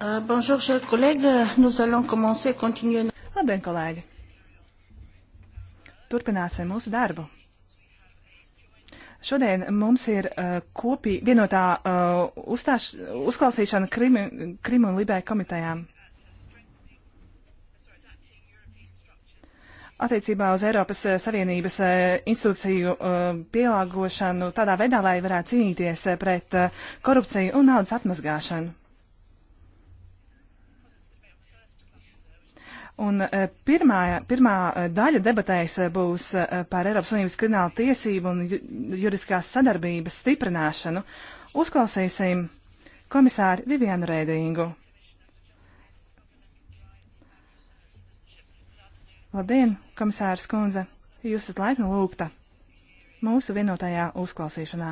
Uh, bonjour, chers collègues. Nous allons commencer, continuer. Labdien, kolēģi! Turpināsim mūsu darbu. Šodien mums ir uh, kopī vienotā uh, uzstāš, uzklausīšana Krimu, Krimu un Libē komitejām. attiecībā uz Eiropas eh, Savienības eh, institūciju eh, pielāgošanu tādā veidā, lai varētu cīnīties pret korupciju un naudas atmazgāšanu. Un pirmā, pirmā daļa debatēs būs par Eiropas Savienības kriminālu tiesību un juridiskās sadarbības stiprināšanu. Uzklausīsim komisāru Vivianu Rēdingu. Labdien, komisārs kundze! Jūs esat laipni lūgta mūsu vienotajā uzklausīšanā.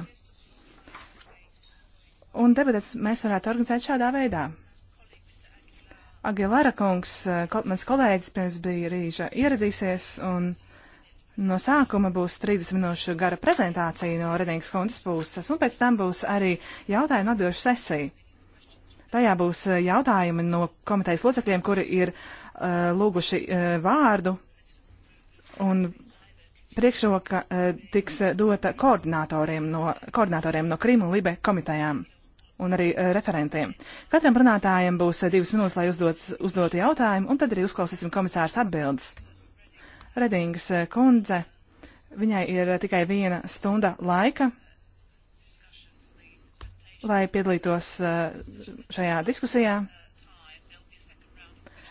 Un debatas mēs varētu organizēt šādā veidā. Agilāra kungs, eh, kol, mans kolēģis, pirms bija rīža ieradīsies, un no sākuma būs 30 minūšu gara prezentācija no Redingas kundas puses, un pēc tam būs arī jautājumu atbilžu sesija. Tajā būs eh, jautājumi no komitejas locekļiem, kuri ir uh, Eh, lūguši eh, vārdu, un priekšroka eh, tiks dota koordinatoriem no, koordinatoriem no Krim un Libe komitejām un arī referentiem. Katram runātājam būs divas minūtes, lai uzdots, uzdotu jautājumu, un tad arī uzklausīsim komisārs atbildes. Redingas kundze, viņai ir tikai viena stunda laika, lai piedalītos šajā diskusijā.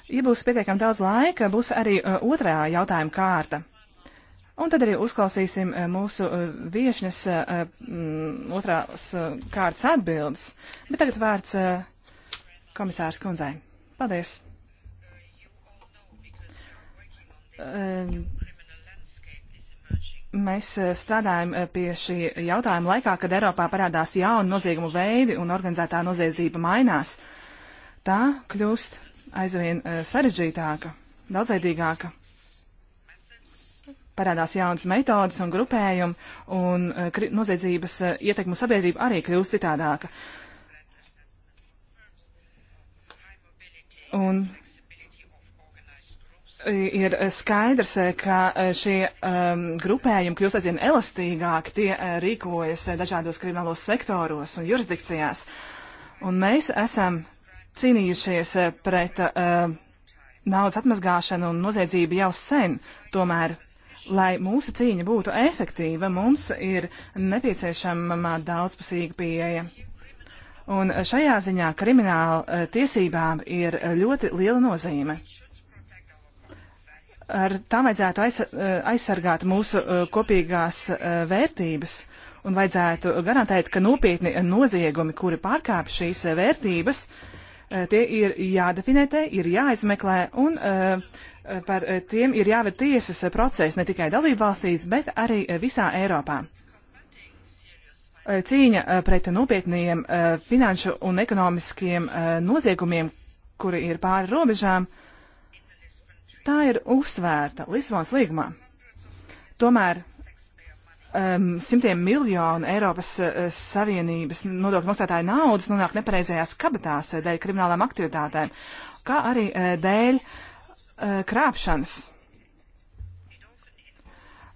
Ja būs pietiekami daudz laika, būs arī uh, otrā jautājuma kārta. Un tad arī uzklausīsim uh, mūsu uh, viešņas uh, uh, mm, otrās uh, kārtas atbildes. Bet tagad vārds komisārs kundzei. Paldies! Um, mēs strādājam pie šī jautājuma laikā, kad Eiropā parādās jauni noziegumu veidi un organizētā noziedzība mainās. Tā kļūst aizvien eh, sarežģītāka, daudzveidīgāka. Parādās jaunas metodas un grupējumi, un eh, noziedzības eh, ietekmu sabiedrība arī kļūst citādāka. Un ir skaidrs, ka šie um, grupējumi kļūst aizvien elastīgāki, tie rīkojas dažādos kriminālos sektoros un jurisdikcijās. Un mēs esam uh, cīnījušies eh, pret uh, naudas atmazgāšanu un noziedzību jau sen. Tomēr, lai mūsu cīņa būtu efektīva, mums ir nepieciešama daudzpusīga pieeja. Un šajā ziņā krimināla uh, tiesībām ir ļoti liela nozīme. Ar tām vajadzētu aiz, aizsargāt mūsu uh, kopīgās vērtības un vajadzētu garantēt, ka nopietni noziegumi, kuri pārkāpj šīs vērtības, uh, Eh, tie ir jādefinē, tie ir jāizmeklē un eh, par tiem ir jāved tiesas process ne tikai dalībvalstīs, bet arī eh, visā Eiropā. Cīņa pret nopietniem finanšu un ekonomiskiem noziegumiem, kuri ir pāri robežām, tā ir uzsvērta Lisbonas līgumā. Tomēr um, simtiem miljonu Eiropas uh, Savienības nodokļu maksātāju naudas nonāk nepareizajās kabatās uh, dēļ kriminālām aktivitātēm, kā arī uh, dēļ uh, krāpšanas.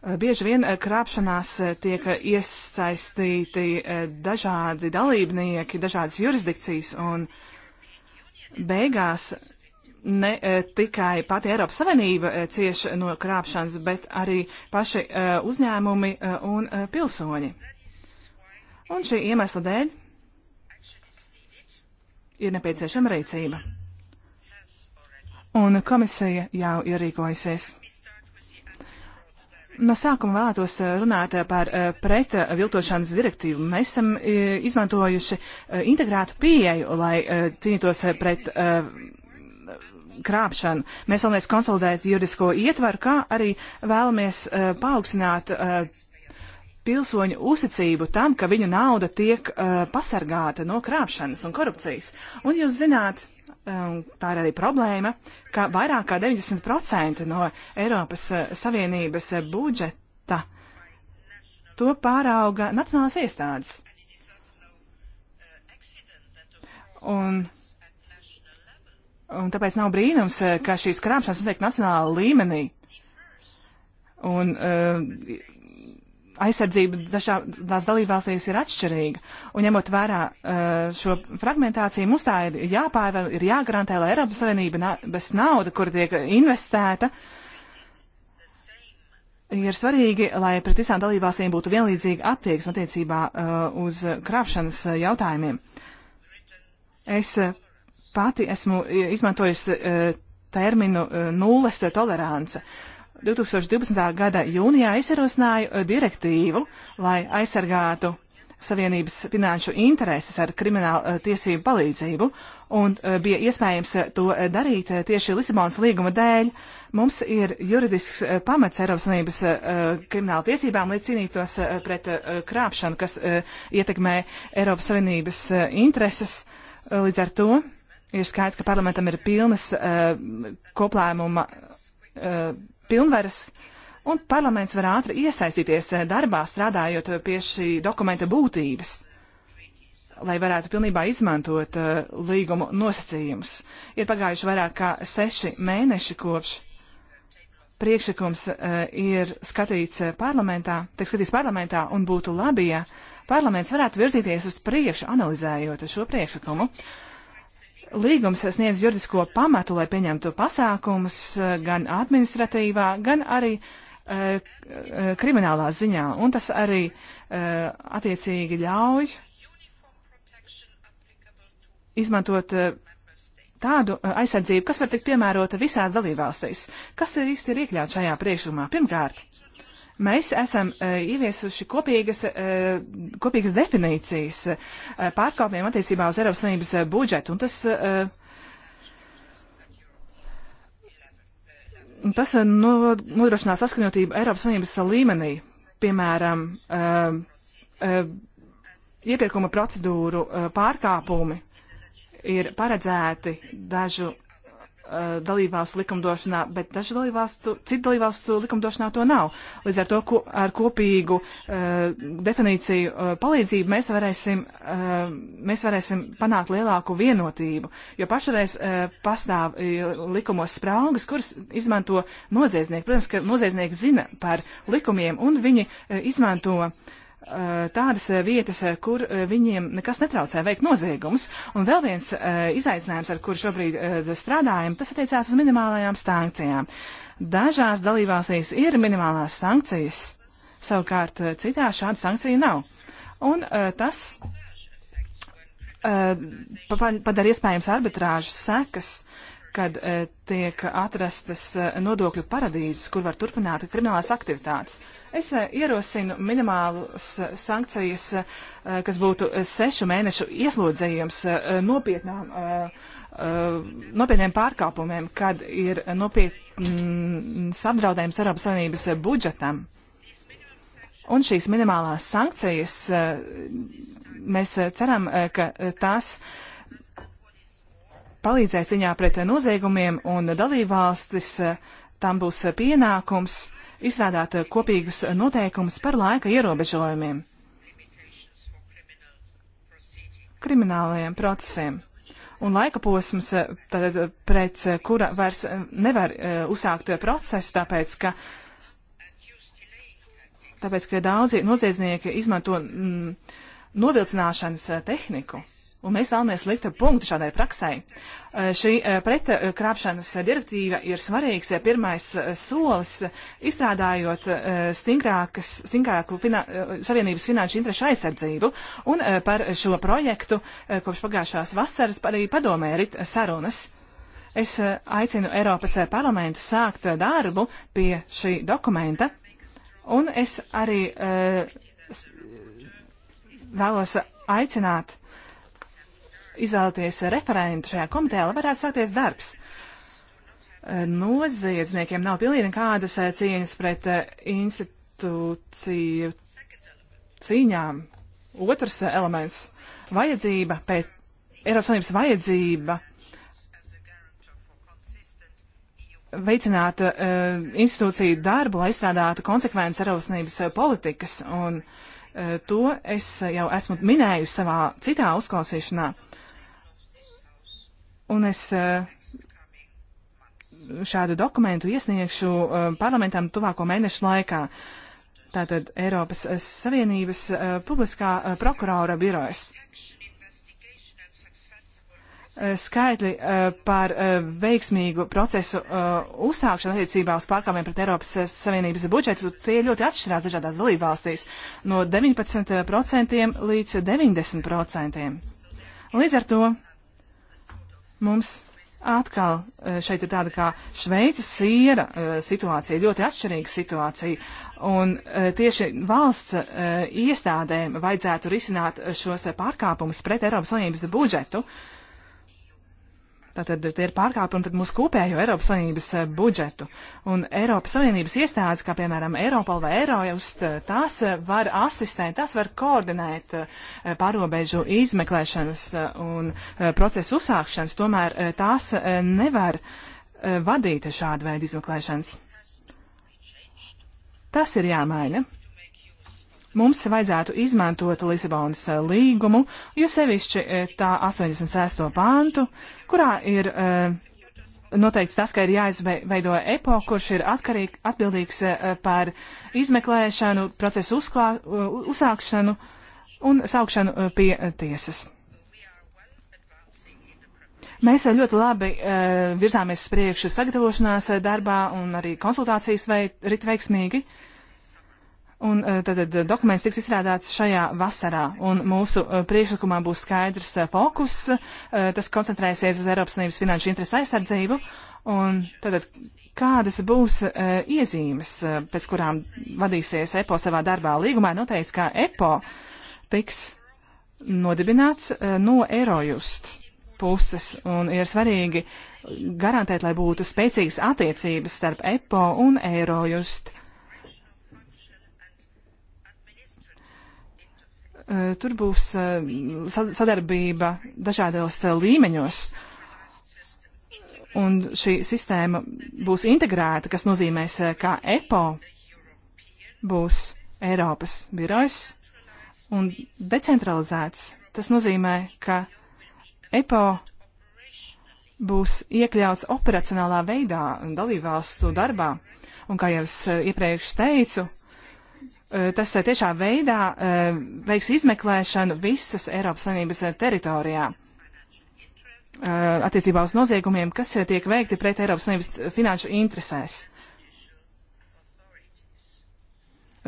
Uh, bieži vien uh, krāpšanās uh, tiek iesaistīti uh, dažādi dalībnieki, dažādas jurisdikcijas, un beigās ne e, tikai pati Eiropas Savienība e, cieš no krāpšanas, bet arī paši e, uzņēmumi un pilsoņi. Un šī iemesla dēļ ir nepieciešama rīcība. Un komisija jau ir rīkojusies. No sākuma vēlētos runāt par pret viltošanas direktīvu. Mēs esam izmantojuši integrētu pieeju, lai cīnītos pret krāpšanu. Mēs vēlamies konsolidēt juridisko ietvaru, kā arī vēlamies uh, paaugstināt uh, pilsoņu uzticību tam, ka viņu nauda tiek uh, pasargāta no krāpšanas un korupcijas. Un jūs zināt, um, tā ir arī problēma, ka vairāk kā 90% no Eiropas uh, Savienības uh, budžeta to pārauga nacionālās iestādes. Un Un tāpēc nav brīnums, eh, ka šīs krāpšanas notiek nacionālā līmenī. Un uh, aizsardzība dažādās dalībvalstīs ir atšķirīga. Un ņemot vērā uh, šo fragmentāciju, mums tā ir jāpārvar, ir jāgarantē, lai Eiropas Savienība na bez nauda, kur tiek investēta, ir svarīgi, lai pret visām dalībvalstīm būtu vienlīdzīga attieksme attiecībā uh, uz krāpšanas jautājumiem. Es uh, pati esmu e, izmantojusi e, terminu e, nulles tolerance. 2012. gada jūnijā izsarosināju direktīvu, lai aizsargātu Savienības finanšu intereses ar kriminālu tiesību palīdzību, un bija iespējams to darīt tieši Lisabonas līguma dēļ. Mums ir juridisks pamats Eiropas Savienības krimināla tiesībām, lai cīnītos pret krāpšanu, kas ietekmē Eiropas Savienības intereses. Līdz ar to ir skaidrs, ka parlamentam ir pilnas uh, koplēmuma uh, pilnvaras, un parlaments var ātri iesaistīties uh, darbā, strādājot pie šī dokumenta būtības, lai varētu pilnībā izmantot uh, līgumu nosacījumus. Ir pagājuši vairāk kā seši mēneši kopš priekšlikums uh, ir skatīts parlamentā, tiek skatīts parlamentā, un būtu labi, ja parlaments varētu virzīties uz priekšu, analizējot šo priekšlikumu. Uh, Līgums sniedz juridisko pamatu, lai pieņemtu pasākumus eh, gan administratīvā, gan arī e, kriminālā ziņā, un tas arī e, attiecīgi ļauj izmantot e, tādu aizsardzību, kas var tikt piemērota visās dalībvalstīs. Kas ir īsti ir iekļauts šajā priekšlikumā? Pirmkārt, Mēs esam uh, ieviesuši kopīgas, uh, kopīgas definīcijas uh, e, pārkāpumiem attiecībā uz Eiropas Savienības uh, budžetu, un tas, uh, tas uh, nodrošinās saskaņotību Eiropas Savienības līmenī. Piemēram, uh, uh, iepirkuma procedūru uh, pārkāpumi ir paredzēti dažu Uh, dalībvalstu likumdošanā, bet daži dalībvalstu, citu dalībvalstu likumdošanā to nav. Līdz ar to ko, ar kopīgu uh, definīciju uh, palīdzību mēs varēsim, uh, mēs varēsim panākt lielāku vienotību, jo pašreiz uh, pastāv uh, likumos spraugas, kuras izmanto noziedznieki. Protams, ka noziedznieki zina par likumiem un viņi uh, izmanto uh, Eh, tādas eh, vietas, eh, kur viņiem nekas netraucē veikt noziegumus. Un vēl viens izaicinājums, ar kuru šobrīd strādājam, tas attiecās uz minimālajām sankcijām. Dažās dalībvalstīs ir minimālās sankcijas, savukārt citās šādu sankciju nav. Un tas padara iespējams arbitrāžas sekas, kad tiek atrastas nodokļu paradīzes, kur var turpināt kriminālās aktivitātes. Es eh, ierosinu minimālus eh, sankcijas, eh, kas būtu sešu mēnešu ieslodzējums nopietnām, nopietniem pārkāpumiem, kad ir nopietns mm, apdraudējums Eiropas Savienības budžetam. Un šīs minimālās sankcijas, mēs ceram, ka tās palīdzēs viņā pret noziegumiem un dalībvalstis, tam būs pienākums izstrādāt eh, kopīgus noteikumus par laika ierobežojumiem kriminālajiem procesiem. Un laika posms, tātad, eh, eh, pret kura vairs nevar uzsākt procesu, tāpēc, ka uh, tāpēc, ka daudzi noziedznieki izmanto mm, novilcināšanas tehniku. Un mēs vēlamies likt punktu šādai praksai. Eh, šī eh, pretkrāpšanas direktīva ir svarīgs eh, pirmais solis, izstrādājot stingrāku finan savienības finanšu interešu aizsardzību. Un par šo projektu kopš pagājušās vasaras arī padomē ir sarunas. Es aicinu Eiropas parlamentu sākt darbu pie šī dokumenta. Un es arī vēlos aicināt izvēlēties referentu šajā komitejā, lai varētu sākties darbs. Eh, noziedzniekiem nav pilnīgi nekādas eh, cieņas pret eh, institūciju cīņām. Otrs elements - vajadzība pēc Eiropas Savienības vajadzība veicināt uh, institūciju darbu, lai izstrādātu konsekvences Eiropas Savienības politikas. Un uh, to es jau esmu minējusi savā citā uzklausīšanā. Uh, Un es eh, šādu dokumentu iesniegšu eh, parlamentam tuvāko mēnešu laikā. Tātad Eiropas eh, Savienības publiskā prokurora birojas skaitļi par veiksmīgu procesu uzsākšanu attiecībā uz pārkāpumiem pret Eiropas Savienības budžetu, tie ļoti atšķirās dažādās dalībvalstīs no 19% līdz 90%. Līdz ar to Mums atkal eh, šeit ir tāda kā Šveices siera eh, situācija, ļoti atšķirīga situācija. Un eh, tieši valsts iestādēm vajadzētu risināt šos pārkāpumus pret Eiropas Savienības budžetu. Uh, Tātad tie ir pārkāpumi pret mūsu kopējo Eiropas Savienības eh, budžetu. Un Eiropas Savienības iestādes, kā piemēram Eiropa vai Eirojust, eh, tās eh, var asistēt, tās var koordinēt pārobežu izmeklēšanas un procesu uzsākšanas, tomēr tās nevar vadīt šādu veidu izmeklēšanas. Tas ir jāmaina mums vajadzētu izmantot Lisabonas eh, līgumu, jo sevišķi eh, tā 86. pāntu, kurā ir eh, noteikts tas, ka ir jāizveido EPO, kurš ir atkarīg, atbildīgs par izmeklēšanu, procesu uzklā, uzsākšanu un saukšanu pie tiesas. Mēs ļoti labi virzāmies uz priekšu sagatavošanās darbā un arī konsultācijas veid, rit veiksmīgi. Uh, Un eh, tad dokuments tiks izstrādāts šajā vasarā, un mūsu eh, priekšlikumā būs skaidrs eh, fokus. Tas koncentrēsies uz Eiropas Savienības finanšu interesu aizsardzību. Un tad kādas būs iezīmes, pēc kurām vadīsies EPO savā darbā? Līgumā noteikts, ka EPO tiks nodibināts no Eirojust puses, un ir svarīgi garantēt, lai būtu spēcīgas attiecības starp EPO un Eirojust puses Eh, tur būs eh, sadarbība dažādos eh, līmeņos. Un šī sistēma būs integrēta, kas nozīmēs, ka EPO būs Eiropas birojs un decentralizēts. Tas nozīmē, ka EPO būs iekļauts operacionālā veidā dalībvalstu darbā. Un kā jau es iepriekš teicu, Eh, tas eh, tiešā veidā eh, veiks izmeklēšanu visas Eiropas Savienības teritorijā attiecībā uz noziegumiem, kas tiek veikti pret Eiropas Savienības finanšu interesēs.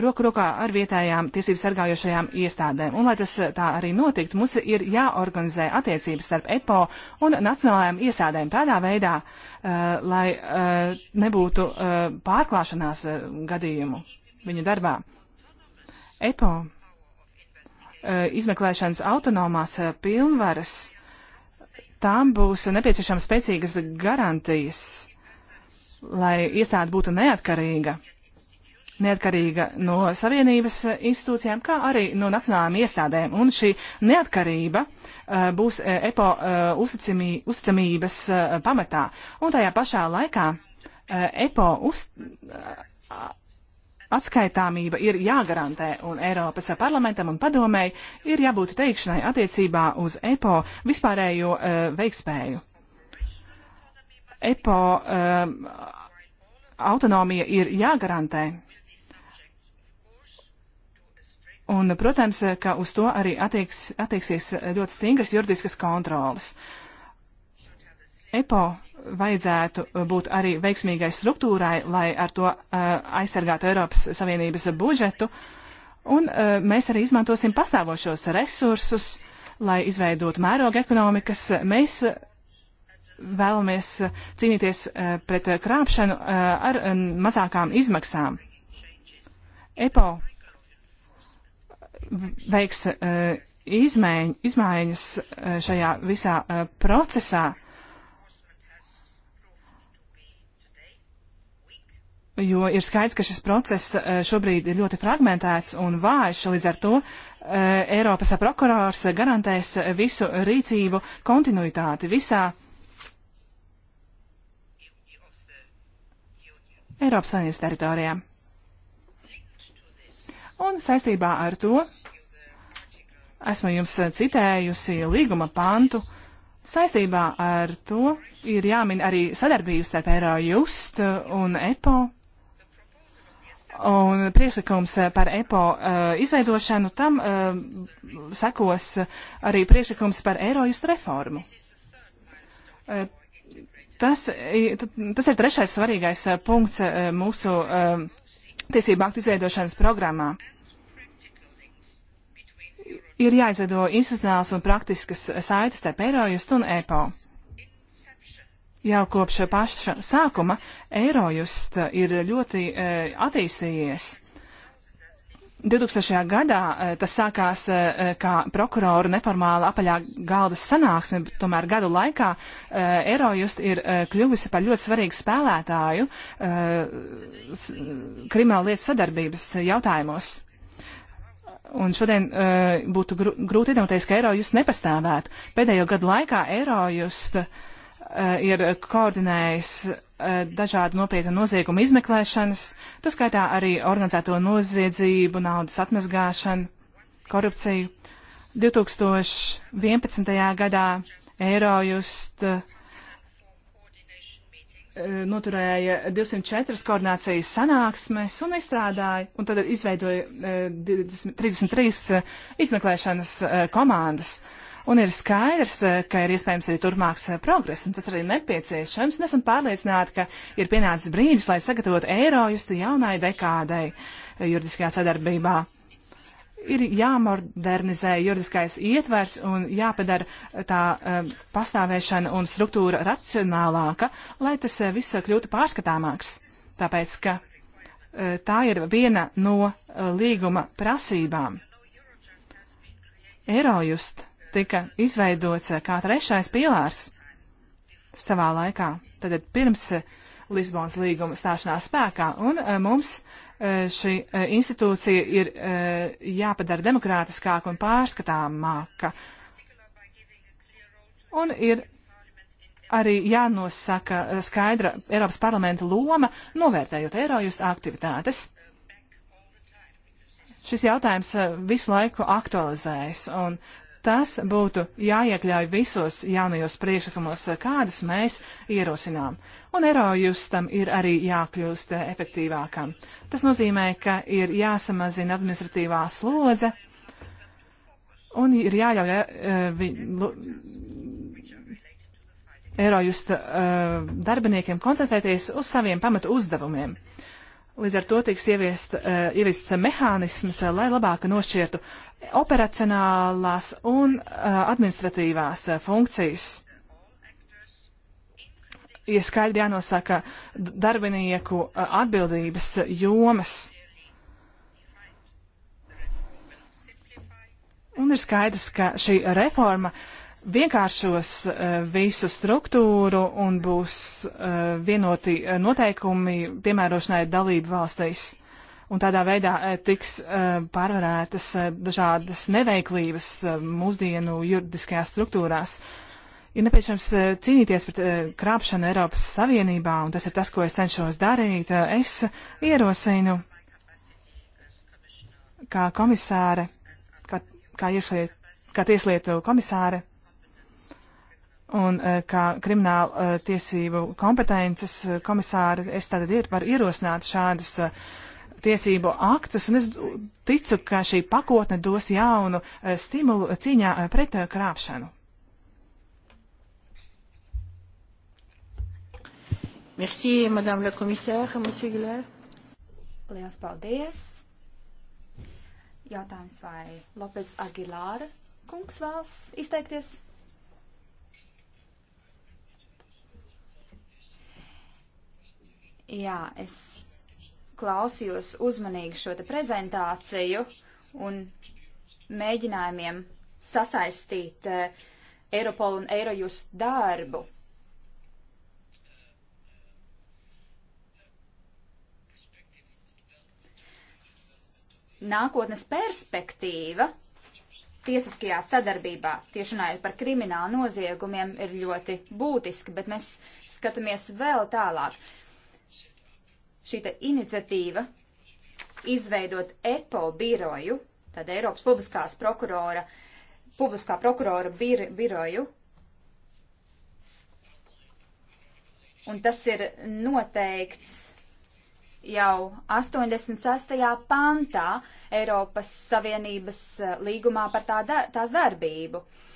Roku rokā ar vietējām tiesību sargājošajām iestādēm. Un, lai tas tā arī notiktu, mums ir jāorganizē attiecības starp EPO un nacionālajām iestādēm tādā veidā, uh, lai uh, nebūtu uh, pārklāšanās uh, gadījumu viņu darbā. Uh, EPO eh, izmeklēšanas autonomās eh, pilnvaras, tām būs nepieciešams spēcīgas garantijas, lai iestāde būtu neatkarīga. Neatkarīga no savienības eh, institūcijām, kā arī no nacionālām iestādēm. Un šī neatkarība uh, būs EPO uh, uzticamī, uzticamības uh, pamatā. Un tajā pašā laikā uh, EPO uz, uh, atskaitāmība ir jāgarantē, un Eiropas parlamentam un padomēji ir jābūt teikšanai attiecībā uz EPO vispārējo uh, eh, veikspēju. EPO uh, autonomija ir jāgarantē. Un, protams, ka uz to arī attieks, attieksies ļoti stingras juridiskas kontrolas. Uh, EPO vajadzētu būt arī veiksmīgai struktūrai, lai ar to uh, aizsargātu Eiropas Savienības budžetu. Un uh, mēs arī izmantosim pastāvošos resursus, lai izveidotu mēroga ekonomikas. Mēs uh, vēlamies cīnīties pret krāpšanu ar mazākām izmaksām. EPO veiks izmaiņas šajā visā procesā jo ir skaidrs, ka šis process eh, šobrīd ir ļoti fragmentēts un vājš, līdz ar to eh, Eiropas prokurors garantēs visu rīcību kontinuitāti visā Eiropas Savienības teritorijā. Un saistībā ar to esmu jums citējusi līguma pantu. Saistībā ar to ir jāmin arī sadarbības starp Eirojust un EPO Un priekšlikums eh, par EPO uh, eh, izveidošanu tam uh, sekos arī priekšlikums par Eirojust reformu. Uh, tas, tas ir trešais svarīgais punkts mūsu tiesību aktu izveidošanas programmā. Ir jāizveido institucionāls un praktiskas saites starp Eirojust un EPO. Jau kopš paša sākuma Eirojust ir ļoti e, attīstījies. 2000. gadā e, tas sākās e, e, kā prokuroru neformāla apaļā galda sanāksme, tomēr gadu laikā e, Eirojust ir e, kļuvusi par ļoti svarīgu spēlētāju e, krimināla lietu sadarbības jautājumos. Un šodien uh, e, būtu grūti iedomāties, ka Eirojust nepastāvētu. Pēdējo gadu laikā Eirojust uh, Eh, ir koordinējis eh, dažādu nopietnu noziegumu izmeklēšanas, tu skaitā arī organizēto noziedzību, naudas atmazgāšanu, korupciju. 2011. gadā Eirojust eh, noturēja 204 koordinācijas sanāksmes un izstrādāja, un tad izveidoja 33 izmeklēšanas komandas. Uh, Un ir skaidrs, eh, ka ir iespējams arī turpmāks eh, progress, un tas arī nepieciešams. Un esam pārliecināti, ka ir pienācis brīdis, lai sagatavotu eiro justu jaunai dekādai eh, juridiskajā sadarbībā ir jāmodernizē juridiskais ietvers un jāpadara tā um, pastāvēšana un struktūra racionālāka, lai tas uh, viss kļūtu pārskatāmāks. Tāpēc, ka uh, tā ir viena no uh, līguma prasībām. Eirojust tika izveidots eh, kā trešais pilārs savā laikā, tad pirms eh, Lisbonas līguma stāšanās spēkā, un eh, mums šī institūcija ir jāpadara demokrātiskāka un pārskatāmāka. Un ir arī jānosaka skaidra Eiropas parlamenta loma, novērtējot Eirojust aktivitātes. Šis jautājums visu laiku aktualizējas, un tas būtu jāiekļauj visos jaunajos priekšlikumos, kādus mēs ierosinām. Un Eirojus tam ir arī jākļūst efektīvākam. Tas nozīmē, ka ir jāsamazina administratīvā slodze un ir jāļauj Eirojusta eh, uh, eh, darbiniekiem koncentrēties uz saviem pamatu uzdevumiem. Līdz ar to tiks ieviest, uh, ieviests mehānisms, uh, lai labāk nošķirtu operacionālās un uh, administratīvās uh, funkcijas. Ir skaidri jānosaka darbinieku uh, atbildības jomas. Un ir skaidrs, ka šī reforma vienkāršos visu struktūru un būs vienoti noteikumi piemērošanai dalību valstīs un tādā veidā e, tiks e, pārvarētas e, dažādas neveiklības mūsdienu juridiskajās struktūrās. Ir nepieciešams cīnīties pret krāpšanu Eiropas Savienībā, un tas ir tas, ko es cenšos darīt. Es ierosinu, kā komisāre, kā, kā, iešliet, kā tieslietu komisāre un kā krimināla tiesību kompetences komisāre, es tātad ir par ierosināt šādus uh, tiesību aktus, un es ticu, ka šī pakotne dos jaunu eh, stimulu cīņā eh, pret eh, krāpšanu. Merci, madame la commissaire, monsieur Gilēr. Liels paldies. Jautājums, vai Lopez Agilāra kungs vēlas izteikties? Jā, es klausījos uzmanīgi šo te prezentāciju un mēģinājumiem sasaistīt eh, Eiropolu un Eirojust darbu. Nākotnes perspektīva tiesiskajā sadarbībā, tieši runājot par kriminālu noziegumiem, ir ļoti būtiska, bet mēs skatāmies vēl tālāk šī iniciatīva izveidot EPO biroju, tad Eiropas publiskās prokurora, publiskā prokurora bir, biroju. Un tas ir noteikts jau 86. pantā Eiropas Savienības eh, līgumā par tā, tās darbību. Uh,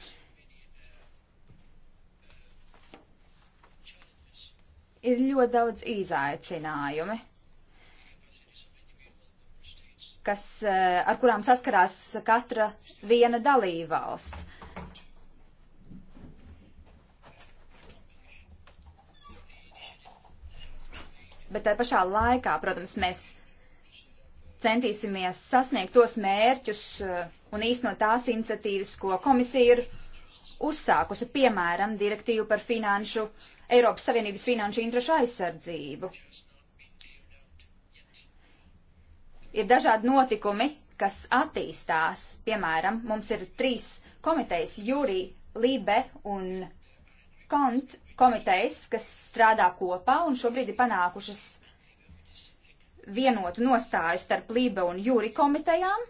ir ļoti daudz izaicinājumi, kas, eh, ar kurām saskarās katra viena dalībvalsts. Bet tai pašā laikā, protams, mēs centīsimies sasniegt tos mērķus eh, un īstenot tās iniciatīvas, ko komisija ir uzsākusi, piemēram, direktīvu par finanšu uh, Eiropas Savienības finanšu interešu aizsardzību. Ir dažādi notikumi, kas attīstās. Piemēram, mums ir trīs komitejas - Jūrī, Libe un Kont komitejas, kas strādā kopā un šobrīd ir panākušas vienotu nostāju starp Lībe un Jūri komitejām.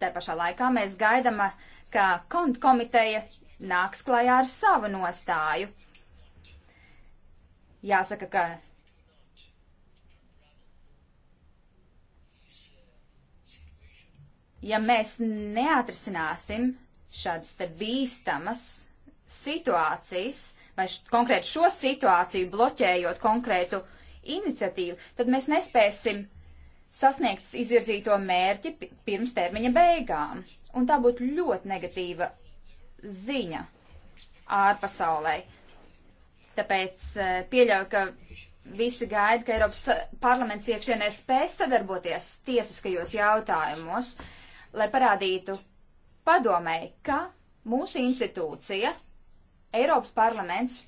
Te pašā laikā mēs gaidām, ka kont komiteja nāks klajā ar savu nostāju. Jāsaka, ka ja mēs neatrisināsim šādas te bīstamas situācijas, vai konkrēti šo situāciju bloķējot konkrētu iniciatīvu, tad mēs nespēsim sasniegt izvirzīto mērķi pirms termiņa beigām. Un tā būtu ļoti negatīva ziņa ārpasaulē. Tāpēc eh, pieļauju, ka visi gaida, ka Eiropas parlaments iekšienē spēj sadarboties tiesiskajos jautājumos, lai parādītu padomēji, ka mūsu institūcija, Eiropas parlaments,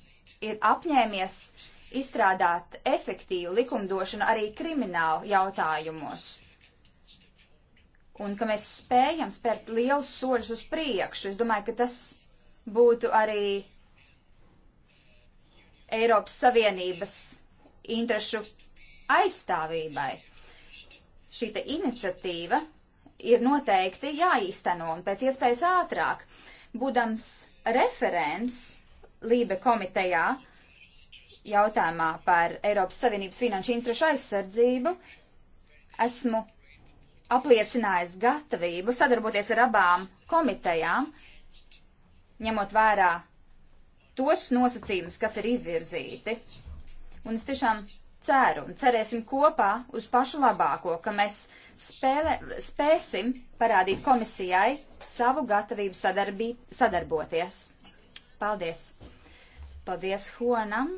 ir apņēmies izstrādāt efektīvu likumdošanu arī kriminālu jautājumos. Un ka mēs spējam spērt lielus soļus uz priekšu. Es domāju, ka tas būtu arī Eiropas Savienības interešu aizstāvībai. Šīta iniciatīva ir noteikti jāīsteno un pēc iespējas ātrāk. Budams referents Lībe komitejā jautājumā par Eiropas Savienības finanšu interešu aizsardzību esmu apliecinājis gatavību sadarboties ar abām komitejām, ņemot vērā tos nosacījumus, kas ir izvirzīti. Un es tiešām ceru un cerēsim kopā uz pašu labāko, ka mēs spēle, spēsim parādīt komisijai savu gatavību sadarbī, sadarboties. Paldies! Paldies Honam!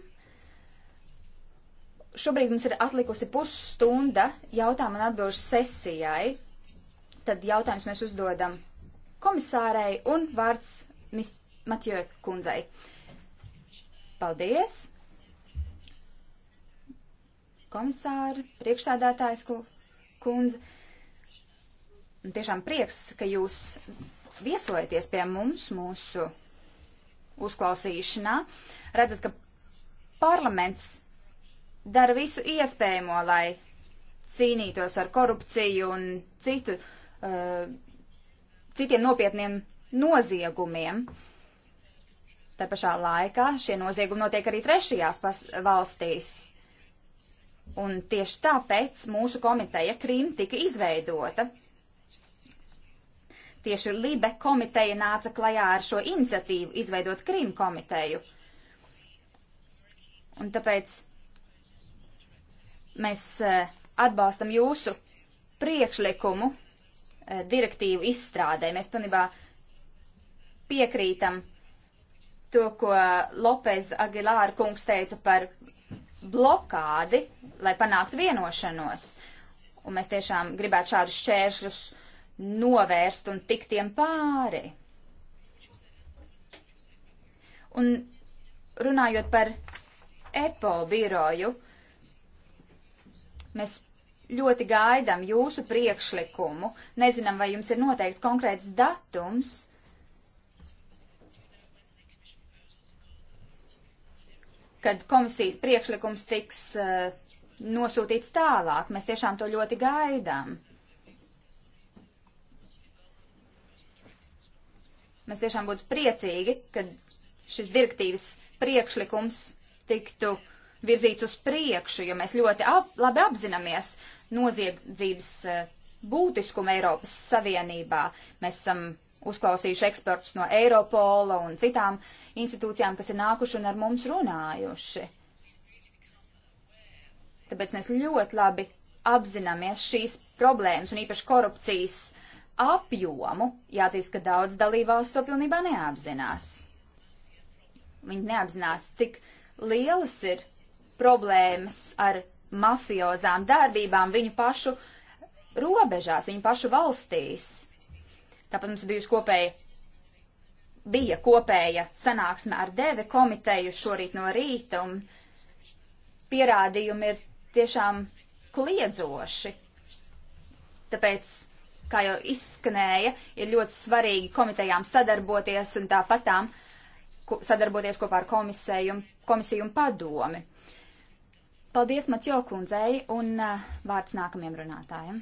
Šobrīd mums ir atlikusi pusstunda jautājumu un atbilžu sesijai. Tad jautājums mēs uzdodam komisārai un vārds Matjē kundzei. Uh, Paldies! Komisāri, priekšsēdētājs kundze, un tiešām prieks, ka jūs viesojaties pie mums mūsu uzklausīšanā. Redzat, ka parlaments dara visu iespējamo, lai cīnītos ar korupciju un citu, uh, citiem nopietniem noziegumiem. Uh, Te pašā laikā šie noziegumi notiek arī trešajās valstīs. Un tieši tāpēc mūsu komiteja Krim tika izveidota. Tieši Libe komiteja nāca klajā ar šo iniciatīvu izveidot Krim komiteju. Un tāpēc mēs eh, atbalstam jūsu priekšlikumu eh, direktīvu izstrādē. Mēs pilnībā piekrītam uh, to, ko Lopez Agilāra kungs teica par blokādi, lai panāktu vienošanos. Un mēs tiešām gribētu šādus šķēršļus novērst un tikt tiem pāri. Un runājot par EPO biroju, mēs ļoti gaidām jūsu priekšlikumu. Nezinām, vai jums ir noteikts konkrēts datums, kad komisijas priekšlikums tiks uh, nosūtīts tālāk. Mēs tiešām to ļoti gaidām. Mēs tiešām būtu priecīgi, kad šis direktīvas priekšlikums tiktu virzīts uz priekšu, jo mēs ļoti ap, labi apzināmies noziedzības uh, būtiskumu Eiropas Savienībā. Mēs esam um, uzklausījuši ekspertus no Eiropola un citām institūcijām, kas ir nākuši un ar mums runājuši. Tāpēc mēs ļoti labi apzināmies šīs problēmas un īpaši korupcijas apjomu. Jātīst, ka daudz dalībvalsts to pilnībā neapzinās. Viņi neapzinās, cik lielas ir problēmas ar mafiozām darbībām viņu pašu robežās, viņu pašu valstīs Tāpat mums bijusi kopēja, bija kopēja sanāksme ar deve komiteju šorīt no rīta, un pierādījumi ir tiešām kliedzoši. Tāpēc, kā jau izskanēja, ir ļoti svarīgi komitejām sadarboties un tāpatām sadarboties kopā ar komisiju, komisiju un padomi. Paldies Matjo kundzei un uh, vārds nākamajam runātājiem.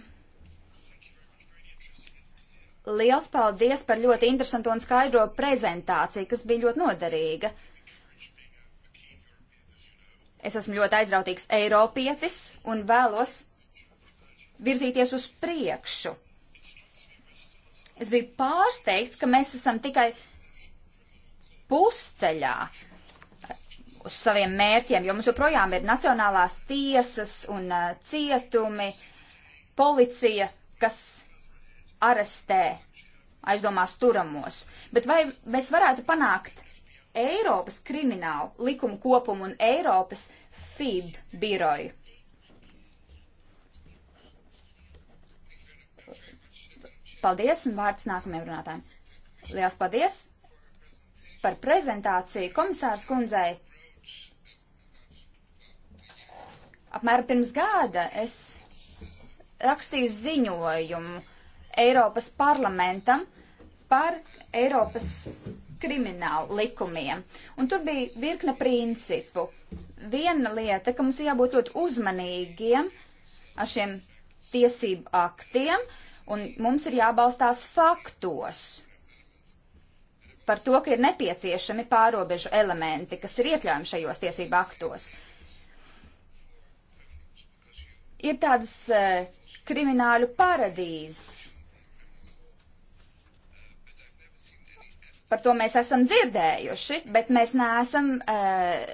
Liels paldies par ļoti interesantu un skaidro prezentāciju, kas bija ļoti noderīga. Es esmu ļoti aizrautīgs eiropietis un vēlos virzīties uz priekšu. Es biju pārsteigts, ka mēs esam tikai pusceļā uz saviem mērķiem, jo mums joprojām ir nacionālās tiesas un uh, cietumi, policija, kas arestē aizdomās turamos. Bet vai mēs varētu panākt Eiropas kriminālu likumu kopumu un Eiropas FIB biroju? Paldies un vārds nākamajam runātājiem. Lielas paldies par prezentāciju komisārs kundzei. Apmēram pirms gada es rakstīju ziņojumu Eiropas parlamentam par Eiropas kriminālu likumiem. Un tur bija virkne principu. Viena lieta, ka mums jābūt ļoti uzmanīgiem ar šiem tiesību aktiem, un mums ir jābalstās faktos par to, ka ir nepieciešami pārobežu elementi, kas ir iekļaujami šajos tiesību aktos. Ir tādas eh, krimināļu paradīzes, Par to mēs esam dzirdējuši, bet mēs neesam uh,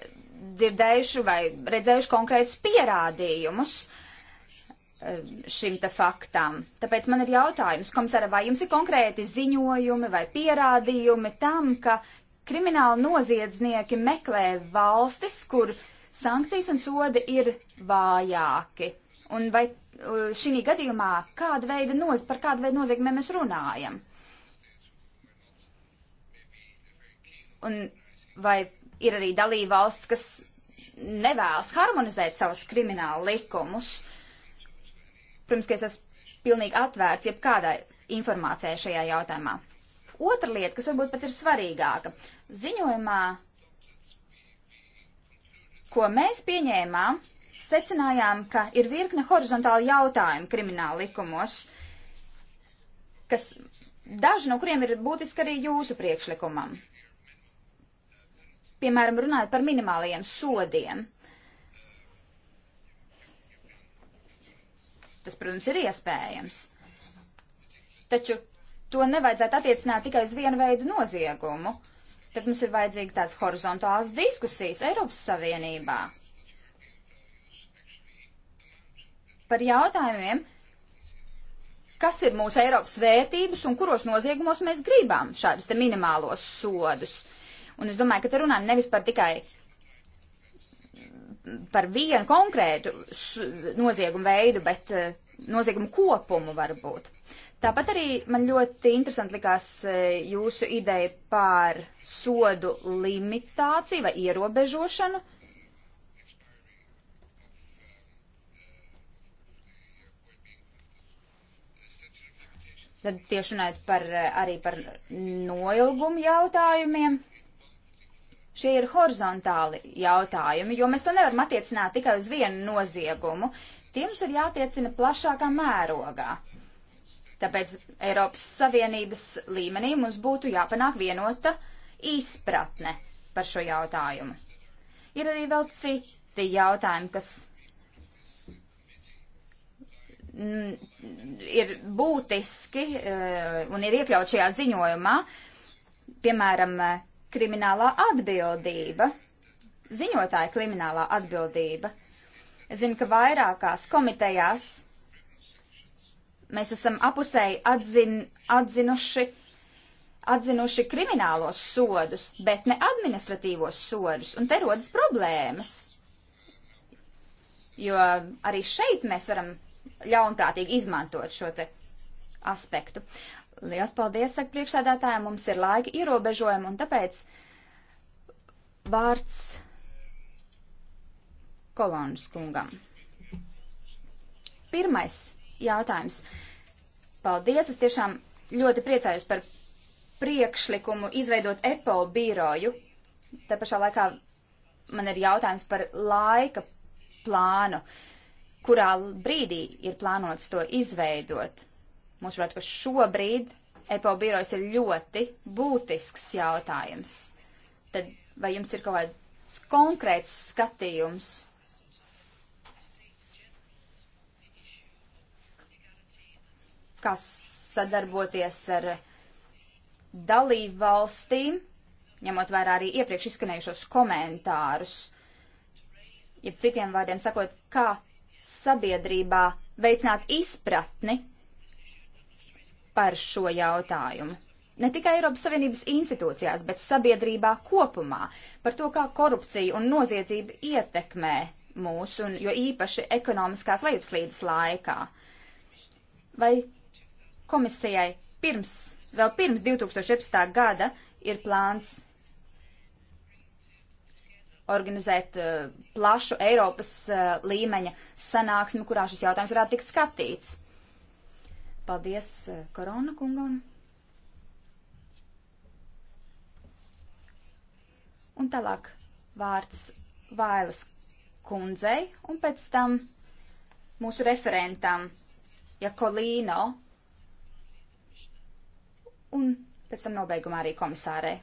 dzirdējuši vai redzējuši konkrētus pierādījumus uh, šim te faktam. Tāpēc man ir jautājums, komisāra, vai jums ir konkrēti ziņojumi vai pierādījumi tam, ka krimināli noziedznieki meklē valstis, kur sankcijas un sodi ir vājāki? Un vai e, šī gadījumā kāda veida noz, par kādu veidu noziegumiem mēs runājam? Un vai ir arī dalība valsts, kas nevēlas harmonizēt savus kriminālu likumus? Protams, ka es esmu pilnīgi atvērts jebkādai informācijai šajā jautājumā. Otra lieta, kas varbūt pat ir svarīgāka, ziņojumā, ko mēs pieņēmām, secinājām, ka ir virkne horizontāli jautājumi krimināla likumos, kas daži no kuriem ir būtiski arī jūsu priekšlikumam piemēram, runājot par minimālajiem sodiem. Tas, protams, ir iespējams. Taču to nevajadzētu attiecināt tikai uz vienu veidu noziegumu. Tad mums ir vajadzīga tāds horizontāls diskusijas Eiropas Savienībā par jautājumiem, kas ir mūsu Eiropas vērtības un kuros noziegumos mēs gribam šādus te minimālos sodus. Un es domāju, ka te runājam nevis par tikai par vienu konkrētu noziegumu veidu, bet eh, noziegumu kopumu varbūt. Tāpat arī man ļoti interesanti likās eh, jūsu ideja par sodu limitāciju vai ierobežošanu. Tad tieši runājot par, eh, arī par noilgumu jautājumiem. Šie ir horizontāli jautājumi, jo mēs to nevaram attiecināt tikai uz vienu noziegumu. Tie mums ir jātiecina plašākā mērogā. Tāpēc Eiropas Savienības līmenī mums būtu jāpanāk vienota izpratne par šo jautājumu. Ir arī vēl citi jautājumi, kas ir būtiski e, un ir iekļaut šajā ziņojumā, piemēram, kriminālā atbildība, ziņotāja kriminālā atbildība. Es zinu, ka vairākās komitejās mēs esam apusēji atzin, atzinuši, atzinuši kriminālos sodus, bet ne administratīvos sodus, un te rodas problēmas. Jo arī šeit mēs varam ļaunprātīgi izmantot šo te aspektu. Liels paldies, saka priekšsēdētāja, mums ir laika ierobežojumi, un tāpēc vārds Kolonas kungam. Pirmais jautājums. Paldies, es tiešām ļoti priecājos par priekšlikumu izveidot EPO biroju. Te pašā laikā man ir jautājums par laika plānu, kurā brīdī ir plānots to izveidot. Mums, prāt, ka šobrīd EPO birojas ir ļoti būtisks jautājums. Tad vai jums ir kaut kāds konkrēts skatījums? Kā sadarboties ar dalību valstīm, ņemot vērā arī iepriekš izskanējušos komentārus, ja citiem vārdiem sakot, kā sabiedrībā veicināt izpratni par šo jautājumu. Ne tikai Eiropas Savienības institūcijās, bet sabiedrībā kopumā par to, kā korupcija un noziedzība ietekmē mūs, un jo īpaši ekonomiskās lejupslīdes laikā. Vai komisijai pirms, vēl pirms 2017. gada ir plāns organizēt uh, plašu Eiropas uh, līmeņa sanāksmi, kurā šis jautājums varētu tikt skatīts. Paldies eh, Korona kungam. Un tālāk vārds Vailas kundzei un pēc tam mūsu referentam Jakolīno un pēc tam nobeigumā arī komisārei.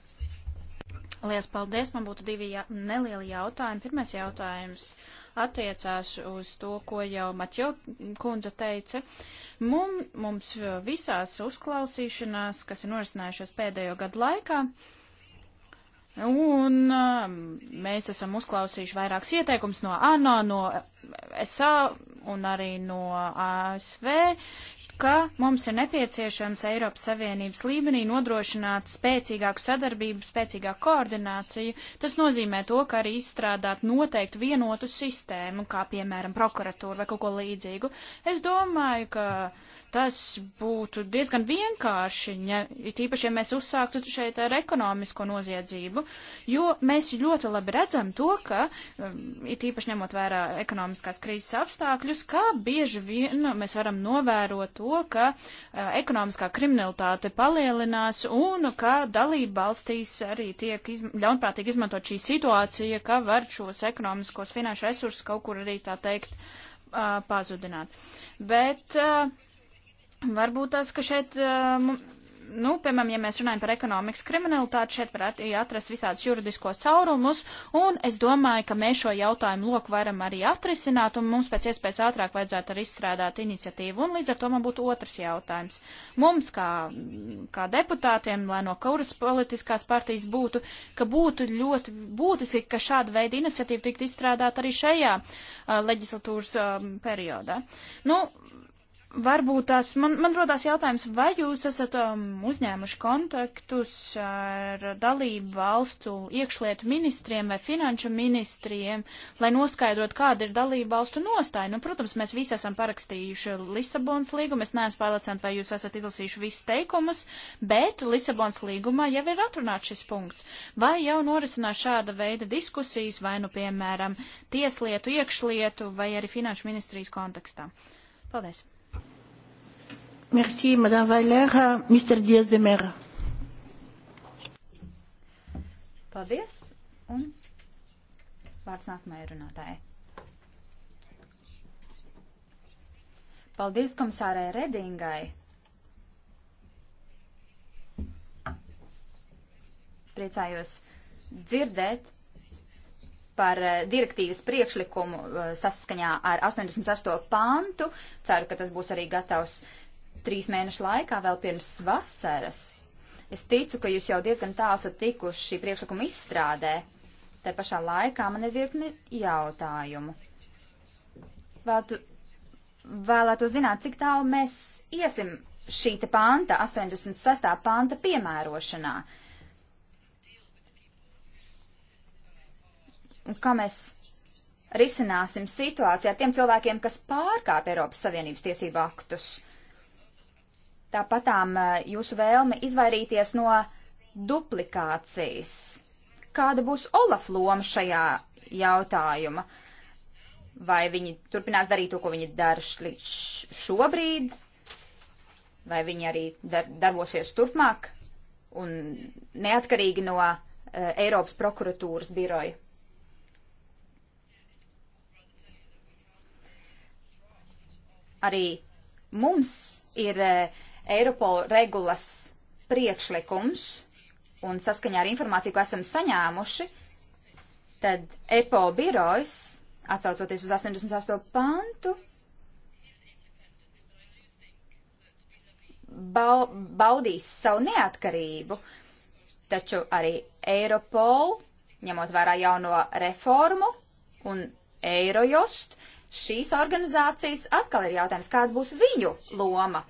Lielas paldies! Man būtu divi jā, nelieli jautājumi. Pirmais jautājums attiecās uz to, ko jau Matjo kundze teica. Uh, Mum, mums uh, visās uzklausīšanās, kas ir norisinājušās pēdējo gadu laikā, Un um, mēs esam uzklausījuši vairākas ieteikums no ANO, no SA un arī no ASV ka mums ir nepieciešams Eiropas Savienības līmenī nodrošināt spēcīgāku sadarbību, spēcīgāku koordināciju. Tas nozīmē to, ka arī izstrādāt noteiktu vienotu sistēmu, kā piemēram prokuratūra vai kaut ko līdzīgu. Es domāju, ka tas būtu diezgan vienkārši, ja tīpaši, ja mēs uzsāktu šeit ar ekonomisko noziedzību, jo mēs ļoti labi redzam to, ka, um, ir tīpaši ņemot vērā ekonomiskās krīzes apstākļus, kā bieži vien mēs varam novērot to, ka eh, ekonomiskā kriminalitāte palielinās un ka dalība valstīs arī tiek izm ļaunprātīgi izmantot šī situācija, ka var šos ekonomiskos finanšu resursus kaut kur arī tā teikt eh, pazudināt. Bet eh, varbūt tas, ka šeit nu, piemēram, ja mēs runājam par ekonomikas kriminalitāti, šeit varētu atrast visādus juridiskos caurumus, un es domāju, ka mēs šo jautājumu loku varam arī atrisināt, un mums pēc iespējas ātrāk vajadzētu arī izstrādāt iniciatīvu, un līdz ar to man būtu otrs jautājums. Mums, kā, kā deputātiem, lai no kuras politiskās partijas būtu, ka būtu ļoti būtiski, ka šāda veida iniciatīva tiktu izstrādāta arī šajā uh, leģislatūras um, periodā. Nu, Varbūt tās, man, man rodās jautājums, vai jūs esat um, uzņēmuši kontaktus ar dalību valstu iekšlietu ministriem vai finanšu ministriem, lai noskaidrot, kāda ir dalību valstu nostāja. Nu, protams, mēs visi esam parakstījuši Lisabonas līgumu, es neesmu pārliecināta, vai jūs esat izlasījuši visus teikumus, bet Lisabonas līgumā jau ir atrunāts šis punkts. Vai jau norisinās šāda veida diskusijas, vai nu, piemēram, tieslietu, iekšlietu vai arī finanšu ministrijas kontekstā? Paldies! Merci, Madame Vailer. Euh, Mr. Diaz de Mera. Paldies. Un vārds nākamajai runātājai. Paldies komisārai Redingai. Priecājos dzirdēt par eh, direktīvas priekšlikumu eh, saskaņā ar 88. pantu. Ceru, ka tas būs arī gatavs uh, trīs mēnešu laikā, vēl pirms vasaras. Es ticu, ka jūs jau diezgan tālu esat tikuši šī priekšlikuma izstrādē. Te pašā laikā man ir virkni jautājumu. Vēlētu, vēlētu zināt, cik tālu mēs iesim šī te panta, 86. panta piemērošanā. Un kā mēs risināsim situāciju ar tiem cilvēkiem, kas pārkāpj Eiropas Savienības tiesību aktus? Uh, Tāpatām jūsu vēlme izvairīties no duplikācijas. Kāda būs Olaf loma šajā jautājuma? Vai viņi turpinās darīt to, ko viņi dara līdz šobrīd, vai viņi arī dar darbosies turpmāk un neatkarīgi no uh, Eiropas prokuratūras biroja. Arī mums ir uh, Eiropola regulas priekšlikums un saskaņā ar informāciju, ko esam saņēmuši, tad EPO birojs, atsaucoties uz 88. pantu, baudīs savu neatkarību, taču arī Eiropol, ņemot vērā jauno reformu un Eirojust, šīs organizācijas atkal ir jautājums, kāds būs viņu loma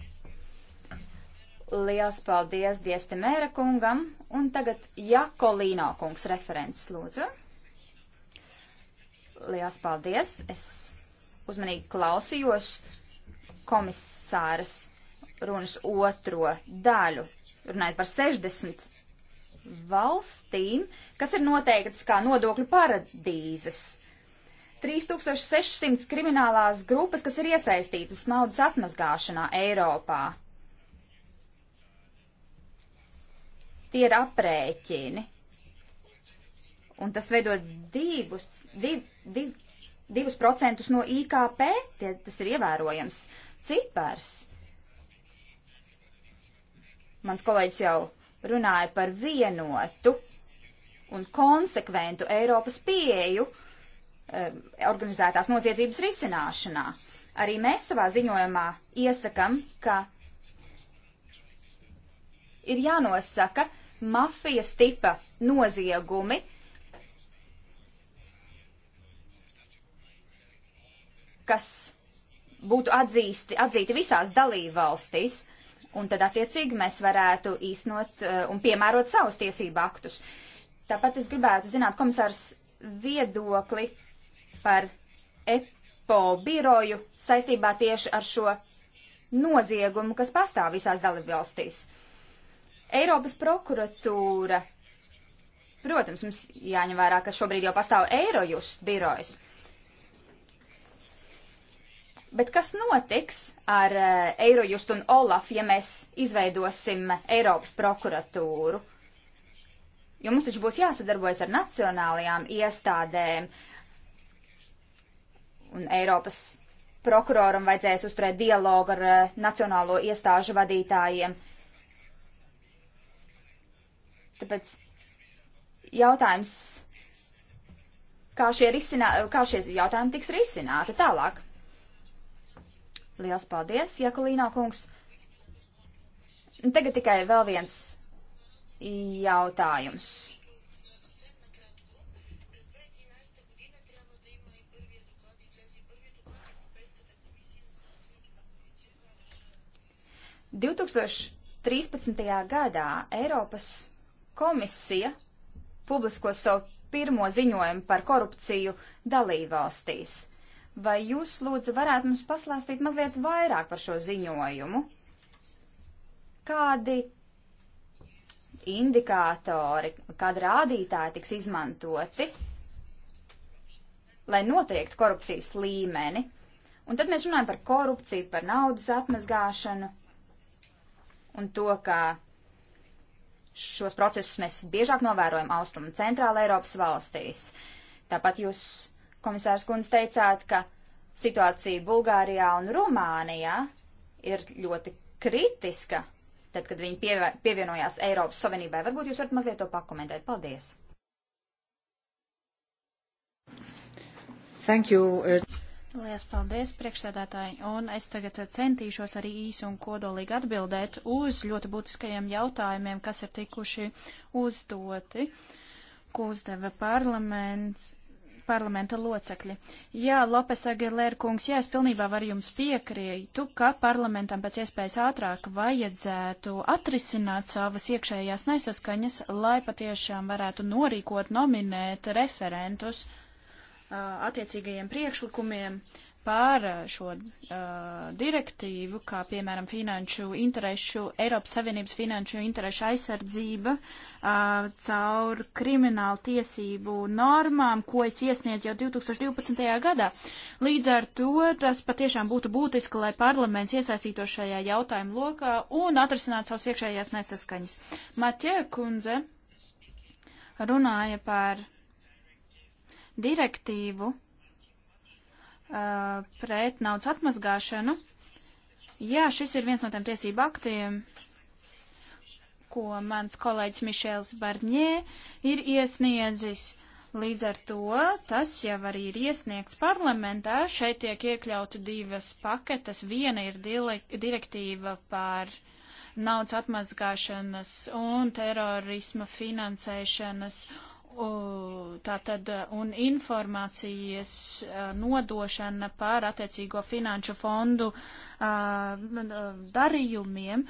Liels paldies Diestemēra kungam, un tagad Jakolīno kungs referents lūdzu. Liels paldies, es uzmanīgi klausījos komisāras runas otro daļu, runājot par 60 valstīm, kas ir noteiktas kā nodokļu paradīzes. 3600 kriminālās grupas, kas ir iesaistītas naudas atmazgāšanā Eiropā. Tie ir aprēķini. Un tas veido divus, div, div, divus procentus no IKP, tie, tas ir ievērojams cipars. Mans kolēģis jau runāja par vienotu un konsekventu Eiropas pieeju eh, organizētās noziedzības risināšanā. Arī mēs savā ziņojumā iesakam, ka ir jānosaka mafijas tipa noziegumi. kas būtu atzīsti, atzīti visās dalībvalstīs, un tad attiecīgi mēs varētu īstenot eh, un piemērot savus tiesību aktus. Tāpat es gribētu zināt komisārs viedokli par EPO biroju saistībā tieši ar šo noziegumu, kas pastāv visās dalībvalstīs. valstīs. Eiropas prokuratūra. Protams, mums jāņem vērā, ka šobrīd jau pastāv Eirojust birojas. Bet kas notiks ar eh, Eirojust un Olaf, ja mēs izveidosim Eiropas prokuratūru? Jo mums taču būs jāsadarbojas ar nacionālajām iestādēm. Un Eiropas prokuroram vajadzēs uzturēt dialogu ar eh, nacionālo iestāžu vadītājiem. Uh, Tāpēc jautājums, kā šie, risinā, kā šie jautājumi tiks risināti tālāk. Liels paldies, Jakulīno kungs. Tagad tikai vēl viens jautājums. Divtūkstoš 13. gadā Eiropas komisija publisko savu pirmo ziņojumu par korupciju dalībvalstīs. Vai jūs, lūdzu, varētu mums paslāstīt mazliet vairāk par šo ziņojumu? Kādi indikātori, kādi rādītāji tiks izmantoti, lai noteiktu korupcijas līmeni? Un tad mēs runājam par korupciju, par naudas atmazgāšanu un to, kā Šos procesus mēs biežāk novērojam Austrum un Centrāla Eiropas valstīs. Tāpat jūs, komisārs Kundze, teicāt, ka situācija Bulgārijā un Rumānijā ir ļoti kritiska, tad, kad viņi pievienojās Eiropas Savienībai. Varbūt jūs varat mazliet to pakomentēt. Paldies! Thank you. Uh, Lielas paldies, priekšsēdētāji, un es tagad centīšos arī īsi un kodolīgi atbildēt uz ļoti būtiskajiem jautājumiem, kas ir tikuši uzdoti, ko uzdeva parlaments, parlamenta locekļi. Jā, Lopes Agilēra kungs, jā, es pilnībā varu jums piekrītu, ka parlamentam pēc iespējas ātrāk vajadzētu atrisināt savas iekšējās nesaskaņas, lai patiešām varētu norīkot, nominēt referentus attiecīgajiem priekšlikumiem pār šo uh, direktīvu, kā piemēram finanšu interešu, Eiropas Savienības finanšu interešu aizsardzība uh, caur kriminālu tiesību normām, ko es iesniedzu jau 2012. gadā. Līdz ar to tas patiešām būtu būtiski, lai parlaments iesaistītos šajā jautājuma lokā un atrisinātu savus iekšējās nesaskaņas. Matjē kundze runāja par direktīvu uh, pret naudas atmazgāšanu. Jā, šis ir viens no tiem tiesību aktiem, ko mans kolēģis Mišēls Barņē ir iesniedzis. Līdz ar to tas jau arī ir iesniegts parlamentā. Šeit tiek iekļauti divas paketas. Viena ir direktīva par naudas atmazgāšanas un terorisma finansēšanas tātad uh, un informācijas uh, nodošana par attiecīgo finanšu fondu uh, darījumiem.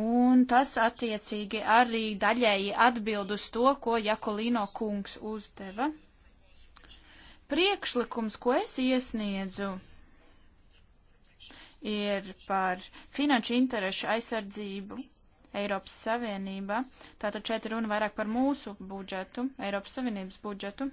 Un tas attiecīgi arī daļēji atbild uz to, ko Jakolino kungs uzdeva. Priekšlikums, ko es iesniedzu, ir par finanšu interešu aizsardzību Eiropas Savienība. Tātad šeit runa vairāk par mūsu budžetu, Eiropas Savienības budžetu.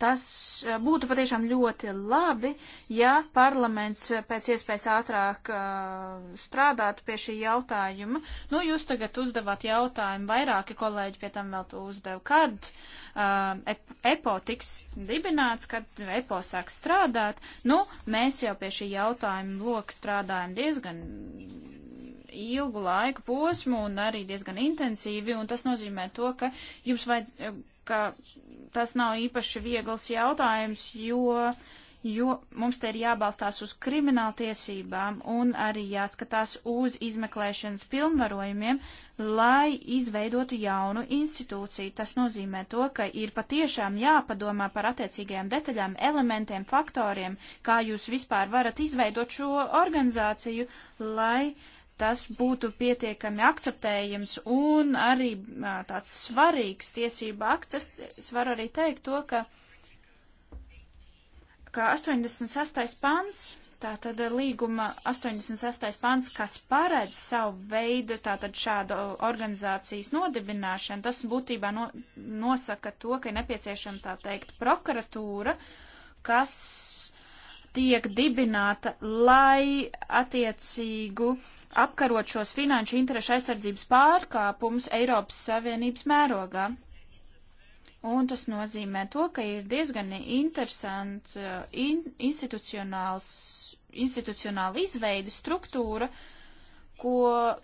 Tas eh, būtu patiešām ļoti labi, ja parlaments eh, pēc iespējas ātrāk uh, strādātu pie šī jautājuma. Nu, jūs tagad uzdevāt jautājumu, vairāki kolēģi pie tam vēl to uzdeva. Kad uh, EPO tiks dibināts, kad EPO sāks strādāt? Nu, mēs jau pie šī jautājuma loka strādājam diezgan ilgu laiku posmu un arī diezgan intensīvi, un tas nozīmē to, ka jums vajadz ka tas nav īpaši viegls jautājums, jo, jo mums te ir jābalstās uz krimināla tiesībām un arī jāskatās uz izmeklēšanas pilnvarojumiem, lai izveidotu jaunu institūciju. Tas nozīmē to, ka ir patiešām jāpadomā par attiecīgajām detaļām, elementiem, faktoriem, kā jūs vispār varat izveidot šo organizāciju, lai uh, tas būtu pietiekami akceptējams un arī tāds svarīgs tiesība akts. Es, es varu arī teikt to, ka, ka 86. pants, tātad līguma 86. pants, kas paredz savu veidu, tātad šādu organizācijas nodibināšanu, tas būtībā no, nosaka to, ka ir nepieciešama tā teikt prokuratūra, kas tiek dibināta, lai attiecīgu uh, apkarot šos finanšu interešu aizsardzības pārkāpumus Eiropas Savienības mērogā. Un tas nozīmē to, ka ir diezgan interesants uh, in, institucionāla izveida struktūra, ko,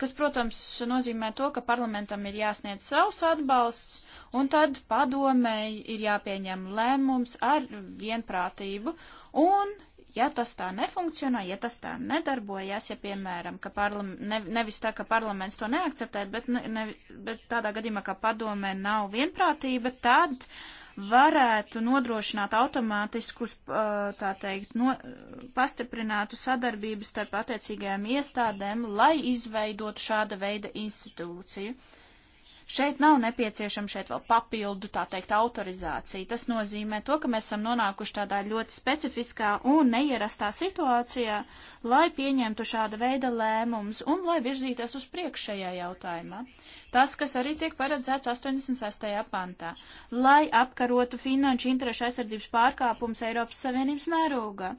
kas, protams, nozīmē to, ka parlamentam ir jāsniedz savs atbalsts, un tad padomēji ir jāpieņem lēmums ar vienprātību, un Ja tas tā nefunkcionē, ja tas tā nedarbojas, ja, piemēram, ka parlam, ne, nevis tā, ka parlaments to neakceptē, bet, ne, ne, bet tādā gadījumā, ka padomē nav vienprātība, tad varētu nodrošināt automātiskus, tā teikt, no, pastiprinātu sadarbību starp attiecīgajām iestādēm, lai izveidotu šāda veida institūciju. Uh, Šeit nav nepieciešama šeit vēl papildu, tā teikt, autorizācija. Tas nozīmē to, ka mēs esam nonākuši tādā ļoti specifiskā un neierastā situācijā, lai pieņemtu šāda veida lēmums un lai virzīties uz priekšējā jautājumā. Tas, kas arī tiek paredzēts 86. pantā, lai apkarotu finanšu interešu aizsardzības pārkāpums Eiropas Savienības mērogā.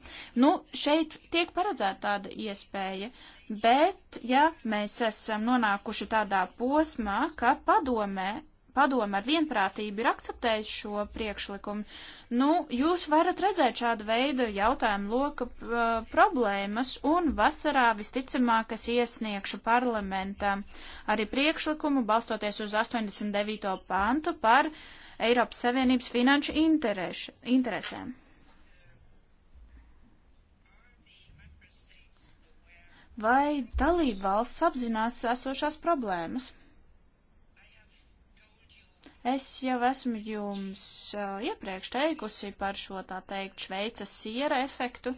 Nu, šeit tiek paredzēta tāda iespēja. Uh, bet ja mēs esam nonākuši tādā posmā, ka padomē padoma ar vienprātību ir akceptējusi šo priekšlikumu. Nu, jūs varat redzēt šādu veidu jautājumu loka uh, problēmas, un vasarā visticamāk es iesniegšu parlamentam arī priekšlikumu, balstoties uz 89. pantu par Eiropas Savienības finanšu interešu, interesēm. vai dalība valsts apzinās esošās problēmas. Es jau esmu jums uh, iepriekš teikusi par šo tā teikt šveicas siera efektu.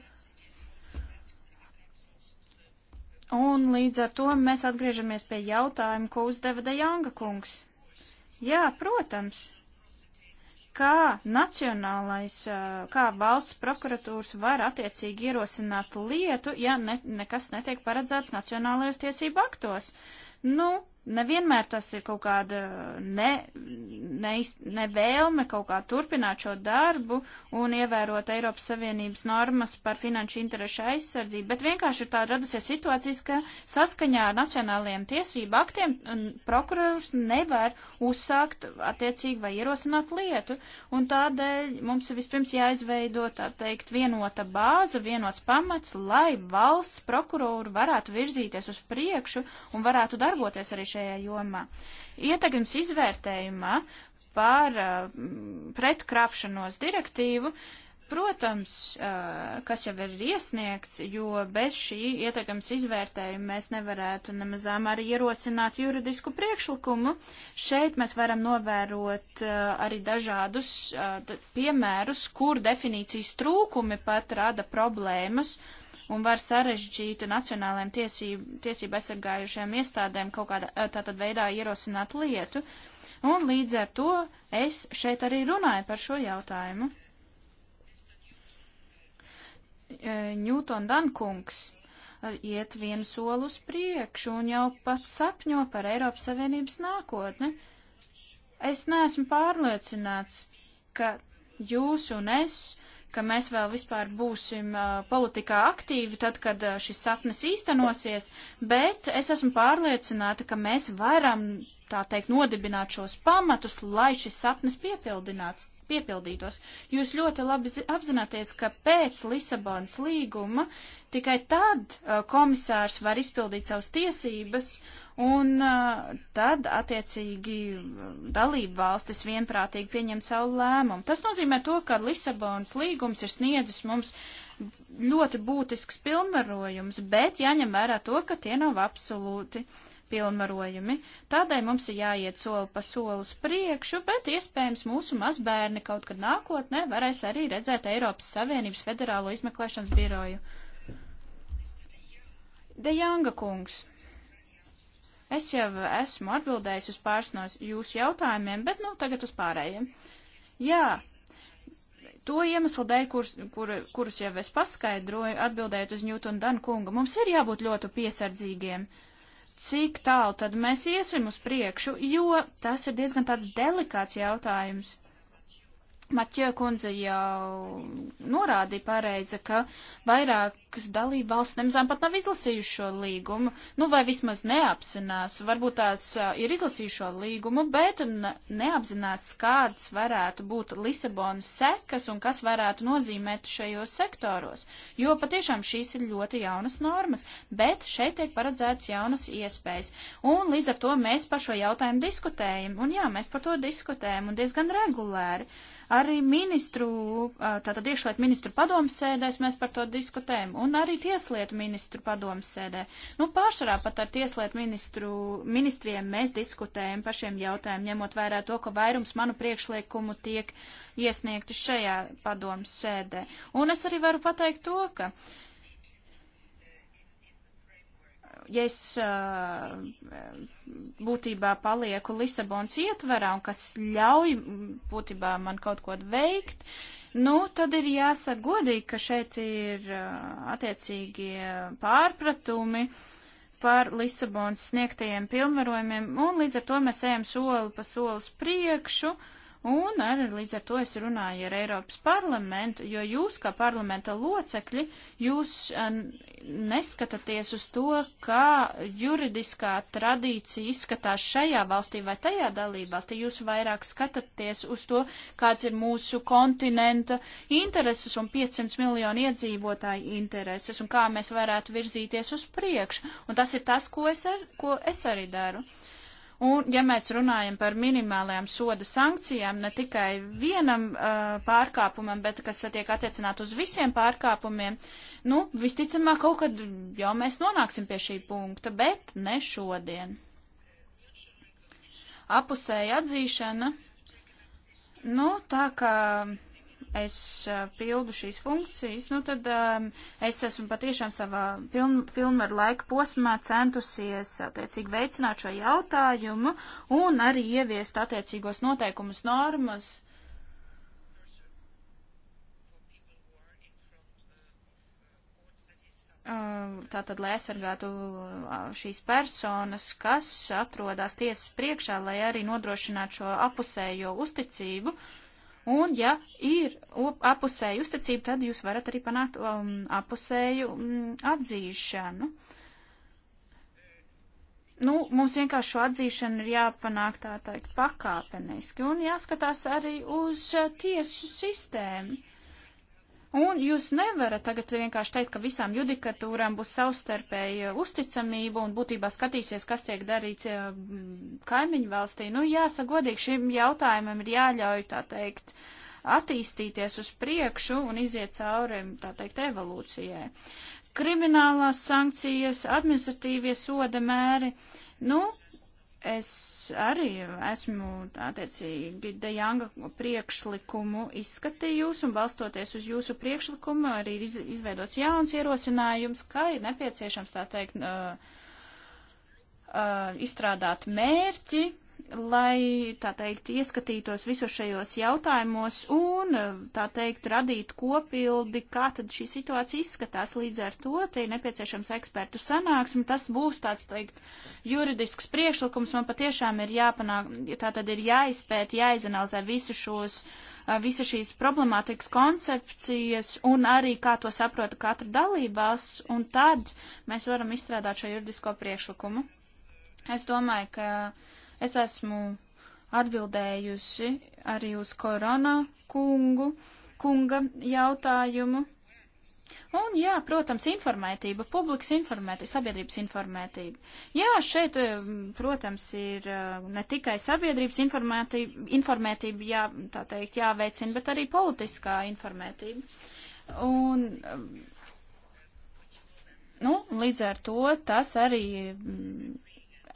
Un līdz ar to mēs atgriežamies pie jautājuma, ko uzdeva Dejanga kungs. Jā, protams kā nacionālais, kā valsts prokuratūras var attiecīgi ierosināt lietu, ja ne, nekas netiek paredzēts nacionālajos tiesību aktos. Nu, Nevienmēr tas ir kaut kāda ne, ne, nevēlme kaut kā turpināt šo darbu un ievērot Eiropas Savienības normas par finanšu interešu aizsardzību, bet vienkārši ir tā radusies situācijas, ka saskaņā ar nacionālajiem tiesību aktiem mm, prokurors nevar uzsākt attiecīgi vai ierosināt lietu, un tādēļ mums ir vispirms jāizveido, tā teikt, vienota bāze, vienots pamats, lai valsts prokuroru varētu virzīties uz priekšu un varētu darboties arī šajā jomā. Ietekmes izvērtējumā par uh, pretkrāpšanos direktīvu, protams, uh, kas jau ir iesniegts, jo bez šī ietekmes izvērtējuma mēs nevarētu nemazām arī ierosināt juridisku priekšlikumu. Šeit mēs varam novērot uh, arī dažādus piemērus, kur definīcijas trūkumi pat rada problēmas. Uh, un var sarežģīt nacionālajiem tiesību, tiesību aizsargājušiem iestādēm kaut kādā eh, tātad veidā ierosināt lietu. Un līdz ar to es šeit arī runāju par šo jautājumu. Eh, Ņūton Dankungs eh, iet vienu soli uz priekšu un jau pat sapņo par Eiropas Savienības nākotni. Es neesmu pārliecināts, ka jūs un es uh, ka mēs vēl vispār būsim uh, politikā aktīvi tad, kad uh, šis sapnis īstenosies, bet es esmu pārliecināta, ka mēs varam, tā teikt, nodibināt šos pamatus, lai šis sapnis piepildināts. Piepildītos. Jūs ļoti labi apzināties, ka pēc Lisabonas līguma uh, Tikai tad uh, komisārs var izpildīt savas tiesības, un uh, tad attiecīgi dalību valstis vienprātīgi pieņem savu lēmumu. Tas nozīmē to, ka Lisabonas līgums ir sniedzis mums ļoti būtisks pilnvarojums, bet jāņem vērā to, ka tie nav absolūti pilnvarojumi. Tādēļ mums ir jāiet soli pa soli uz priekšu, bet iespējams mūsu mazbērni kaut kad nākotnē varēs arī redzēt Eiropas Savienības federālo izmeklēšanas biroju. De Janga kungs, es jau esmu atbildējis uz pāris no jūsu jautājumiem, bet nu tagad uz pārējiem. Jā, to iemeslu dēļ, kur, kur, kurus jau es paskaidroju, atbildēt uz Ņūtonu Dankunga, mums ir jābūt ļoti piesardzīgiem. Cik tālu tad mēs iesim uz priekšu, jo tas ir diezgan tāds delikāts jautājums. Matjē kundze jau norādīja pareizi, ka vairākas dalība valsts nemazām pat nav izlasījuši šo līgumu, nu vai vismaz neapzinās, varbūt tās ir izlasījuši šo līgumu, bet neapzinās, kādas varētu būt Lisabonas sekas un kas varētu nozīmēt šajos sektoros, jo patiešām šīs ir ļoti jaunas normas, bet šeit tiek paredzēts jaunas iespējas. Un līdz ar to mēs par šo jautājumu diskutējam, un jā, mēs par to diskutējam un diezgan regulēri. Uh, Arī ministru, tātad iekšlietu ministru padomas sēdēs mēs par to diskutējam, un arī tieslietu ministru padomas sēdē. Nu, pārsvarā pat ar tieslietu ministru, ministriem mēs diskutējam par šiem jautājumiem, ņemot vērā to, ka vairums manu priekšliekumu tiek iesniegti šajā padomas sēdē. Un es arī varu pateikt to, ka. Uh, ja es eh, būtībā palieku Lisabons ietverā un kas ļauj mm, būtībā man kaut ko veikt, Nu, tad ir jāsaka godīgi, ka šeit ir eh, attiecīgie pārpratumi par Lisabonas sniegtajiem pilnvarojumiem, un līdz ar to mēs ejam soli pa solis priekšu. Uh, Un arī līdz ar to es runāju ar Eiropas parlamentu, jo jūs, kā parlamenta locekļi, jūs eh, neskatāties uz to, kā juridiskā tradīcija izskatās šajā valstī vai tajā dalībvalstī. Jūs vairāk skatāties uz to, kāds ir mūsu kontinenta intereses un 500 miljonu iedzīvotāju intereses un kā mēs varētu virzīties uz priekšu. Un tas ir tas, ko es, ar, ko es arī daru. Uh, Un, ja mēs runājam par minimālajām soda sankcijām, ne tikai vienam uh, pārkāpumam, bet kas tiek attiecināt uz visiem pārkāpumiem, nu, visticamāk, kaut kad jau mēs nonāksim pie šī punkta, bet ne šodien. Apusēja atzīšana, nu, tā kā. Ka es pildu šīs funkcijas, nu tad um, es esmu patiešām savā piln, pilnvaru laika posmā centusies attiecīgi veicināt šo jautājumu un arī ieviest attiecīgos noteikumus normas. Tātad, lai aizsargātu šīs personas, kas atrodas tiesas priekšā, lai arī nodrošinātu šo apusējo uzticību, uh, Un, ja ir apusēju uzticība, tad jūs varat arī panākt um, apusēju um, atzīšanu. Nu, mums vienkārši šo atzīšanu ir jāpanāk tā teikt pakāpeniski un jāskatās arī uz tiesu sistēmu. Uh, Un jūs nevarat tagad vienkārši teikt, ka visām judikatūrām būs savstarpēja uzticamība un būtībā skatīsies, kas tiek darīts eh, kaimiņu valstī. Nu, jāsaka godīgi, šim jautājumam ir jāļauj, tā teikt, attīstīties uz priekšu un iziet cauri, tā teikt, evolūcijai. Kriminālās sankcijas, administratīvie soda mēri, nu, Es arī esmu attiecīgi De Janga priekšlikumu izskatījusi un balstoties uz jūsu priekšlikumu arī ir izveidots jauns ierosinājums, ka ir nepieciešams tā teikt uh, uh, izstrādāt mērķi, lai, tā teikt, ieskatītos visos šajos jautājumos un, tā teikt, radītu kopildi, kā tad šī situācija izskatās. Līdz ar to te ir nepieciešams ekspertu sanāksme. Tas būs tāds, teikt, juridisks priekšlikums. Man patiešām ir jāpanāk, tā tad ir jāizpēt, jāizanalizē visu šos, visu šīs problemātikas koncepcijas un arī, kā to saprota katra dalībās, un tad mēs varam izstrādāt šo juridisko priekšlikumu. Es domāju, ka uh, Es esmu atbildējusi arī uz korona kungu, kunga jautājumu. Un, jā, protams, informētība, publikas informētība, sabiedrības informētība. Jā, šeit, eh, protams, ir eh, ne tikai sabiedrības informētība, informētība jā, tā teikt, jāveicina, bet arī politiskā informētība. Un, eh, nu, līdz ar to tas arī mm,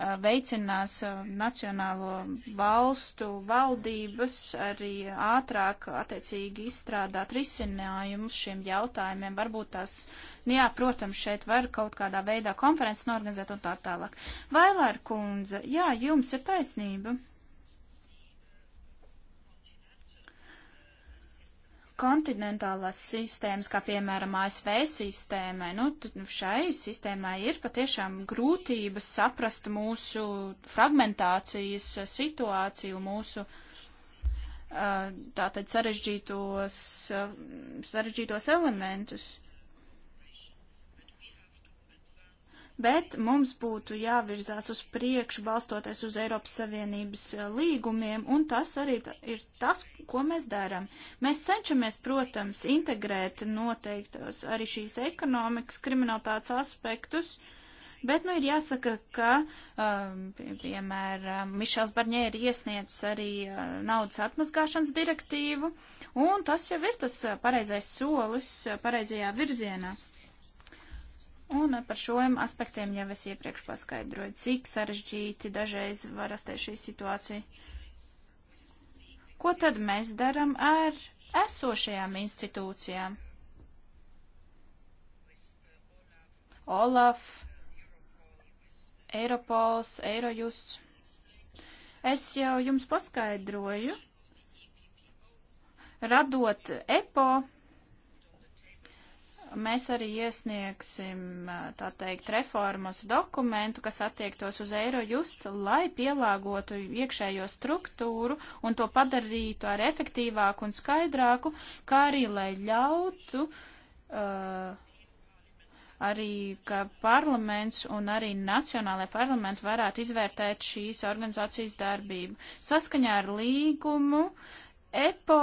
Uh, veicinās uh, nacionālo valstu valdības arī ātrāk attiecīgi izstrādāt risinājumus šiem jautājumiem. Varbūt tās, nu jā, protams, šeit var kaut kādā veidā konferences norganizēt un tā tālāk. Vailēr kundze, jā, jums ir taisnība. kontinentālās sistēmas, kā piemēram ASV sistēmai, nu, tad, nu šai sistēmai ir patiešām grūtības saprast mūsu fragmentācijas situāciju, mūsu tātad sarežģītos, sarežģītos elementus. bet mums būtu jāvirzās uz priekšu balstoties uz Eiropas Savienības eh, līgumiem, un tas arī ir tas, ko mēs darām. Mēs cenšamies, protams, integrēt noteiktos arī šīs ekonomikas kriminalitātes aspektus. Bet, nu, ir jāsaka, ka, um, piemēram, Mišels Barņē ir iesniedzis arī uh, naudas atmazgāšanas direktīvu, un tas jau ir tas uh, pareizais solis uh, pareizajā virzienā. Un par šiem aspektiem jau es iepriekš paskaidroju, cik sarežģīti dažreiz var rasties šī situācija. Ko tad mēs darām ar esošajām institūcijām? Olaf, Eiropols, Eirojusts. Es jau jums paskaidroju, radot EPO Mēs arī iesniegsim, tā teikt, reformas dokumentu, kas attiektos uz Eirojust, lai pielāgotu iekšējo struktūru un to padarītu ar efektīvāku un skaidrāku, kā arī lai ļautu uh, arī, ka parlaments un arī nacionālajie parlamenti varētu izvērtēt šīs organizācijas darbību. Saskaņā ar līgumu EPO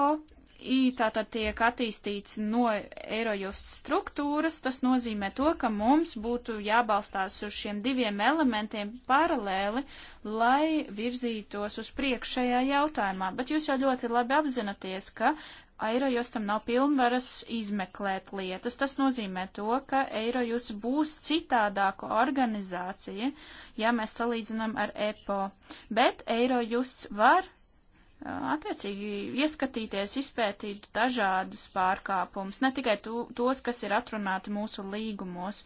I tātad tiek attīstīts no Eirojust struktūras, tas nozīmē to, ka mums būtu jābalstās uz šiem diviem elementiem paralēli, lai virzītos uz priekšējā jautājumā. Bet jūs jau ļoti labi apzināties, ka Eirojustam nav pilnvaras izmeklēt lietas. Tas nozīmē to, ka Eirojust būs citādāka organizācija, ja mēs salīdzinām ar EPO. Bet Eirojusts var attiecīgi ieskatīties, izpētīt dažādus pārkāpumus, ne tikai tu, tos, kas ir atrunāti mūsu līgumos.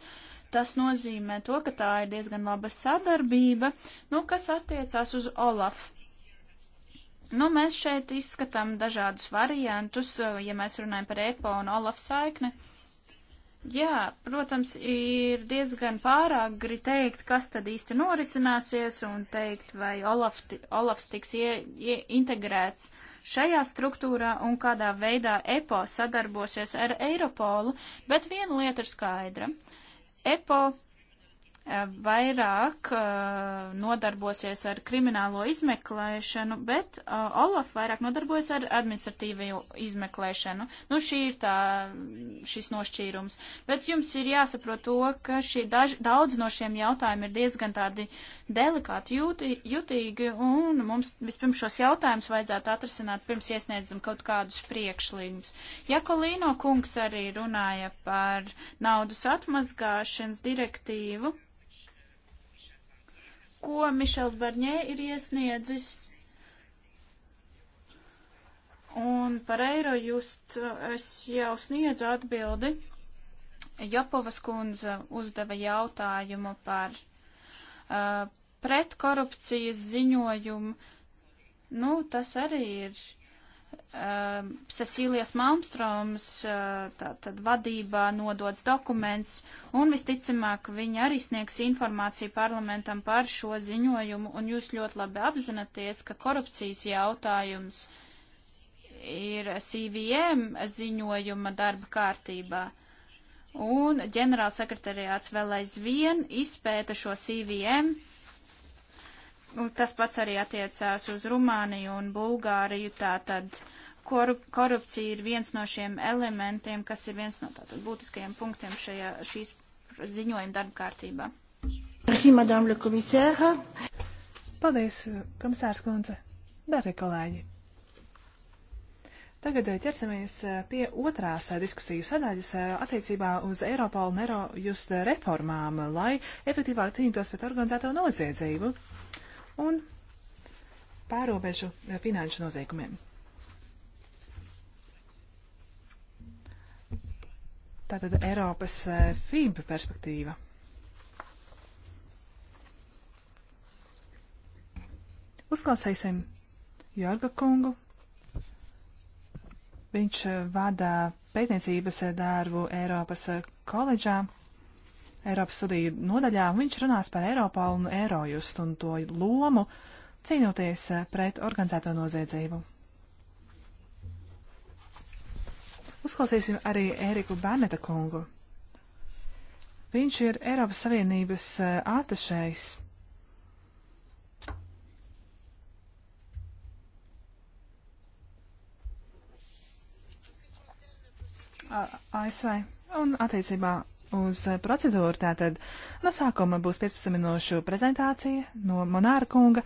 Tas nozīmē to, ka tā ir diezgan laba sadarbība, nu, kas attiecās uz Olaf. Nu, mēs šeit izskatām dažādus variantus, ja mēs runājam par EPO un Olaf saikni. Uh, Jā, protams, ir diezgan pārāk grib teikt, kas tad īsti norisināsies un teikt, vai Olaf, Olafs tiks ie, ie, integrēts šajā struktūrā un kādā veidā EPO sadarbosies ar Eiropolu, bet viena lieta ir skaidra. EPO vairāk uh, nodarbosies ar kriminālo izmeklēšanu, bet uh, Olaf vairāk nodarbojas ar administratīvo izmeklēšanu. Nu, šī ir tā, šis nošķīrums. Bet jums ir jāsaprot to, ka šī daž, daudz no šiem jautājumiem ir diezgan tādi delikāti, jūti, jutīgi, un mums vispirms šos jautājumus vajadzētu atrasināt pirms iesniedzam kaut kādus priekšlīgumus. Jakolīno kungs arī runāja par naudas atmazgāšanas direktīvu ko Mišels Barņē ir iesniedzis. Un par eiro just uh, es jau sniedzu atbildi. Jopovas kundze uzdeva jautājumu par uh, pretkorupcijas ziņojumu. Nu, tas arī ir um, Cecīlijas Malmstroms uh, tātad vadībā nodots dokuments, un visticamāk viņa arī sniegs informāciju parlamentam par šo ziņojumu, un jūs ļoti labi apzināties, ka korupcijas jautājums ir CVM ziņojuma darba kārtībā. Un ģenerālsekretariāts vēl aizvien izpēta šo CVM uh, Nu, tas pats arī attiecās uz Rumāniju un Bulgāriju. Tātad korup korupcija ir viens no šiem elementiem, kas ir viens no tātad būtiskajiem punktiem šajā, šīs ziņojuma darba kārtībā. Paldies, komisārs kundze, darbie kolēģi. Tagad eh, ķersimies eh, pie otrās eh, diskusiju sadaļas attiecībā uz Eiropā un Eirojust reformām, lai efektīvāk cīnītos pret organizēto noziedzību un pārobežu eh, finanšu noziegumiem. Tātad Eiropas eh, FIB perspektīva. Uzklausīsim Jorga kungu. Viņš eh, vada pētniecības darbu Eiropas koledžā Eiropas studiju nodaļā, un viņš runās par Eiropā un Eirojust un to lomu cīnoties eh, pret organizēto noziedzību. Uzklausīsim arī Eriku Berneta kungu. Viņš ir Eiropas Savienības eh, atašējs. ASV un attiecībā uz eh, procedūru. Tātad no sākuma būs 15 minūšu prezentācija no Monāra kunga,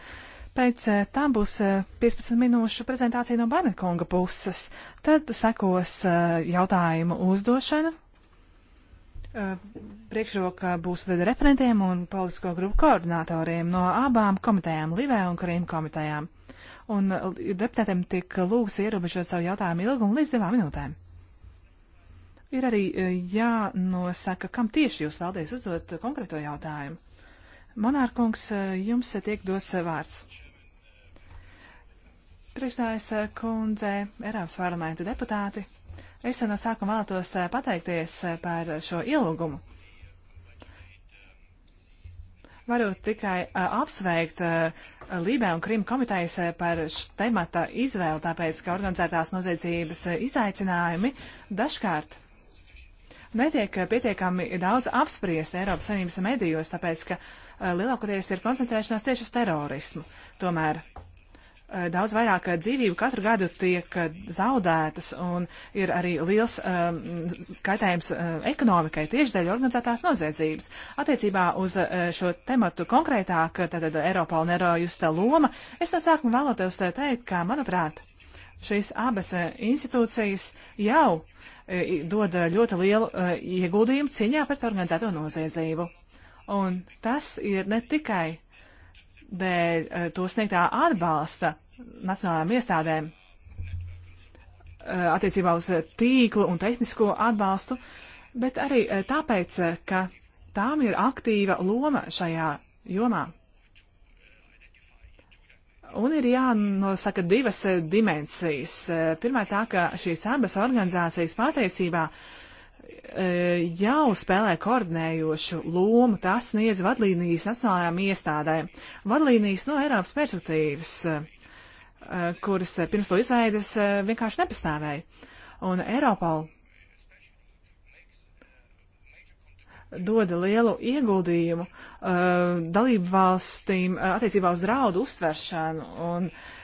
pēc eh, tam būs 15 eh, minūšu prezentācija no Barnett kunga puses, tad sekos jautājumu uzdošana. Priekšroka būs tad referentiem un politisko grupu koordinatoriem no abām komitējām, Livē un Karīm komitējām. Un deputātiem tik lūgs ierobežot savu jautājumu ilgumu līdz divām minūtēm ir arī e, jānosaka, kam tieši jūs vēlaties uzdot konkrēto jautājumu. Monārkungs, e, jums tiek dots e, vārds. Priekšstājas kundze, Eiropas parlamenta deputāti, es no sākuma vēlētos pateikties par šo ielūgumu. Varu tikai apsveikt Lībē un Krim komitejas par temata izvēli, tāpēc, ka organizētās noziedzības izaicinājumi dažkārt netiek eh, pietiekami daudz apspriesta Eiropas Savienības medijos, tāpēc ka eh, lielākoties ir koncentrēšanās tieši uz terorismu. Tomēr eh, daudz vairāk dzīvību katru gadu tiek zaudētas un ir arī liels um, skaitējums um, ekonomikai tieši dēļ organizētās noziedzības. Attiecībā uz uh, šo tematu konkrētāk, tātad Eiropā un Eirojusta loma, es no sākuma vēlētos teikt, ka, manuprāt, šīs abas institūcijas jau E, dod e, ļoti lielu e, ieguldījumu cīņā pret organizēto noziedzību. Un tas ir ne tikai dēļ to sniegtā atbalsta nacionālajām iestādēm attiecībā uz tīklu un tehnisko atbalstu, bet arī tāpēc, ka tām ir aktīva loma šajā jomā. Un ir jānosaka divas eh, dimensijas. Eh, pirmā tā, ka šīs abas organizācijas patiesībā eh, jau spēlē koordinējošu lomu, tas sniedz vadlīnijas nacionālajām iestādēm. Vadlīnijas no Eiropas perspektīvas, kuras pirms to izveidas vienkārši nepastāvēja. Un Eiropol doda lielu ieguldījumu uh, dalību valstīm uh, attiecībā uz draudu uztveršanu un uh,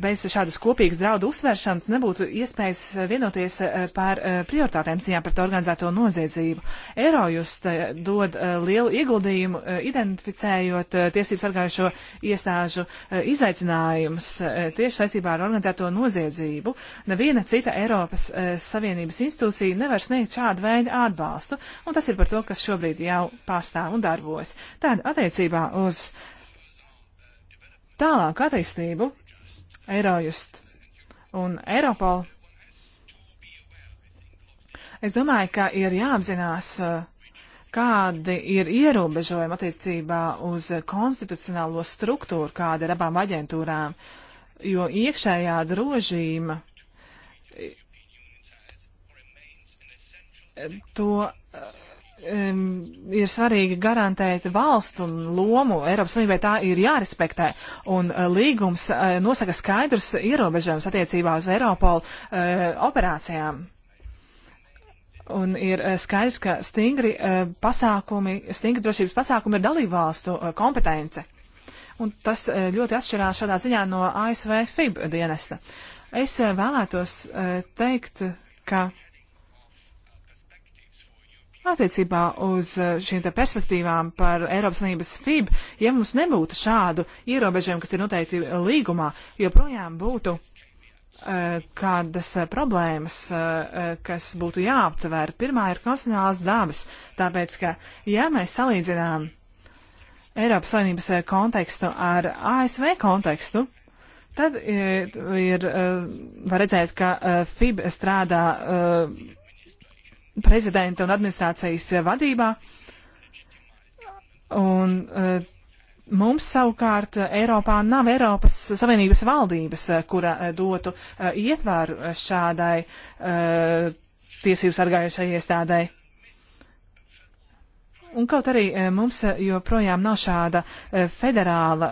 bez šādas kopīgas draudu uzsvēršanas nebūtu iespējas vienoties eh, par eh, prioritātēm ziņā pret organizēto noziedzību. Eirojust eh, dod lielu ieguldījumu identificējot tiesību sargājušo iestāžu izaicinājumus tieši saistībā ar organizēto noziedzību. Neviena cita Eiropas Savienības institūcija nevar sniegt šādu veidu atbalstu, un tas ir par to, kas šobrīd jau pastāv un darbojas. Tad attiecībā uz tālāku attīstību Eirojust un Eiropol. Es domāju, ka ir jāapzinās, kādi ir ierobežojumi attiecībā uz konstitucionālo struktūru, kāda ir abām aģentūrām, jo iekšējā drošība to ir svarīgi garantēt valstu lomu Eiropas Savienībai, tā ir jārespektē. Un eh, līgums eh, nosaka skaidrus ierobežojumus attiecībā uz Eiropolu eh, operācijām. Un ir skaidrs, ka stingri pasākumi, stingri drošības pasākumi ir dalībvalstu kompetence. Un tas ļoti atšķirās šādā ziņā no ASV FIB dienesta. Es vēlētos teikt, ka Attiecībā uz eh, šīm perspektīvām par Eiropas Savienības FIB, ja mums nebūtu šādu ierobežojumu, kas ir noteikti līgumā, joprojām būtu eh, kādas eh, problēmas, kas būtu jāaptver. Pirmā ir konstitucionālās dabas, tāpēc, ka, ja mēs salīdzinām Eiropas Savienības kontekstu ar ASV kontekstu, tad ir, ir var redzēt, ka FIB strādā prezidenta un administrācijas vadībā. Un eh, mums savukārt Eiropā nav Eiropas Savienības valdības, eh, kura eh, dotu ietvaru šādai tiesību sargājušai iestādai. Un kaut arī mums joprojām nav šāda federāla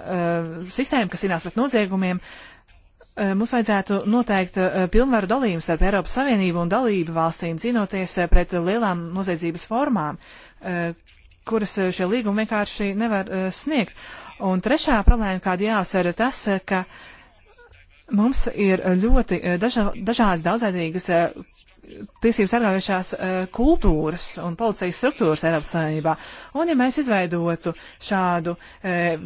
sistēma, kas cīnās pret noziegumiem, uh, Eh, mums vajadzētu noteikt eh, pilnvaru dalījumu starp Eiropas Savienību un dalību valstīm, cīnoties eh, pret lielām noziedzības formām, kuras šie līgumi vienkārši nevar sniegt. Un trešā problēma, kāda jāuzsver, ir tas, ka mums ir ļoti daža, dažādas daudzveidīgas tiesības sargājušās eh, kultūras un policijas struktūras Eiropas Savienībā. Un ja mēs izveidotu šādu eh,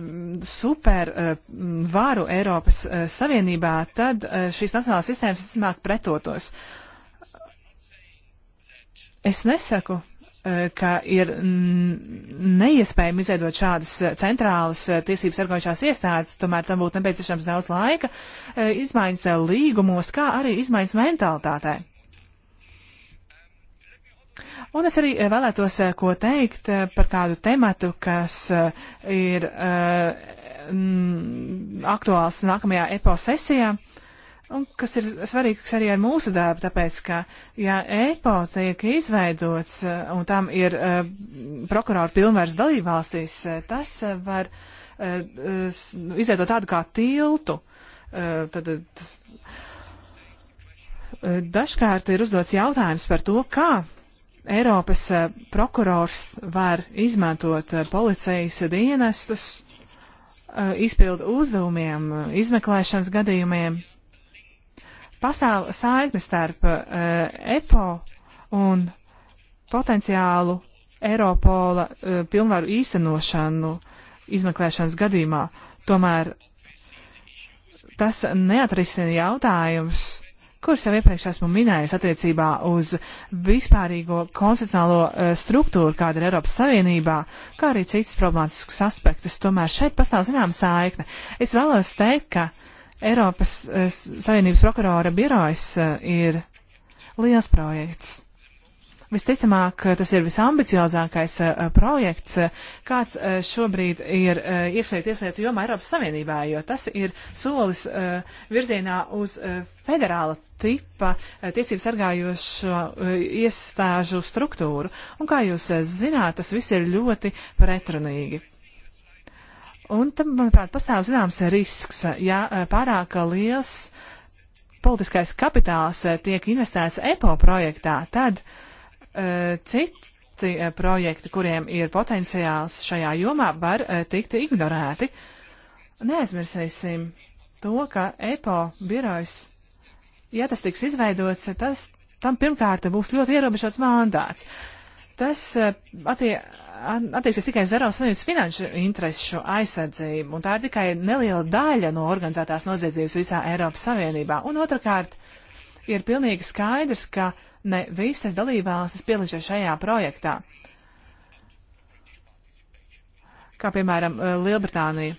supervaru eh, Eiropas Savienībā, tad šīs nacionālās sistēmas visticamāk pretotos. Es nesaku, ka ir neiespējami izveidot šādas centrālas tiesības sargojušās iestādes, tomēr tam būtu nepieciešams daudz laika, izmaiņas līgumos, kā arī izmaiņas mentalitātē. Un es arī eh, vēlētos eh, ko teikt eh, par kādu tematu, kas ir mm, aktuāls nākamajā EPO sesijā. Un kas ir svarīgs arī ar mūsu darbu, tāpēc, ka, ja EPO tiek izveidots un tam ir uh, prokuroru pilnvērs dalībvalstīs, tas var uh, izveidot tādu kā tiltu. Uh, tad, dažkārt ir uzdots jautājums par to, kā Eiropas eh, prokurors var izmantot eh, policijas dienestus eh, izpildu uzdevumiem, izmeklēšanas gadījumiem. Pastāv saikne starp EPO e un potenciālu Eiropola pilnvaru īstenošanu izmeklēšanas gadījumā. Tomēr tas neatrisina jautājums kurus jau iepriekš esmu minējis attiecībā uz vispārīgo konstitucionālo eh, struktūru, kāda ir Eiropas Savienībā, kā arī citas problemātiskas aspektus. Tomēr šeit pastāv zināma saikne. Es vēlos teikt, ka Eiropas eh, Savienības prokurora birojas eh, ir liels projekts Visticamāk, tas ir visambiciozākais uh, projekts, eh, kāds uh, eh, šobried ir uh, iekšlietu ieslietu jomā Eiropas Savienībā, jo tas ir solis virzienā uz federāla tipa tiesību sargājošo iestāžu struktūru. Un, kā jūs zināt, tas viss ir ļoti pretrunīgi. Un tam, manuprāt, pastāv zināms risks, ja pārāk liels politiskais kapitāls tiek investēts EPO projektā, tad uh, Eh, citi eh, projekti, kuriem ir potenciāls šajā jomā, var eh, tikt ignorēti. Neaizmirsīsim to, ka EPO birojs, ja tas tiks izveidots, tas tam pirmkārt būs ļoti ierobežots mandāts. Tas attie, attieksies tikai uz Eiropas Savienības finanšu interesu aizsardzību, un tā ir tikai neliela daļa no organizētās noziedzības visā Eiropas Savienībā. Un otrkārt, ir pilnīgi skaidrs, ka uh, ne visas dalībvalstis pielīdzēja šajā projektā, kā piemēram eh, Lielbritānija.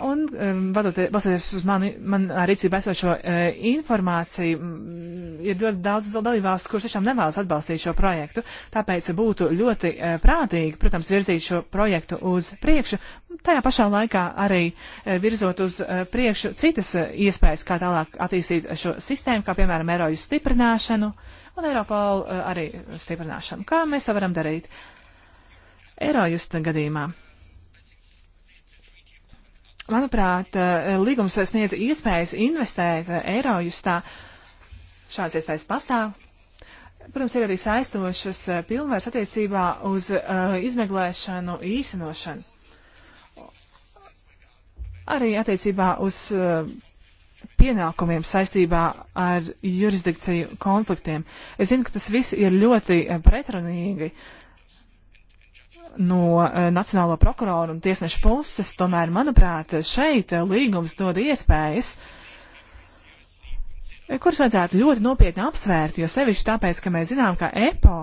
Un um, balstoties uz mani, manā uh, rīcībā esošo e, informāciju, m, ir ļoti daudz dalībās, kurš tiešām nevēlas atbalstīt šo projektu. Tāpēc būtu ļoti e, prātīgi, protams, virzīt šo projektu uz priekšu, tajā pašā laikā arī e, virzot uz priekšu citas iespējas, kā tālāk attīstīt šo sistēmu, kā piemēram Eiroju stiprināšanu un Eiropolu arī stiprināšanu. Kā mēs to varam darīt? Eirojust gadījumā Manuprāt, eh, līgums sniedz iespējas investēt Eirojustā. Eh, Šāds iespējas pastāv. Protams, ir arī saistošas eh, pilnvērs attiecībā uz uh, izmeklēšanu īstenošanu. Arī attiecībā uz uh, pienākumiem saistībā ar jurisdikciju konfliktiem. Es zinu, ka tas viss ir ļoti pretrunīgi. Uh, no eh, Nacionālo prokuroru un tiesnešu puses, tomēr, manuprāt, šeit eh, līgums dod iespējas, eh, kuras vajadzētu ļoti nopietni apsvērt, jo sevišķi tāpēc, ka mēs zinām, ka EPO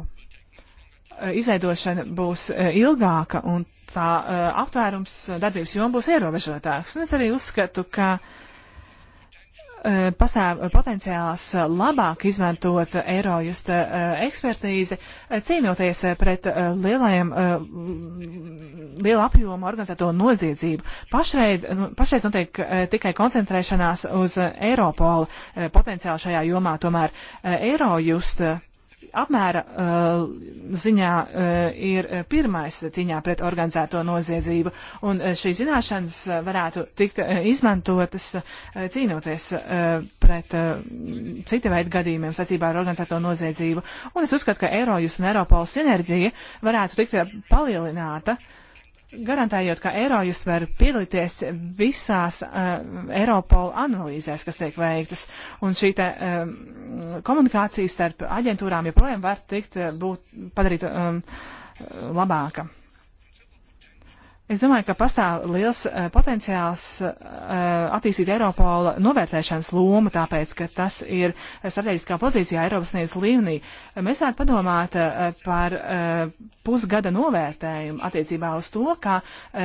izveidošana būs ilgāka un tā aptvērums darbības joma būs ierobežotāks. Un es arī uzskatu, ka uh, E, pastāv potenciāls labāk izmantot Eirojust e, ekspertīzi, e, cīnoties pret lielajiem, lielu apjomu organizēto noziedzību. Pašreid, nu, pašreiz notiek tikai koncentrēšanās uz Eiropolu potenciālu šajā jomā, tomēr Eirojust apmēra uh, ziņā uh, ir pirmais cīņā pret organizēto noziedzību, un uh, šīs zināšanas varētu tikt izmantotas cīnoties pret cita veida gadījumiem saistībā ar organizēto noziedzību. Un es uzskatu, ka Eirojus un Eiropols sinerģija varētu tikt palielināta uh, garantējot, ka eiro jūs var piedalīties visās uh, Eiropola analīzēs, kas tiek veiktas, un šī te, um, komunikācija starp aģentūrām joprojām var tikt eh, būt, padarīt um, labāka. Es domāju, ka pastāv liels uh, potenciāls uh, attīstīt Eiropola novērtēšanas lomu, tāpēc, ka tas ir strateģiskā pozīcijā Eiropas Savienības līmenī. Mēs varētu padomāt uh, par pusgada novērtējumu attiecībā uz to, kā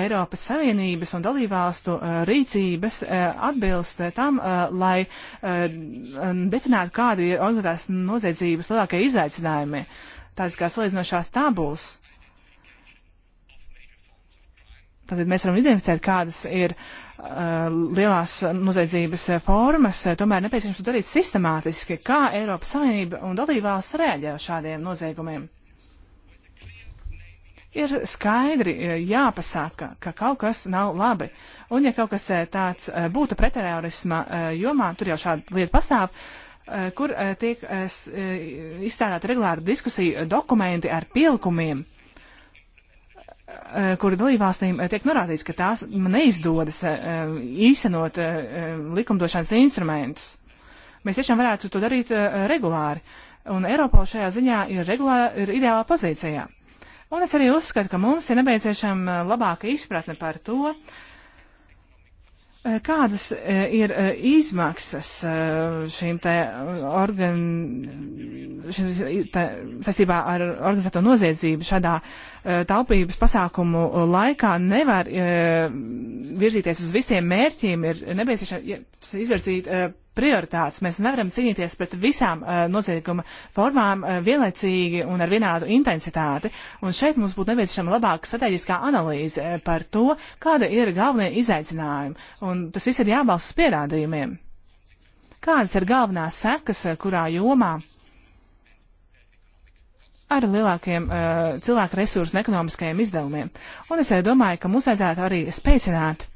Eiropas Savienības un dalībvalstu rīcības atbilst tam, lai definētu, kādi ir organizētās noziedzības lielākie izaicinājumi. Tāds kā salīdzinošās tabulas Tātad mēs varam identificēt, kādas ir uh, lielās noziedzības uh, formas, tomēr nepieciešams to darīt sistemātiski, kā Eiropas Savienība un dalībvalsts rēģē uz šādiem noziegumiem. Ir skaidri uh, jāpasaka, ka kaut kas nav labi. Un ja kaut kas uh, tāds būtu pretterorisma jomā, tur jau šāda lieta pastāv, kur tiek izstrādāti regulāri diskusiju dokumenti ar pielikumiem Eh, kuru dalībvalstīm eh, tiek norādīts, ka tās neizdodas eh, īstenot likumdošanas instrumentus. Mēs tiešām varētu to darīt regulāri, un Eiropā šajā ziņā ir, regulā, ir ideālā pozīcijā. Un es arī uzskatu, ka mums ir nepieciešama labāka izpratne par to, uh, Eh, kādas eh, ir eh, izmaksas šīm te organ, šim, te, saistībā ar organizēto noziedzību šādā taupības pasākumu laikā nevar virzīties uz visiem mērķiem, ir nepieciešams izvirzīt prioritātes. Mēs nevaram cīnīties pret visām uh, nozieguma formām uh, vienlaicīgi un ar vienādu intensitāti. Un šeit mums būtu nepieciešama labāka strateģiskā analīze uh, par to, kāda ir galvenie izaicinājumi. Un tas viss ir jābalsta uz pierādījumiem. Kādas ir galvenās sekas, uh, kurā jomā ar lielākiem uh, cilvēku resursu un ekonomiskajiem izdevumiem. Un es uh, domāju, ka mums vajadzētu arī spēcināt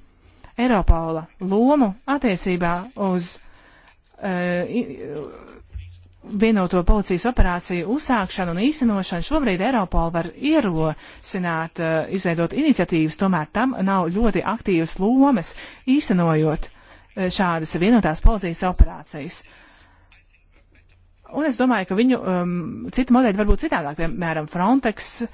Eiropola lomu attiecībā uz Eh, vienoto policijas operāciju uzsākšanu un īstenošanu šobrīd Eiropola var ierosināt, eh, izveidot iniciatīvas, tomēr tam nav ļoti aktīvas lomas īstenojot eh, šādas vienotās policijas operācijas. Uh, Un es domāju, ka viņu um, citi modeļi var būt citādāk, piemēram, Frontex uh,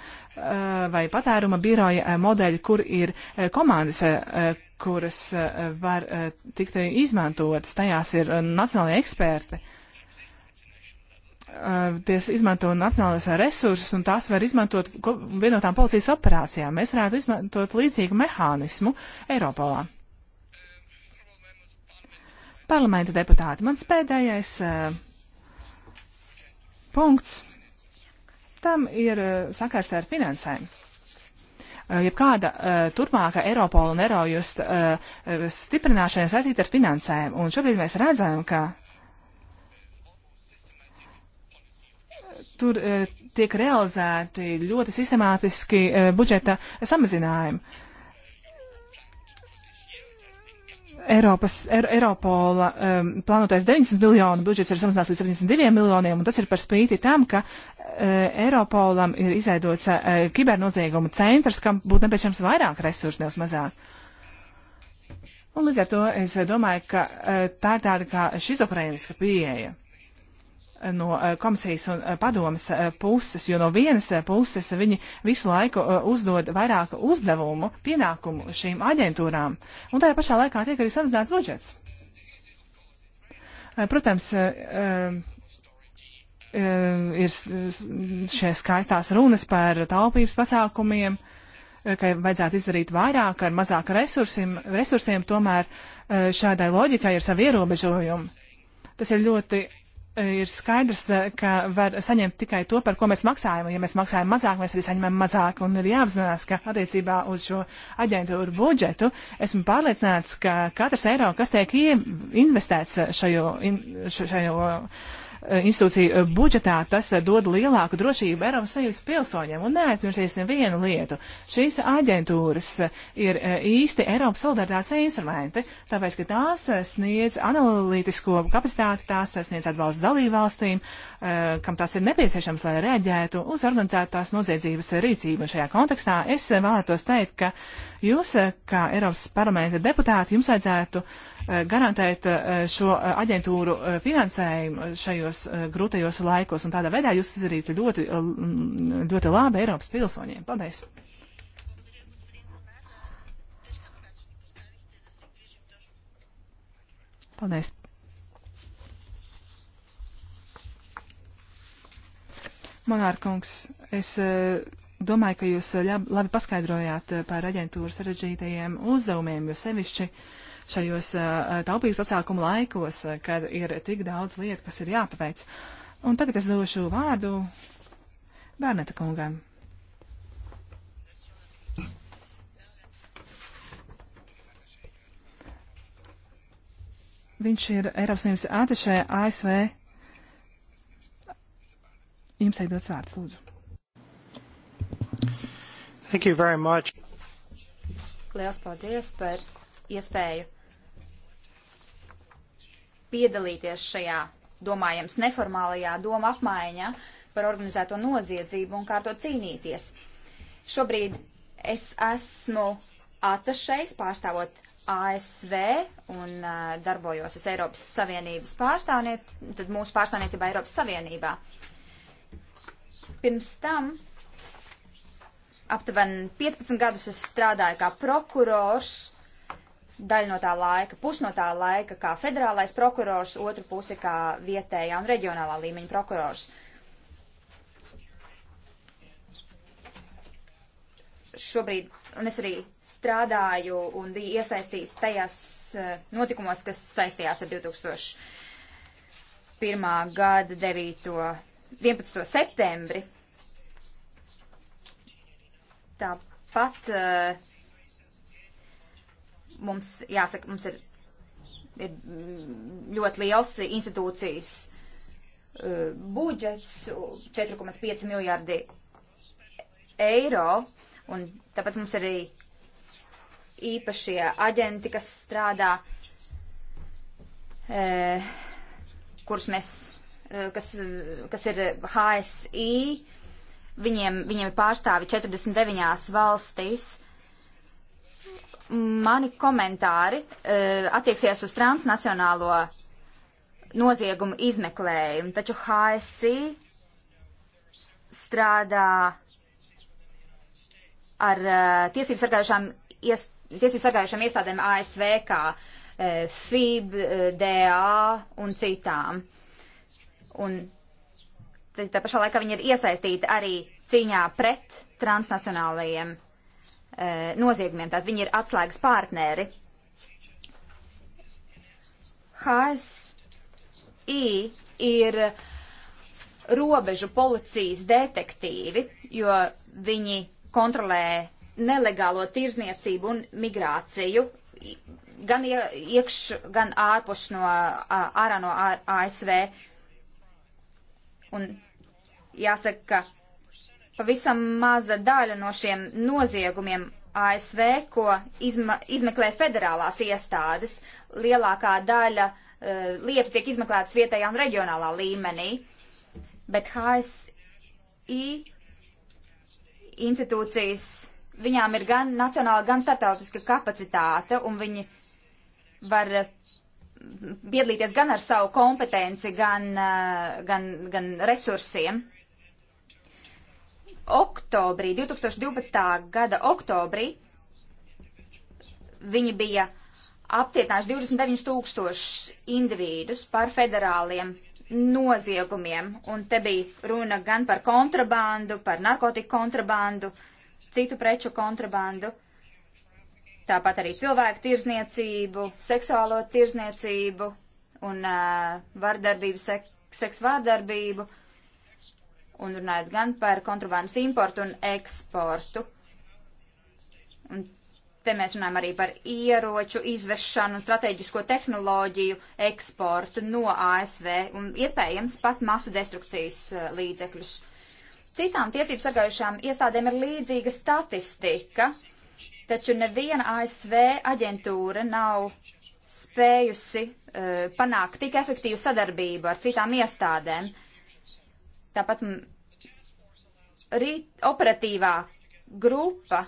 vai patēruma biroja uh, modeļi, kur ir uh, komandas, uh, kuras uh, var uh, tikt izmantotas. Tajās ir uh, nacionālajie eksperti. Uh, ties izmanto nacionālās resursus, un tās var izmantot vienotām policijas operācijām. Mēs varētu izmantot līdzīgu mehānismu Eiropolā. Parlamenta deputāti, mans pēdējais uh, punkts tam ir eh, sakars ar finansēm. Eh, jebkāda eh, turpmāka Eiropola un Eirojust stiprināšana saistīta ar finansēm. Un šobrīd mēs redzam, ka tur tiek realizēti ļoti sistemātiski budžeta samazinājumi. Eiropas, Eir, Eiropola um, plānotais 90 miljonu budžets ir samazināts līdz 72 miljoniem, un tas ir par spīti tam, ka uh, Eiropolam ir izveidots uh, kibernoziegumu centrs, kam būtu nepieciešams vairāk resursu, nevis mazāk. Un līdz ar to es uh, domāju, ka uh, tā ir tāda kā šizofrēniska pieeja. Uh, no eh, komisijas un eh, padomas eh, puses, jo no vienas puses viņi visu laiku uzdod vairāk uzdevumu, pienākumu šīm aģentūrām, un tajā pašā laikā tiek arī samazināts budžets. Protams, ir šie skaistās runas par taupības pasākumiem, ka vajadzētu izdarīt vairāk ar mazāk resursiem, resursiem tomēr šādai loģikai ir savi ierobežojumi. Tas ir ļoti ir skaidrs, eh, ka var saņemt tikai to, par ko mēs maksājam. Ja mēs maksājam mazāk, mēs arī saņemam mazāk. Un ir jāapzinās, ka attiecībā uz šo aģentūru budžetu esmu pārliecināts, ka katrs eiro, kas tiek investēts šajo, in, šajo Eh, institūciju eh, budžetā, tas eh, dod lielāku drošību Eiropas Savienības pilsoņiem. Un neaizmirsīsim vienu lietu. Šīs aģentūras ir īsti Eiropas solidaritātes instrumenti, tāpēc, ka tās sniedz analītisko kapacitāti, tās sniedz atbalstu dalībvalstīm, kam tas ir nepieciešams, lai reaģētu uz organizētās noziedzības rīcību. Un šajā kontekstā es vēlētos teikt, ka jūs, kā Eiropas parlamenta deputāti, jums vajadzētu uh, Eh, garantēt eh, šo eh, aģentūru finansējumu šajos grūtajos laikos. Un tādā veidā jūs izdarītu ļoti, mm, ļoti labi Eiropas pilsoņiem. Paldies! Paldies! Monārkungs, es domāju, ka jūs labi paskaidrojāt par aģentūras sarežģītajiem uzdevumiem, jo sevišķi uh, šajos eh, eh, taupības pasākumu laikos, eh, kad ir tik daudz lietu, kas ir jāpaveic. Un tagad es došu vārdu Bērneta kungam. Viņš ir Eiropas Savienības atašē ASV. Jums ir dots vārds, lūdzu. Thank you very much. Liels paldies par iespēju piedalīties šajā, domājams, neformālajā doma apmaiņā par organizēto noziedzību un kā to cīnīties. Šobrīd es esmu atašais pārstāvot ASV un uh, darbojos es Eiropas Savienības pārstāvniet, tad mūsu pārstāvniecība Eiropas Savienībā. Pirms tam aptuveni 15 gadus es strādāju kā prokurors daļu no tā laika, pus no tā laika kā federālais prokurors, otru pusi kā vietējā un reģionālā līmeņa prokurors. Šobrīd, un es arī strādāju un biju iesaistīts tajās eh, notikumos, kas saistījās ar 2001. gada 9. 11. septembri. Tāpat uh, mums jāsaka, mums ir, ir ļoti liels institūcijas uh, budžets, 4,5 miljardi eiro, un tāpat mums arī īpašie aģenti, kas strādā, uh, kurus mēs, uh, kas, kas ir HSI, viņiem, viņiem ir pārstāvi 49 valstīs, Mani komentāri uh, attieksies uz transnacionālo noziegumu izmeklējumu, taču HSI strādā ar uh, eh, tiesību sargājušām iestādēm tiesību sargājušām iestādēm ASV, kā e, eh, FIB, e, DA un citām. Un tā pašā laikā viņi ir iesaistīti arī cīņā pret transnacionālajiem E, noziegumiem, tātad viņi ir atslēgas partneri. HSI ir robežu policijas detektīvi, jo viņi kontrolē nelegālo tirzniecību un migrāciju gan iekš, gan ārpus no, ārā no ASV. Un jāsaka, ka pavisam maza daļa no šiem noziegumiem ASV, ko izma, izmeklē federālās iestādes. Lielākā daļa uh, lietu tiek izmeklētas vietējā un reģionālā līmenī, bet HSI institūcijas, viņām ir gan nacionāla, gan startautiska kapacitāte, un viņi var eh, piedalīties gan ar savu kompetenci, gan, uh, gan, gan resursiem oktobrī, 2012. gada oktobrī, viņi bija apcietinājuši 29 tūkstošus individus par federāliem noziegumiem, un te bija runa gan par kontrabandu, par narkotiku kontrabandu, citu preču kontrabandu, tāpat arī cilvēku tirzniecību, seksuālo tirzniecību un uh, vardarbību, sek, seksu vārdarbību. Uh, un runājot gan par kontrabandas importu un eksportu. Un te mēs runājam arī par ieroču izvešanu un strateģisko tehnoloģiju eksportu no ASV un iespējams pat masu destrukcijas eh, līdzekļus. Citām tiesību sargājušām iestādēm ir līdzīga statistika, taču neviena ASV aģentūra nav spējusi uh, panākt tik efektīvu sadarbību ar citām iestādēm. Uh, Tāpat rīt operatīvā grupa,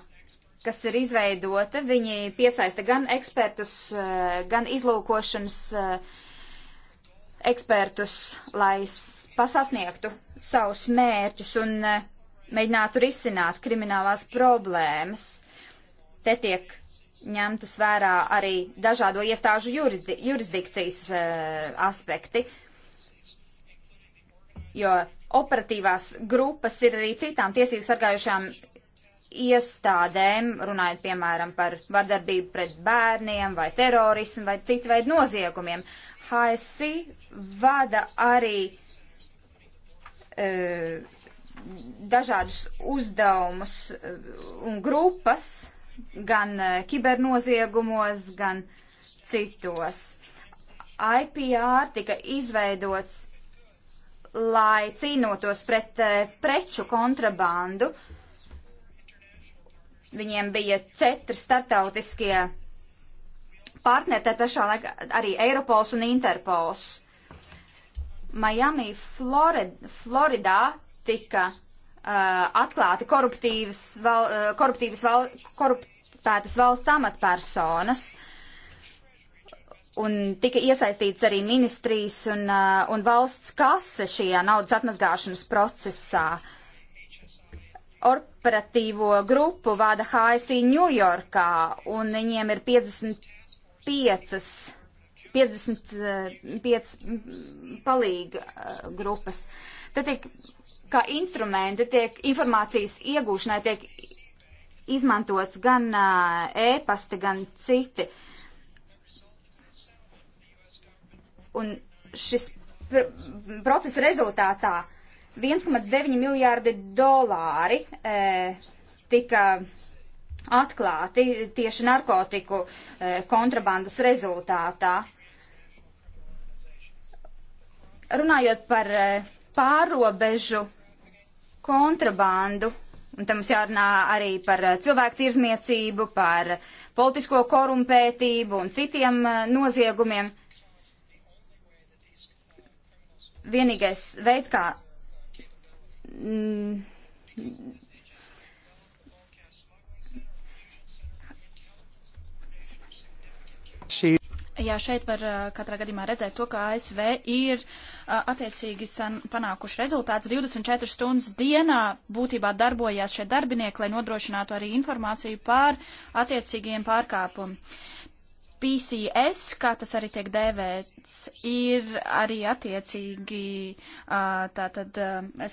kas ir izveidota, viņi piesaista gan ekspertus, eh, gan izlūkošanas eh, ekspertus, lai pasasniegtu savus mērķus un eh, mēģinātu risināt kriminālās problēmas. Te tiek ņemtas vērā arī dažādo iestāžu jurisdikcijas aspekti, jo operatīvās grupas ir arī citām tiesību sargājušām iestādēm, runājot piemēram par vardarbību pret bērniem vai terorismu vai citu veidu noziegumiem. HSI vada arī e, dažādus uzdevumus eh, un grupas gan eh, kibernoziegumos, gan citos. IPR tika izveidots lai cīnotos pret eh, preču kontrabandu. Viņiem bija četri startautiskie partneri, tā pašā laikā arī Eiropols un Interpols. Miami, Florid, Floridā tika uh, atklāti koruptīvas, val, eh, koruptīvas val, koruptētas valsts amatpersonas. Uh, un tika iesaistīts arī ministrijas un, uh, un valsts kase šajā naudas atmazgāšanas procesā. Operatīvo grupu vada HSI Ņujorkā, un viņiem ir 55, 55 uh, palīga uh, grupas. Tad tiek, kā instrumenti, tiek informācijas iegūšanai, tiek izmantots gan ēpasti, e gan citi. Uh, Un šis pr procesa rezultātā 1,9 miljārdi dolāri e, tika atklāti tieši narkotiku e, kontrabandas rezultātā. Runājot par e, pārobežu kontrabandu, un tam mums jārunā arī par e, cilvēku tirzniecību, par politisko korumpētību un citiem e, noziegumiem vienīgais veids, kā mm, Jā, šeit var eh, katrā gadījumā redzēt to, ka ASV ir eh, attiecīgi san, panākuši rezultāts. 24 stundas dienā būtībā darbojās šie darbinieki, lai nodrošinātu arī informāciju pār attiecīgiem pārkāpumiem. PCS, kā tas arī tiek dēvēts, ir arī attiecīgi tātad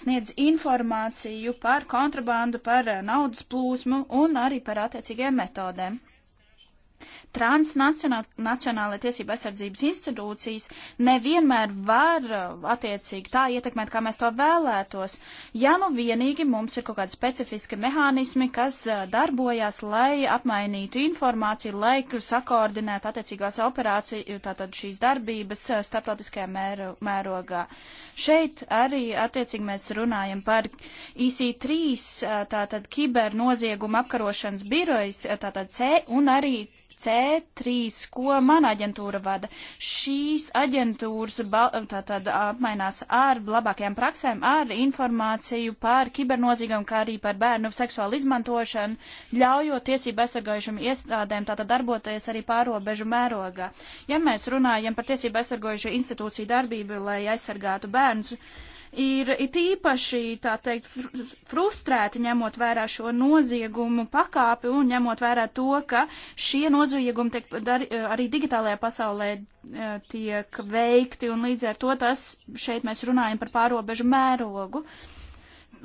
sniedz informāciju par kontrabandu, par naudas plūsmu un arī par attiecīgajām metodēm. Transnacionāla tiesība aizsardzības institūcijas nevienmēr var uh, attiecīgi tā ietekmēt, kā mēs to vēlētos, ja nu vienīgi mums ir kaut kādi specifiski mehānismi, kas uh, darbojas, lai apmainītu informāciju, lai sakoordinētu attiecīgās operācijas, tātad šīs darbības uh, starptautiskajā mēro, mērogā. Šeit arī attiecīgi mēs runājam par IC3, tātad kibernozieguma apkarošanas birojas, tātad C un arī C3, ko mana aģentūra vada. Šīs aģentūras tātad apmainās ar labākajām praksēm, ar informāciju par kibernozīgumu, kā arī par bērnu seksuālu izmantošanu, ļaujot tiesību aizsargājušiem iestādēm tātad darboties arī pārobežu mērogā. Ja mēs runājam par tiesību aizsargājušo institūciju darbību, lai aizsargātu bērnus, ir it īpaši, tā teikt, frustrēti ņemot vērā šo noziegumu pakāpi un ņemot vērā to, ka šie noziegumi tiek dar, arī digitālajā pasaulē e, tiek veikti un līdz ar to tas šeit mēs runājam par pārobežu mērogu. Uh,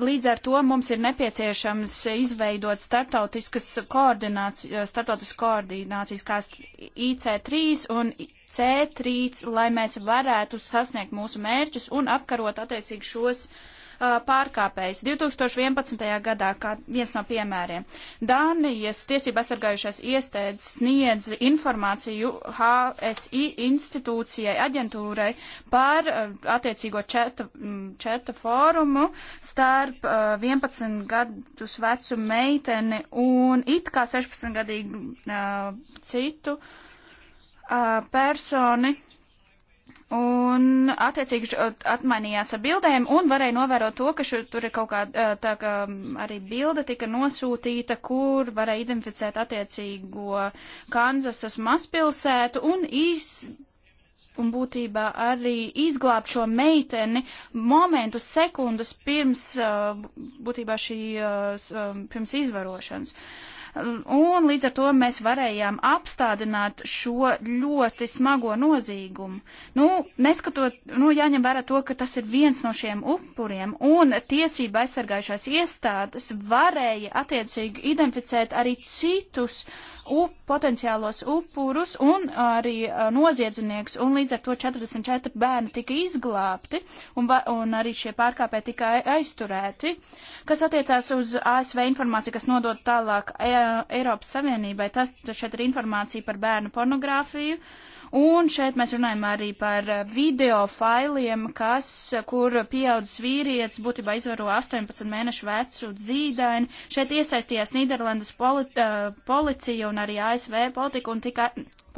Līdz ar to mums ir nepieciešams izveidot startautiskas koordinācijas, startautiskas koordinācijas kā IC3 un C3, lai mēs varētu sasniegt mūsu mērķus un apkarot attiecīgi šos uh, pārkāpējs. 2011. gadā, kā viens no piemēriem, Dānijas tiesība aizsargājušās iestēdes sniedz informāciju HSI institūcijai, aģentūrai par attiecīgo četa, četa fórumu starp 11 gadus vecu meiteni un it kā 16 gadīgu citu personi un attiecīgi atmainījās ar bildēm un varēja novērot to, ka šur, tur ir kaut kāda, tā kā arī bilde tika nosūtīta, kur varēja identificēt attiecīgo Kanzasas mazpilsētu un iz. Un būtībā arī izglābt šo meiteni momentu sekundas pirms, būtībā šī, pirms izvarošanas. Uh, un līdz ar to mēs varējām apstādināt šo ļoti smago nozīgumu. Nu, neskatot, nu, jāņem vērā to, ka tas ir viens no šiem upuriem, un tiesība aizsargājušās iestādes varēja attiecīgi identificēt arī citus up, potenciālos upurus un arī uh, noziedznieks, un līdz ar to 44 bērni tika izglābti, un, un arī šie pārkāpēji tika aizturēti, kas attiecās uz ASV informāciju, kas nodot tālāk e Eiropas Savienībai. Tas šeit ir informācija par bērnu pornogrāfiju. Un šeit mēs runājam arī par video failiem, kas, kur pieaudzis vīrietis būtībā izvaro 18 mēnešu vecu dzīdaini. Šeit iesaistījās Nīderlandes poli, uh, policija un arī ASV politika un tika,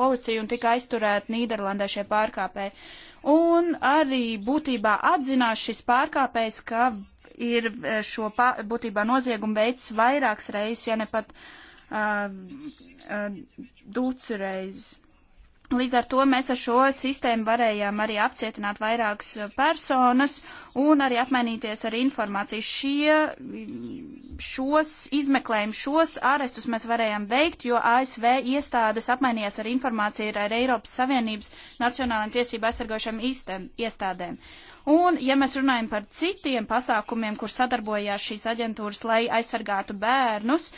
policija un tika aizturēti Nīderlandē šie pārkāpēji. Un arī būtībā atzinās šis pārkāpējs, ka ir eh, šo pā, būtībā noziegumu veids vairākas reizes, ja ne pat uh, um, uh, um, dūcu reizes. Līdz ar to mēs ar šo sistēmu varējām arī apcietināt vairākas eh, personas un arī apmainīties ar informāciju. Šie, šos izmeklējumus, šos arestus mēs varējām veikt, jo ASV iestādes apmainījās ar informāciju ar Eiropas Savienības Nacionālajiem tiesību aizsargošiem iestādēm. Un, ja mēs runājam par citiem pasākumiem, kur sadarbojās šīs aģentūras, lai aizsargātu bērnus,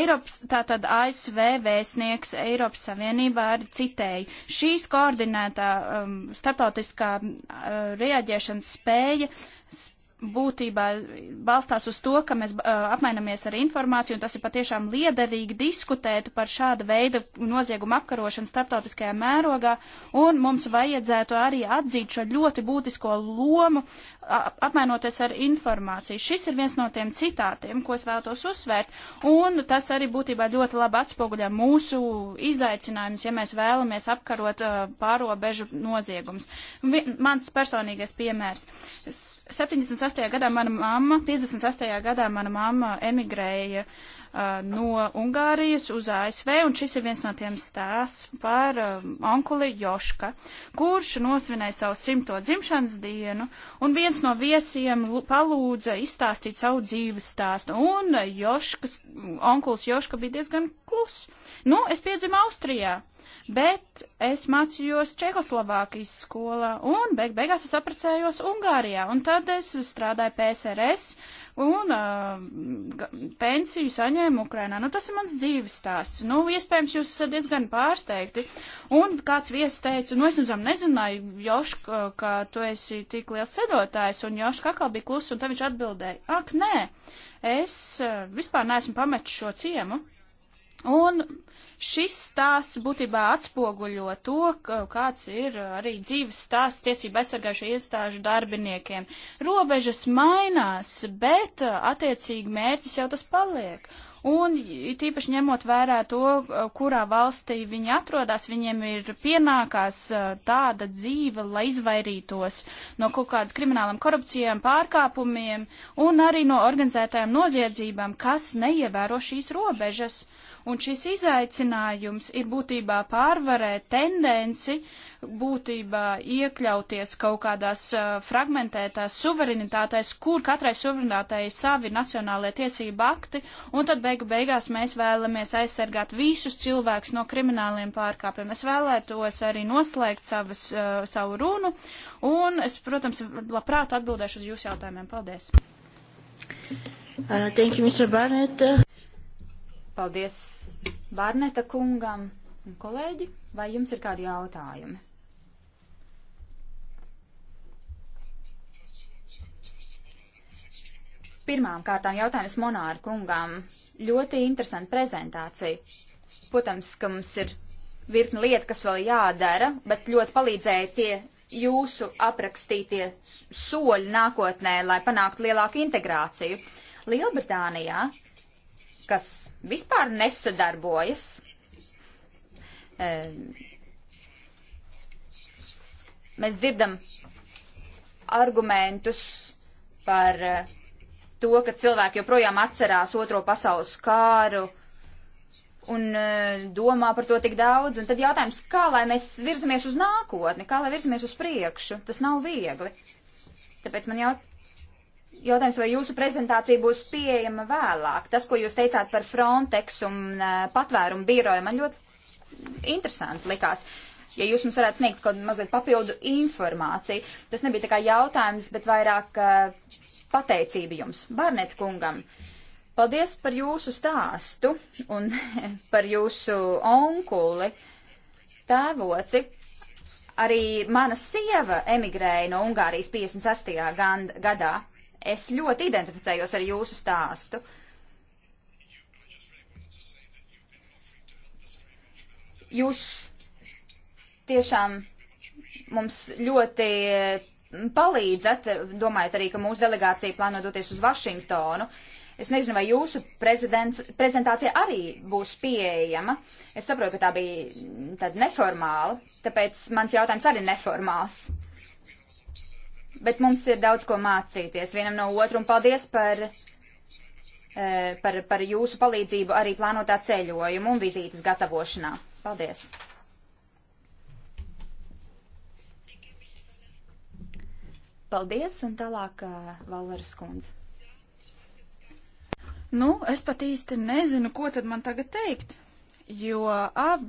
Eiropas, tātad ASV vēstnieks Eiropas Savienībā arī citēja. Šīs koordinētā um, starptautiskā uh, reaģēšanas spēja uh, būtībā balstās uz to, ka mēs uh, apmainamies ar informāciju, un tas ir patiešām liederīgi diskutēt par šāda veida noziegumu apkarošanu starptautiskajā mērogā, un mums vajadzētu arī atzīt šo ļoti būtisko lomu, apmainoties ar informāciju. Šis ir viens no tiem citātiem, ko es vēlos uzsvērt, un tas arī būtībā ļoti labi atspoguļo mūsu izaicinājumus, ja mēs vēlamies apkarot uh, pārobežu noziegumus. Mans personīgais piemērs. 78. 58. gadā mana mamma, 58. gadā mana mamma emigrēja uh, no Ungārijas uz ASV, un šis ir viens no tiem stāsts par uh, onkuli Joška, kurš nosvinēja savu simto dzimšanas dienu, un viens no viesiem palūdza izstāstīt savu dzīves stāstu, un Joškas, onkuls Joška bija diezgan klus. Nu, es piedzimu Austrijā, bet es mācījos Čehoslovākijas skolā un beig beigās es apprecējos Ungārijā. Un tad es strādāju PSRS un uh, pensiju saņēmu Ukrainā. Nu, tas ir mans dzīves stāsts. Nu, iespējams, jūs esat diezgan pārsteigti. Un kāds viesis teica, nu, es nezinu, nezināju, Joška, ka tu esi tik liels cedotājs, un Joška atkal bija klusa, un tad viņš atbildēja, ak, nē, es uh, vispār neesmu pametis šo ciemu. Un šis stāsts būtībā atspoguļo to, kāds ir arī dzīves stāsts tiesība aizsargājušo iestāžu darbiniekiem. Robežas mainās, bet uh, attiecīgi mērķis jau tas paliek. Un tīpaši ņemot vērā to, uh, kurā valstī viņi atrodas, viņiem ir pienākās uh, tāda dzīve, lai izvairītos no kaut kāda kriminālam korupcijām, pārkāpumiem un arī no organizētājiem noziedzībām, kas neievēro šīs robežas. Uh, Un šis izaicinājums ir būtībā pārvarēt tendenci būtībā iekļauties kaut kādās uh, fragmentētās suverenitātēs, kur katrai suverenitātei ir savi nacionālie tiesība akti, un tad beigu beigās mēs vēlamies aizsargāt visus cilvēkus no krimināliem pārkāpumiem. Es vēlētos arī noslēgt savas, uh, savu runu, un es, protams, labprāt atbildēšu uz jūsu jautājumiem. Paldies! Uh, thank you, Mr. Barnett. Paldies Barneta kungam un kolēģi. Vai jums ir kādi jautājumi? Pirmām kārtām jautājums Monāra kungām. Ļoti interesanta prezentācija. Protams, ka mums ir virkni lieta, kas vēl jādara, bet ļoti palīdzēja tie jūsu aprakstītie soļi nākotnē, lai panāktu lielāku integrāciju. Lielbritānijā kas vispār nesadarbojas. E, mēs dzirdam argumentus par e, to, ka cilvēki joprojām atcerās otro pasaules kāru un e, domā par to tik daudz. Un tad jautājums, kā lai mēs virzamies uz nākotni, kā lai virzamies uz priekšu, tas nav viegli. Tāpēc man jautājums jautājums, vai jūsu prezentācija būs pieejama vēlāk. Tas, ko jūs teicāt par Frontex un uh, patvērumu biroju, man ļoti interesanti likās. Ja jūs mums varētu sniegt kaut mazliet papildu informāciju, tas nebija tā kā jautājums, bet vairāk uh, pateicība jums, Barnet kungam. Paldies par jūsu stāstu un par jūsu onkuli, tēvoci, arī mana sieva emigrēja no Ungārijas 56. gadā. Es ļoti identificējos ar jūsu stāstu. Jūs tiešām mums ļoti palīdzat, domājot arī, ka mūsu delegācija plāno doties uz Vašingtonu. Es nezinu, vai jūsu prezentācija arī būs pieejama. Es saprotu, ka tā bija tāda neformāla, tāpēc mans jautājums arī neformāls bet mums ir daudz ko mācīties vienam no otru un paldies par, eh, par, par jūsu palīdzību arī plānotā ceļojuma un vizītes gatavošanā. Paldies! Paldies, un tālāk eh, Valveras kundze. Nu, es pat īsti nezinu, ko tad man tagad teikt, jo ab,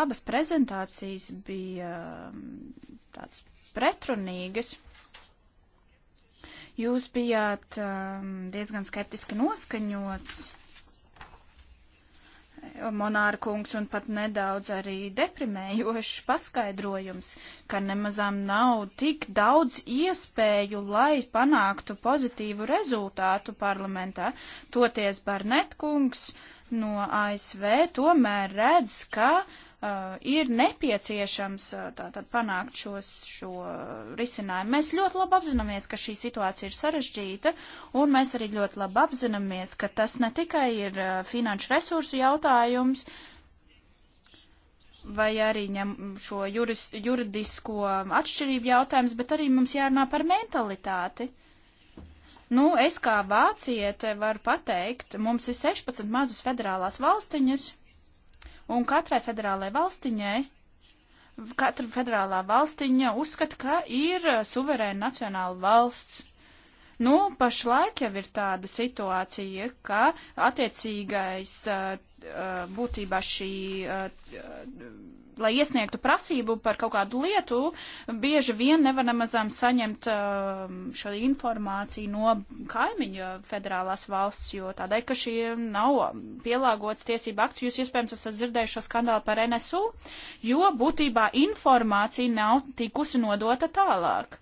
abas prezentācijas bija mm, tādas pretrunīgas. Jūs bijāt um, diezgan skeptiski noskaņots, monārkungs, un pat nedaudz arī deprimējošs paskaidrojums, ka nemazām nav tik daudz iespēju, lai panāktu pozitīvu rezultātu parlamentā. Toties Barnetkungs no ASV tomēr redz, ka uh, uh, ir nepieciešams uh, tātad panākt šos, šo risinājumu. Mēs ļoti labi apzināmies, ka šī situācija ir sarežģīta, un mēs arī ļoti labi apzināmies, ka tas ne tikai ir uh, finanšu resursu jautājums, vai arī ņem šo juris, juridisko atšķirību jautājums, bet arī mums jārunā par mentalitāti. Nu, es kā vāciete varu pateikt, mums ir 16 mazas federālās valstiņas, Un katrai federālajai valstiņai, katra federālā valstiņa uzskata, ka ir suverēna nacionāla valsts. Nu, pašlaik jau ir tāda situācija, ka attiecīgais uh, uh, būtībā šī uh, lai iesniegtu prasību par kaut kādu lietu, bieži vien nevar nemazām saņemt um, šo informāciju no kaimiņa federālās valsts, jo tādēļ, ka šī nav pielāgots tiesība akts, jūs iespējams esat dzirdējuši šo skandālu par NSU, jo būtībā informācija nav tikusi nodota tālāk.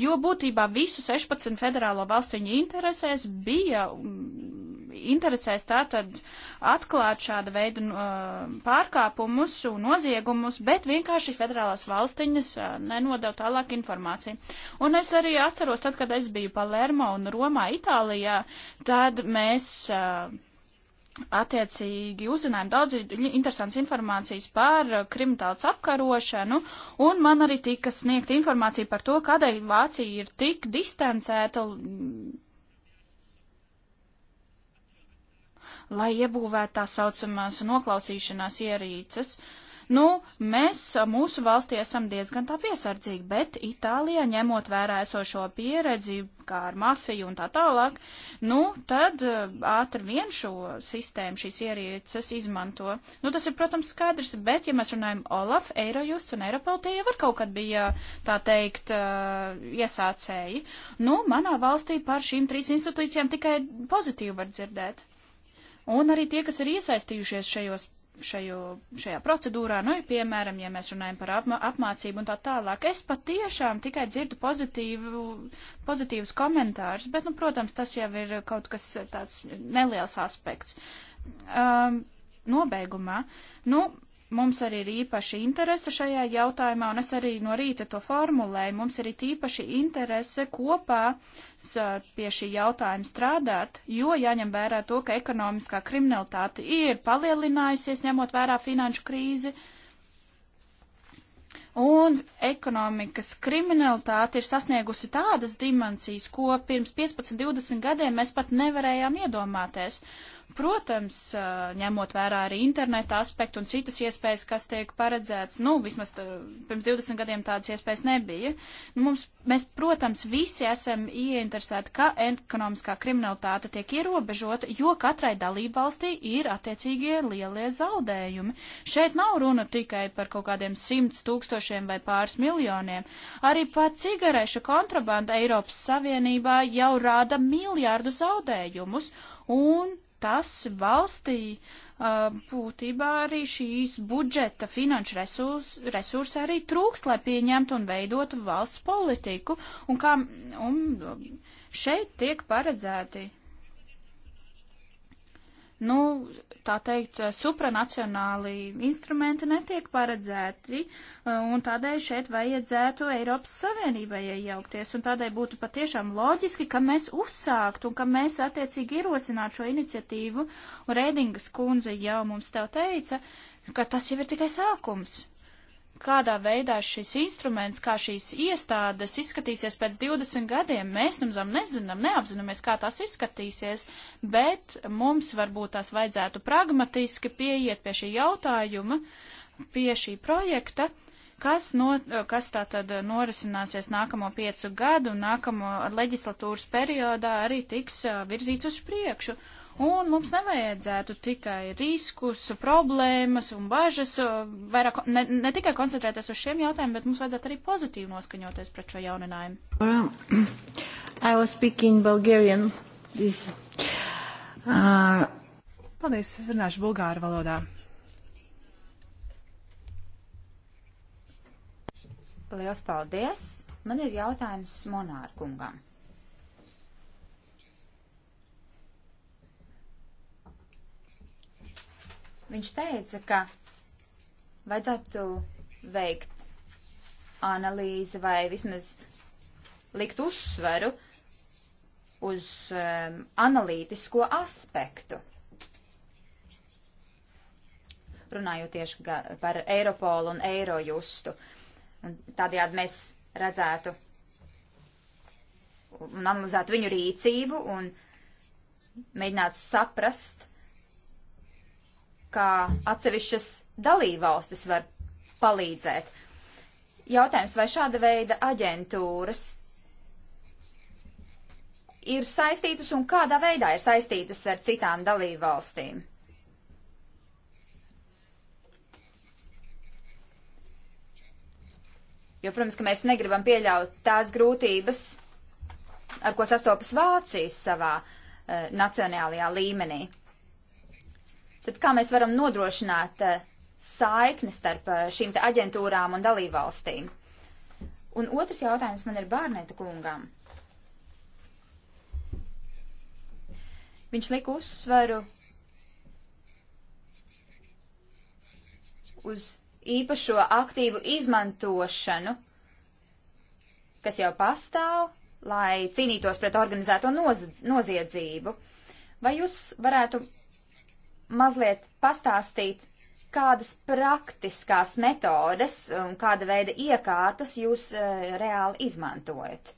Jo būtībā visu 16 federālo valstu interesēs bija mm, interesēs tātad atklāt šāda veida nu, pārkāpumus un noziegumus, bet vienkārši federālās valstiņas nenodev tālāk informāciju. Un es arī atceros, tad, kad es biju Palermo un Romā, Itālijā, tad mēs attiecīgi uzzinājām daudz interesantas informācijas par kriminālas apkarošanu, un man arī tika sniegta informācija par to, kādēļ Vācija ir tik distancēta lai iebūvētu tā saucamās noklausīšanās ierīces. Nu, mēs mūsu valstī esam diezgan tā piesardzīgi, bet Itālijā, ņemot vērā esošo pieredzi, kā ar mafiju un tā tālāk, nu, tad eh, ātri vien šo sistēmu šīs ierīces izmanto. Nu, tas ir, protams, skaidrs, bet, ja mēs runājam Olaf, Eirojust un Eiropel, tie jau var kaut kad bija, tā teikt, eh, iesācēji. Nu, manā valstī par šīm trīs institūcijām tikai pozitīvi var dzirdēt. Un arī tie, kas ir iesaistījušies šajos, šajo, šajā procedūrā, nu, piemēram, ja mēs runājam par apmā, apmācību un tā tālāk, es patiešām tikai dzirdu pozitīvu, pozitīvus komentārus, bet, nu, protams, tas jau ir kaut kas tāds neliels aspekts. Um, nobeigumā, nu, Mums arī ir īpaši interese šajā jautājumā, un es arī no rīta to formulēju. Mums ir īpaši interese kopā pie šī jautājuma strādāt, jo jāņem vērā to, ka ekonomiskā kriminalitāte ir palielinājusies, ņemot vērā finanšu krīzi. Un ekonomikas kriminalitāte ir sasniegusi tādas dimensijas, ko pirms 15-20 gadiem mēs pat nevarējām iedomāties. Protams, ņemot vērā arī interneta aspektu un citas iespējas, kas tiek paredzēts, nu, vismaz tā, pirms 20 gadiem tādas iespējas nebija. Nu, mums, mēs, protams, visi esam ieinteresēti, ka ekonomiskā kriminalitāte tiek ierobežota, jo katrai dalībvalstī ir attiecīgie lielie zaudējumi. Šeit nav runa tikai par kaut kādiem simts tūkstošiem vai pāris miljoniem. Arī pat cigarešu kontrabanda Eiropas Savienībā jau rāda miljārdu zaudējumus. Un tas valstī būtībā arī šīs budžeta finanšu resursi, resursi arī trūkst, lai pieņemtu un veidotu valsts politiku, un, kā, un šeit tiek paredzēti nu, tā teikt, supranacionāli instrumenti netiek paredzēti, uh, un tādēļ šeit vajadzētu Eiropas Savienībai iejaukties, un tādēļ būtu patiešām loģiski, ka mēs uzsāktu un ka mēs attiecīgi ierosinātu šo iniciatīvu, un Rēdingas kundze jau mums tev teica, ka tas jau ir tikai sākums kādā veidā šis instruments, kā šīs iestādes izskatīsies pēc 20 gadiem. Mēs nemazam nezinām, neapzināmies, kā tās izskatīsies, bet mums varbūt tās vajadzētu pragmatiski pieiet pie šī jautājuma, pie šī projekta, kas, no, kas tā tad norisināsies nākamo piecu gadu, nākamo leģislatūras periodā arī tiks virzīts uz priekšu. Uh, Un mums nevajadzētu tikai riskus, problēmas un bažas, vairāk, ne, ne tikai koncentrēties uz šiem jautājumiem, bet mums vajadzētu arī pozitīvi noskaņoties pret šo jauninājumu. I was speaking Bulgarian. This. Uh... Paldies, es runāšu bulgāru valodā. Liels paldies! Man ir jautājums monārkungam. Viņš teica, ka vajadzētu veikt analīzi vai vismaz likt uzsveru uz um, analītisko aspektu. Runājot tieši par Eiropolu un Eirojustu. Tādējādi mēs redzētu un analizētu viņu rīcību un mēģinātu saprast, kā atsevišķas dalībvalstis var palīdzēt. Jautājums, vai šāda veida aģentūras ir saistītas un kādā veidā ir saistītas ar citām dalībvalstīm? Jo, protams, ka mēs negribam pieļaut tās grūtības, ar ko sastopas Vācijas savā uh, nacionālajā līmenī. Tad kā mēs varam nodrošināt eh, saikni starp eh, šīm te aģentūrām un dalībvalstīm? Un otrs jautājums man ir Bārnēta kungām. Viņš lika uzsvaru uz īpašo aktīvu izmantošanu, kas jau pastāv, lai cīnītos pret organizēto noziedzību. Vai jūs varētu mazliet pastāstīt, kādas praktiskās metodes un kāda veida iekārtas jūs uh, reāli izmantojat?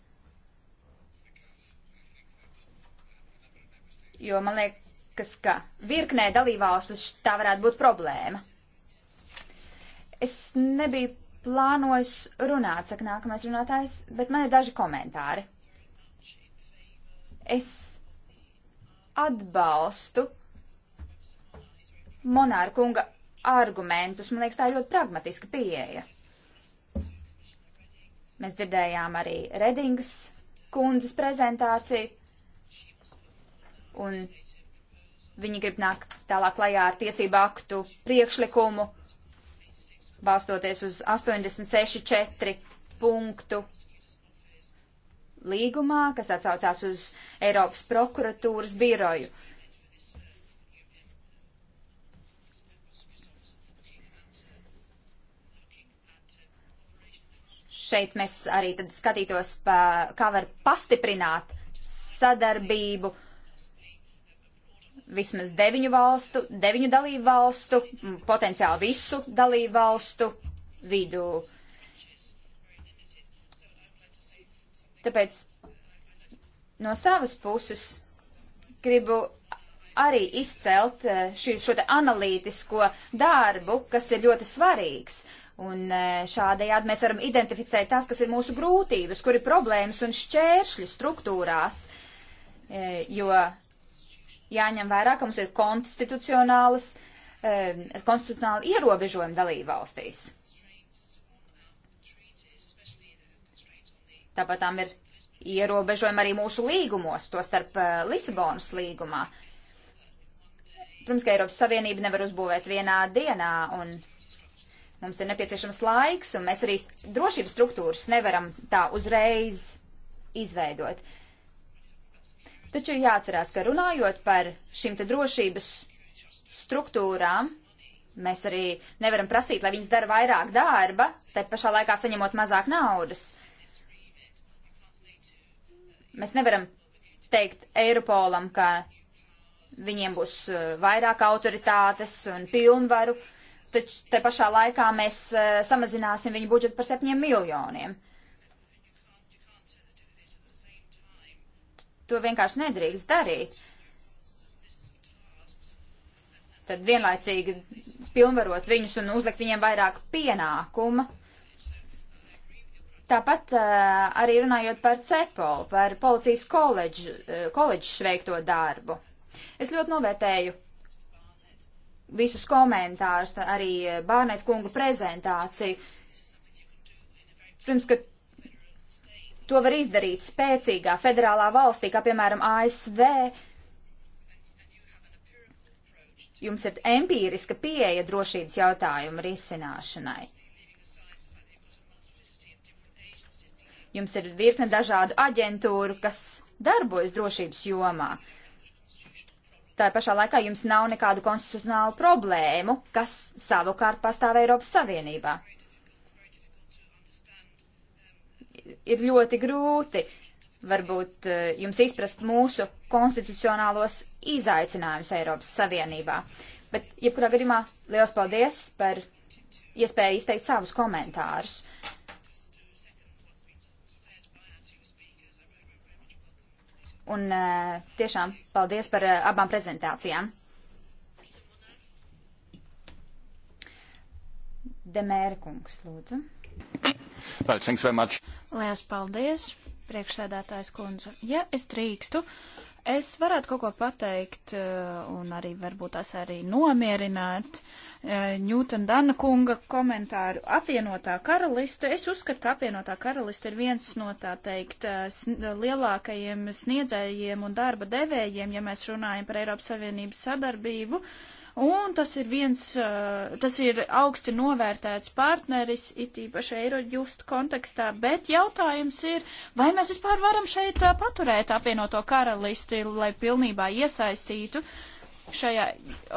Jo man liekas, ka virknē dalībvalstis tā varētu būt problēma. Es nebiju plānojis runāt, saka nākamais runātājs, bet man ir daži komentāri. Es atbalstu monārkunga argumentus. Man liekas, tā ir ļoti pragmatiska pieeja. Mēs dzirdējām arī Redingas kundzes prezentāciju, un viņi grib nākt tālāk klajā ar tiesību aktu priekšlikumu, balstoties uz 86.4 punktu līgumā, kas atsaucās uz Eiropas prokuratūras biroju. Uh, šeit mēs arī tad skatītos, pa, kā var pastiprināt sadarbību vismaz deviņu valstu, deviņu dalību valstu, potenciāli visu dalību valstu vidū. Tāpēc no savas puses gribu arī izcelt eh, šī, šo te analītisko darbu, kas ir ļoti svarīgs. Un e, šādējādi mēs varam identificēt tās, kas ir mūsu grūtības, kur ir problēmas un šķēršļi struktūrās, e, jo jāņem vērā, ka mums ir konstitucionālas, e, konstitucionāli ierobežojumi dalībvalstīs. Tāpat tām ir ierobežojumi arī mūsu līgumos, to starp Lisabonas līgumā. Protams, ka Eiropas Savienība nevar uzbūvēt vienā dienā, un Mums ir nepieciešams laiks, un mēs arī drošības struktūras nevaram tā uzreiz izveidot. Taču jāatcerās, ka runājot par šīm te drošības struktūrām, mēs arī nevaram prasīt, lai viņas dara vairāk darba, te pašā laikā saņemot mazāk naudas. Mēs nevaram teikt Eiropolam, ka viņiem būs eh, vairāk autoritātes un pilnvaru, taču te pašā laikā mēs uh, samazināsim viņu budžetu par septiņiem miljoniem. To vienkārši nedrīkst darīt. Tad vienlaicīgi pilnvarot viņus un uzlikt viņiem vairāk pienākuma. Tāpat uh, arī runājot par CEPOL, par policijas koledžu, eh, koledžu veikto darbu. Es ļoti novērtēju visus komentārus, arī eh, Bārnēt kungu prezentāciju. Protams, ka to var izdarīt spēcīgā federālā valstī, kā piemēram ASV. Jums ir empīriska pieeja drošības jautājumu risināšanai. Jums ir virkne dažādu aģentūru, kas darbojas drošības jomā. Uh, tā pašā laikā jums nav nekādu konstitucionālu problēmu, kas savukārt pastāv Eiropas Savienībā. Ir ļoti grūti varbūt eh, jums izprast mūsu konstitucionālos izaicinājumus Eiropas Savienībā. Bet, jebkurā gadījumā, liels paldies par iespēju izteikt savus komentārus. Un eh, tiešām paldies par eh, abām prezentācijām. Demēra kungs, lūdzu. Well, thanks very much. Lielas paldies, priekšsēdētājs kundze. Ja es drīkstu, uh, Es varētu kaut ko pateikt eh, un arī varbūt tās arī nomierināt eh, Ņūtena Dana kunga komentāru. Apvienotā karaliste, es uzskatu, ka apvienotā karaliste ir viens no tā teikt eh, lielākajiem sniedzējiem un darba devējiem, ja mēs runājam par Eiropas Savienības sadarbību. Uh, un tas ir viens, eh, tas ir augsti novērtēts partneris, it īpaši Eirojust kontekstā, bet jautājums ir, vai mēs vispār varam šeit eh, paturēt apvienoto karalisti, lai pilnībā iesaistītu uh, šajā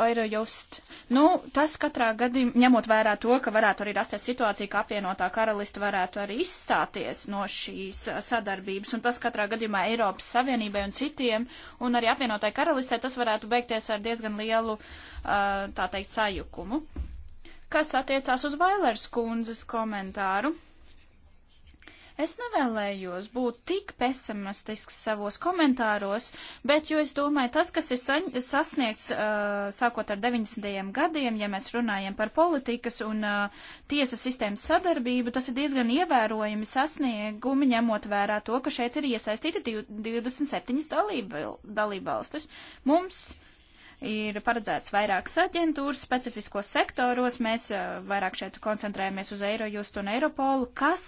Eurojust. Nu, tas katrā gadījumā, ņemot vērā to, ka varētu arī rasties situācija, ka apvienotā karalista varētu arī izstāties no šīs sadarbības, un tas katrā gadījumā Eiropas Savienībai un citiem, un arī apvienotai karalistē tas varētu beigties ar diezgan lielu, tā teikt, sajukumu. Kas attiecās uz Vailers kundzes komentāru? Es nevēlējos būt tik pesimistisks savos komentāros, bet jo es domāju, tas, kas ir sasniegts uh, sākot ar 90. gadiem, ja mēs runājam par politikas un uh, tiesas sistēmas sadarbību, tas ir diezgan ievērojami sasniegumi, ņemot vērā to, ka šeit ir iesaistīti 27 dalība, dalībvalstis. Mums ir paredzēts vairākas aģentūras specifiskos sektoros. Mēs eh, vairāk šeit koncentrējamies uz Eirojust un Eiropolu, kas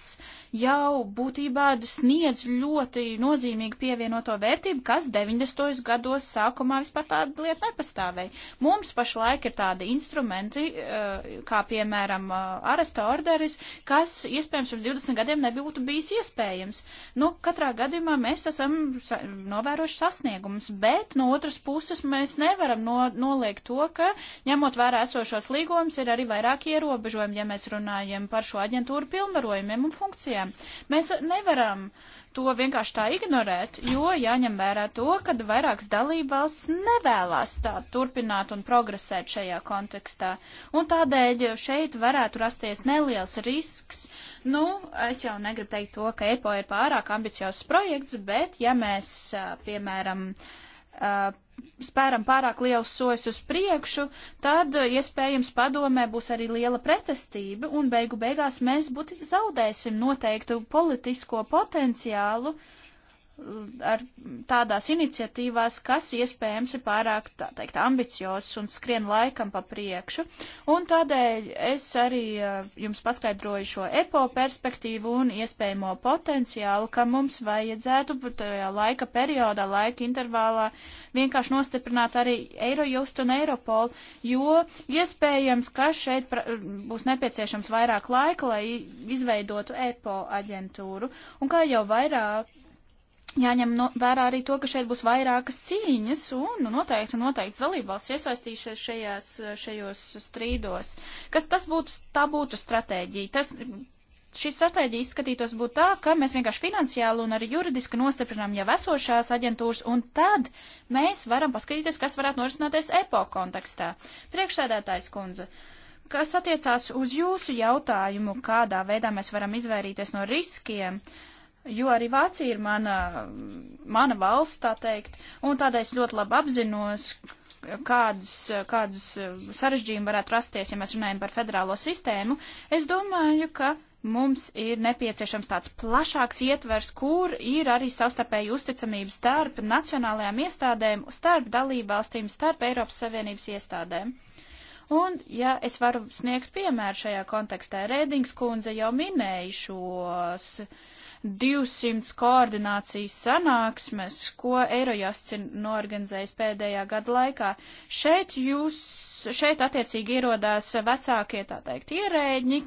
jau būtībā sniedz ļoti nozīmīgu pievienoto vērtību, kas 90. gados sākumā vispār tāda lieta nepastāvēja. Mums pašlaik ir tādi instrumenti, eh, kā piemēram eh, aresta orderis, kas iespējams pirms 20 gadiem nebūtu bijis iespējams. Nu, katrā gadījumā mēs esam novērojuši sasniegumus, bet no otras puses mēs nevaram no, noliek to, ka ņemot vērā esošos līgumus ir arī vairāk ierobežojumi, ja mēs runājam par šo aģentūru pilnvarojumiem un funkcijām. Mēs nevaram to vienkārši tā ignorēt, jo jāņem vērā to, ka vairākas dalībvalsts nevēlas tā turpināt un progresēt šajā kontekstā. Un tādēļ šeit varētu rasties neliels risks. Nu, es jau negribu teikt to, ka EPO ir pārāk ambiciozs projekts, bet ja mēs, piemēram, spēram pārāk liels sojas uz priekšu, tad eh, iespējams padomē būs arī liela pretestība un beigu beigās mēs būtu zaudēsim noteiktu politisko potenciālu uh, ar tādās iniciatīvās, kas iespējams ir pārāk, tā teikt, ambiciozs un skrien laikam pa priekšu. Un tādēļ es arī jums paskaidroju šo EPO perspektīvu un iespējamo potenciālu, ka mums vajadzētu tajā laika periodā, laika intervālā vienkārši nostiprināt arī Eirojust un Eiropol, jo iespējams, ka šeit būs nepieciešams vairāk laika, lai izveidotu EPO aģentūru. Un kā jau vairāk jāņem no, vērā arī to, ka šeit būs vairākas cīņas un nu, noteikti, noteikti dalībvalsts iesaistīšies šajās, šajos strīdos. Kas tas būtu, tā būtu stratēģija? Tas, šī stratēģija izskatītos būtu tā, ka mēs vienkārši finansiāli un arī juridiski nostiprinām jau esošās aģentūras, un tad mēs varam paskatīties, kas varētu norisināties EPO kontekstā. Priekšsēdētājs kundze. Kas attiecās uz jūsu jautājumu, kādā veidā mēs varam izvairīties no riskiem, uh, jo arī Vācija ir mana, mana valsts, tā teikt, un tādēļ es ļoti labi apzinos, kādas, kādas sarežģījumi varētu rasties, ja mēs runājam par federālo sistēmu. Es domāju, ka mums ir nepieciešams tāds plašāks ietvers, kur ir arī savstarpēji uzticamība starp nacionālajām iestādēm, starp dalībvalstīm, starp Eiropas Savienības iestādēm. Un, ja es varu sniegt piemēru šajā kontekstā, Rēdings kundze jau minēja šos uh, 200 koordinācijas sanāksmes, ko Eirojasts ir norganizējis pēdējā gada laikā. Šeit jūs šeit attiecīgi ierodās vecākie, tā teikt, ierēģi,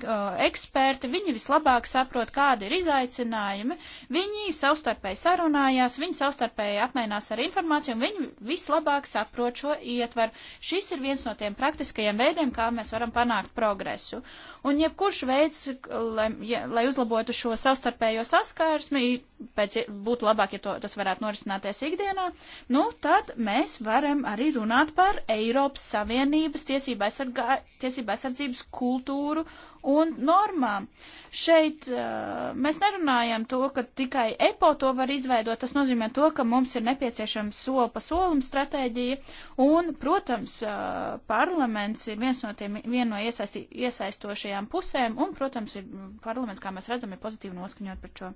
eksperti, viņi vislabāk saprot, kādi ir izaicinājumi, viņi savstarpēji sarunājās, viņi savstarpēji apmainās ar informāciju, un viņi vislabāk saprot šo ietvaru. Šis ir viens no tiem praktiskajiem veidiem, kā mēs varam panākt progresu. Un jebkurš veids, lai, ja, lai uzlabotu šo savstarpējo saskarsmi, pēc, būtu labāk, ja to, tas varētu norisināties ikdienā, nu, tad mēs varam arī runāt par Eiropas Savienību uzmanības tiesība, aizsargā, tiesība aizsardzības kultūru un normām. Šeit uh, mēs nerunājam to, ka tikai EPO to var izveidot. Tas nozīmē to, ka mums ir nepieciešama soli pa solim stratēģija un, protams, uh, parlaments ir viens no tiem, viena no iesaisti, iesaistošajām pusēm un, protams, ir mm, parlaments, kā mēs redzam, ir pozitīvi noskaņot par šo.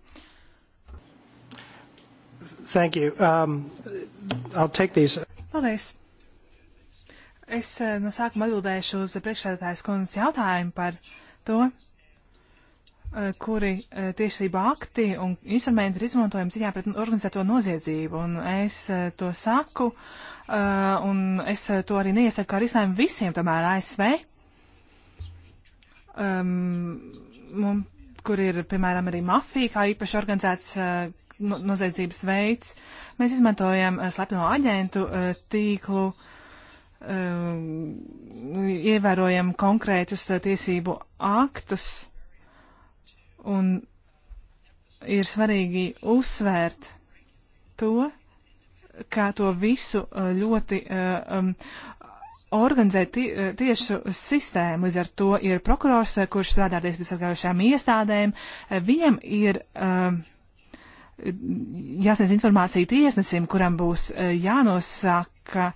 Thank you. Um, I'll take these. Paldies. Es eh, no sākuma atbildēšu uz priekšsēdētājas kundzes jautājumu par to, eh, kuri eh, tiešība akti un instrumenti ir izmantojami ziņā pret organizēto noziedzību. Un es to saku, un es to arī neiesaku kā risinājumu visiem, tomēr ASV, ehm, um, kur ir, piemēram, arī mafija, kā īpaši organizēts no, noziedzības veids. Mēs izmantojam slepno aģentu tīklu Um, ievērojam konkrētus uh, tiesību aktus un ir svarīgi uzsvērt to, kā to visu uh, ļoti uh, um, organizē ti, tiešu sistēmu. Līdz ar to ir prokurors, kurš strādā ar tiesībasargājušām iestādēm. Viņam ir um, jāsniedz informācija tiesnesim, kuram būs jānosaka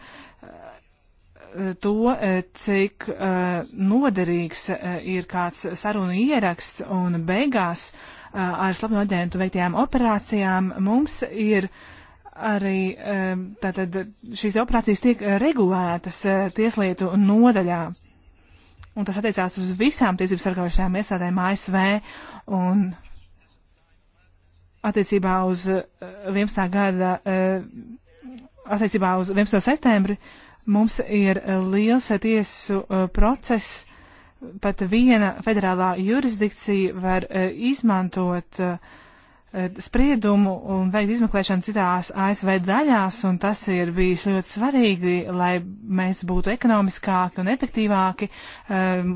to, eh, cik eh, noderīgs eh, ir kāds sarunu ieraksts un beigās ar slepenu aģentu veiktajām operācijām mums ir arī tātad šīs operācijas tiek regulētas tieslietu nodaļā. Un tas attiecās uz visām tiesību sargājušajām iestādēm ASV un attiecībā uz 11. gada, attiecībā uz 11. septembri uh, Mums ir e, liels tiesu e, process, pat viena federālā jurisdikcija var e, izmantot spriedumu un veikt izmeklēšanu citās ASV daļās, un tas ir bijis ļoti svarīgi, lai mēs būtu ekonomiskāki un efektīvāki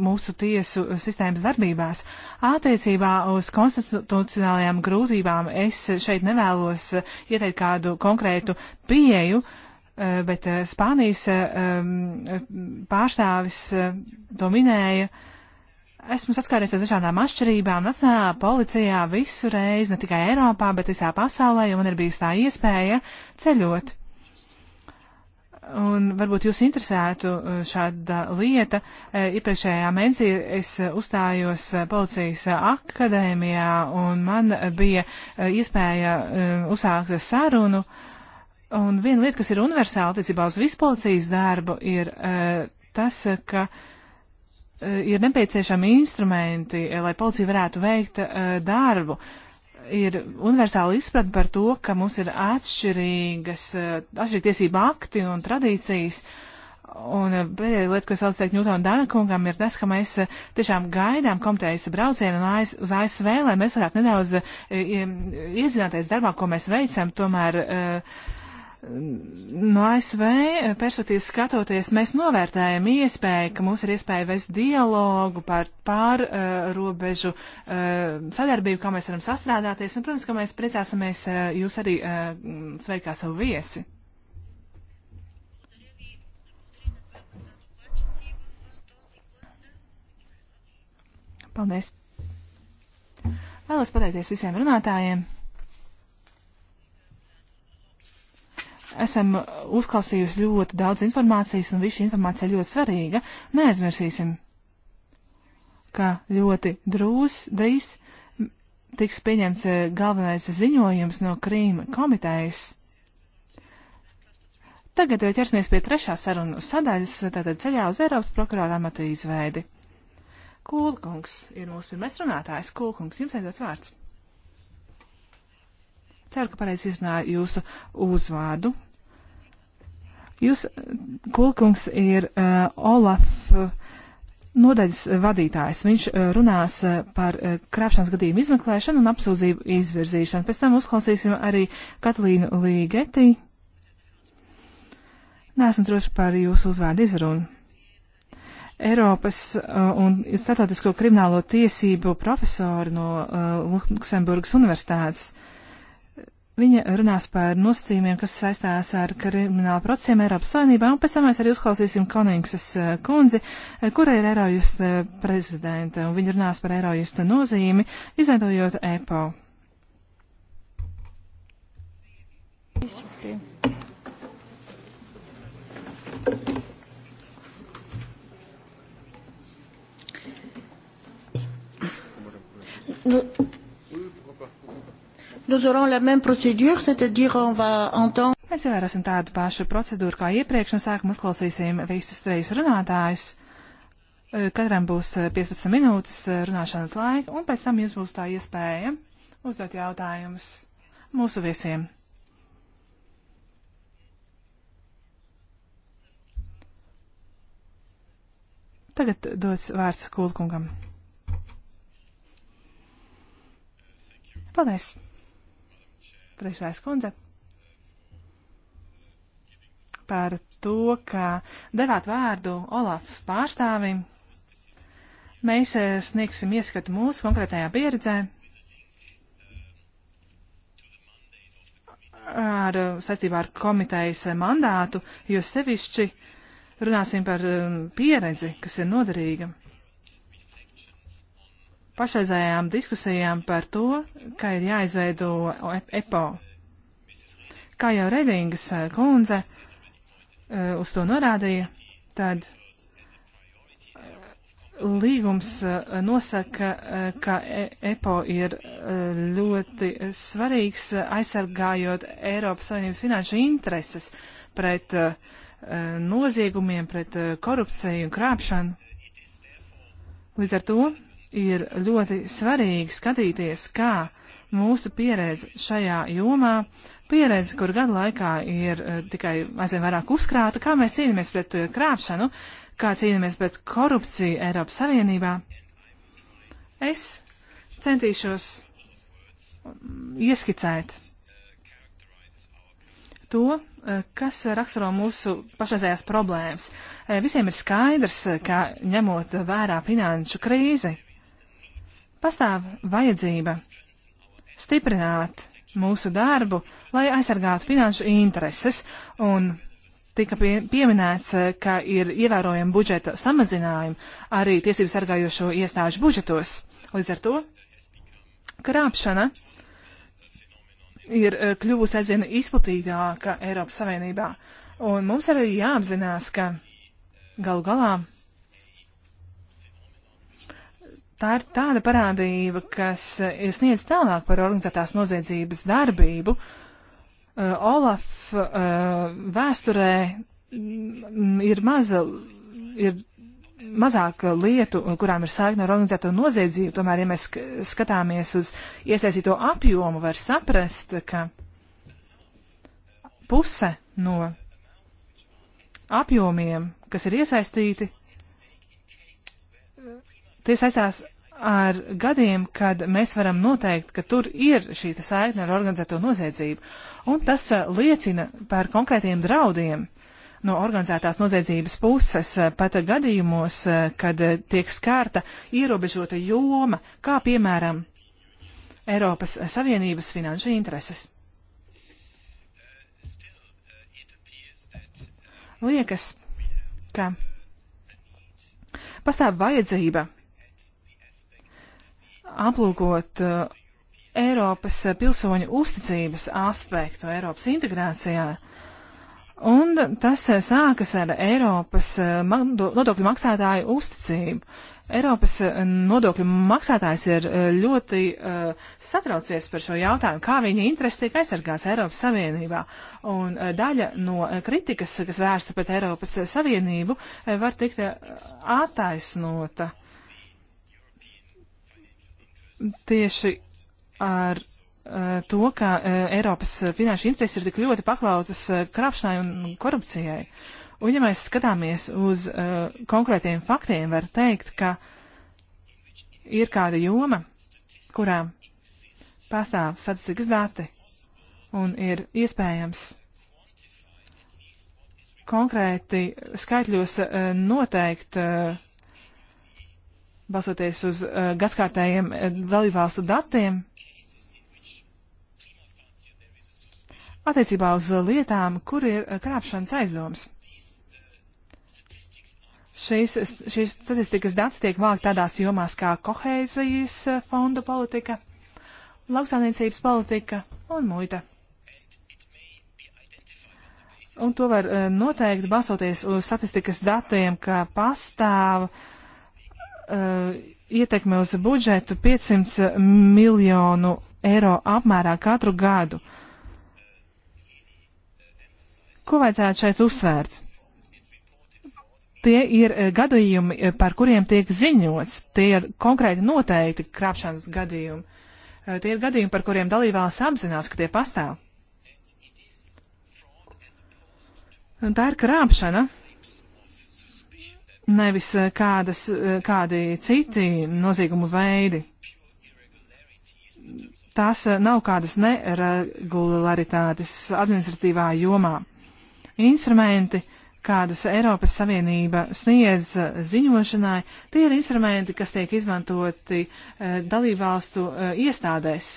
mūsu tiesu sistēmas darbībās. Attiecībā uz konstitucionālajām grūtībām es šeit nevēlos ieteikt kādu konkrētu pieeju, uh, Eh, bet eh, Spānijas eh, pārstāvis to minēja. Esmu saskāries ar dažādām atšķirībām nacionālā policijā visu reizi, ne tikai Eiropā, bet visā pasaulē, jo man ir bijusi tā iespēja ceļot. Un varbūt jūs interesētu šāda lieta. Iepriekšējā mēnesī es uzstājos policijas akadēmijā un man bija iespēja uzsākt sarunu. Uh, Un viena lieta, kas ir universāla attiecībā uz visu policijas darbu, ir uh, tas, ka uh, ir nepieciešami instrumenti, eh, lai policija varētu veikt uh, darbu. Ir universāla izpratne par to, ka mums ir atšķirīgas, uh, atšķirīgi tiesība akti un tradīcijas. Un uh, pēdējā lieta, ko es vēlos teikt Ņūtam Danakungam, ir tas, ka mēs uh, tiešām gaidām komitejas braucienu AS, uz ASV, lai mēs varētu nedauz uh, iezināties darbā, ko mēs veicam. Tomēr uh, No ASV perspektīvas skatoties, mēs novērtējam iespēju, ka mums ir iespēja vest dialogu par pārrobežu eh, uh, eh, uh, sadarbību, kā mēs varam sastrādāties, un, protams, ka mēs priecāsimies uh, jūs arī sveikt kā savu viesi. Paldies! Vēlos pateikties visiem runātājiem! esam uzklausījusi ļoti daudz informācijas, un viss šī informācija ļoti svarīga. Neaizmirsīsim, ka ļoti drūs, drīz tiks pieņemts eh, galvenais ziņojums no Krīma komitejas. Tagad eh, ķersimies pie trešā sarunu sadaļas, tātad ceļā uz Eiropas prokurora amata izveidi. Kūlkungs ir mūsu pirmais runātājs. Kūlkungs, jums ir dots vārds. Ceru, ka pareizi izrunāju jūsu uzvārdu. Jūs, Kulkungs, ir uh, Olaf uh, nodaļas vadītājs. Viņš uh, runās uh, par uh, krāpšanas gadījumu izmeklēšanu un apsūdzību izvirzīšanu. Pēc tam uzklausīsim arī Katalīnu Līgeti. Nesmu droši par jūsu uzvārdu izrunu. Eiropas uh, un Startautisko kriminālo tiesību profesori no uh, Luksemburgas universitātes. Viņa runās par nosacījumiem, kas saistās ar kriminālu procesiem Eiropas Savienībā, un pēc tam mēs arī uzklausīsim Koningsas eh, kundzi, eh, kura ir Eirojusta eh, prezidenta, un viņa runās par Eirojusta nozīmi, izveidojot EPO. Okay. Nu, no. Nous aurons la même procédure, c'est-à-dire on va entendre. Mēs ievērosim tādu pašu procedūru kā iepriekš, un sākumā uzklausīsim visus trīs runātājus. Eh, katram būs 15 eh, minūtes eh, runāšanas laika, un pēc tam jums būs tā iespēja uzdot jautājumus mūsu viesiem. Tagad dots vārds Kulkungam. Paldies! priekšsēdētājas kundze, par to, ka devāt vārdu Olaf pārstāvim. Mēs eh, sniegsim ieskatu mūsu konkrētajā pieredzē ar eh, saistībā ar komitejas mandātu, jo sevišķi runāsim par eh, pieredzi, kas ir noderīga pašreizējām diskusijām par to, ka ir jāizveido EPO. Kā jau Redingas eh, kundze eh, uz to norādīja, tad eh, līgums nosaka, ka EPO ir ļoti svarīgs aizsargājot Eiropas Savienības finanšu intereses pret noziegumiem, pret korupciju un krāpšanu. Līdz ar to ir ļoti svarīgi skatīties, kā mūsu pieredze šajā jomā, pieredze, kur gadu laikā ir eh, tikai aizvien vairāk uzkrāta, kā mēs cīnāmies pret eh, krāpšanu, kā cīnāmies pret korupciju Eiropas Savienībā. Es centīšos mm, ieskicēt to, eh, kas raksturo mūsu pašreizējās problēmas. Visiem ir skaidrs, ka ņemot vērā finanšu krīzi, Pastāv vajadzība stiprināt mūsu darbu, lai aizsargātu finanšu intereses, un tika pie, pieminēts, eh, ka ir ievērojama budžeta samazinājuma arī tiesību sargājošo iestāžu budžetos. Līdz ar to krāpšana ir eh, kļuvusi aizvien izplatītāka Eiropas Savienībā, un mums arī jāapzinās, ka galu galā tā ir tāda parādība, kas sniedz tālāk par organizētās noziedzības darbību. Uh, Olaf uh, vēsturē mm, ir maza, ir mazāk lietu, kurām ir saikne ar organizēto noziedzību, tomēr, ja mēs skatāmies uz iesaistīto apjomu, var saprast, ka puse no apjomiem, kas ir iesaistīti, tie saistās ar gadiem, kad mēs varam noteikt, ka tur ir šī saikne ar organizēto noziedzību, un tas eh, liecina par konkrētiem draudiem no organizētās noziedzības puses, eh, pat gadījumos, eh, kad tiek skārta ierobežota joma, kā piemēram Eiropas Savienības finanšu intereses. Liekas, ka pastāv vajadzība aplūkot uh, Eiropas eh, pilsoņu uzticības aspektu Eiropas integrācijā. Un tas eh, sākas ar Eiropas nodokļu maksātāju uzticību. Eiropas nodokļu maksātājs ir ļoti uh, satraucies par šo jautājumu, kā viņa interesi tiek aizsargās Eiropas Savienībā. Un uh, daļa no kritikas, kas vērsta pret Eiropas Savienību, var tikt uh, attaisnota tieši ar eh, to, ka eh, Eiropas finanšu intereses ir tik ļoti paklautas eh, krāpšanai un korupcijai. Un, ja mēs skatāmies uz uh, konkrētiem faktiem, var teikt, ka ir kāda joma, kurā pastāv statistikas dati un ir iespējams konkrēti skaitļos uh, noteikt uh, balsoties uz uh, gaskārtējiem uh, dalībvalstu datiem, attiecībā uz uh, lietām, kur ir uh, krāpšanas aizdoms. Šīs, šīs statistikas dati tiek vākt tādās jomās kā kohēzijas uh, fonda politika, lauksāniecības politika un muita. Un to var uh, noteikt balsoties uz statistikas datiem, ka pastāv uh, uh, ietekme uz budžetu 500 miljonu eiro apmērā katru gadu. Ko vajadzētu šeit uzsvērt? Tie ir uh, gadījumi, uh, par kuriem tiek ziņots, tie ir konkrēti noteikti krāpšanas gadījumi. Uh, tie ir gadījumi, par kuriem dalībvalsts apzinās, ka tie pastāv. Un tā ir krāpšana nevis eh, kādas, eh, kādi citi noziegumu veidi. Tās eh, nav kādas neregularitātes administratīvā jomā. Instrumenti, kādus Eiropas Savienība sniedz ziņošanai, tie ir instrumenti, kas tiek izmantoti dalībvalstu iestādēs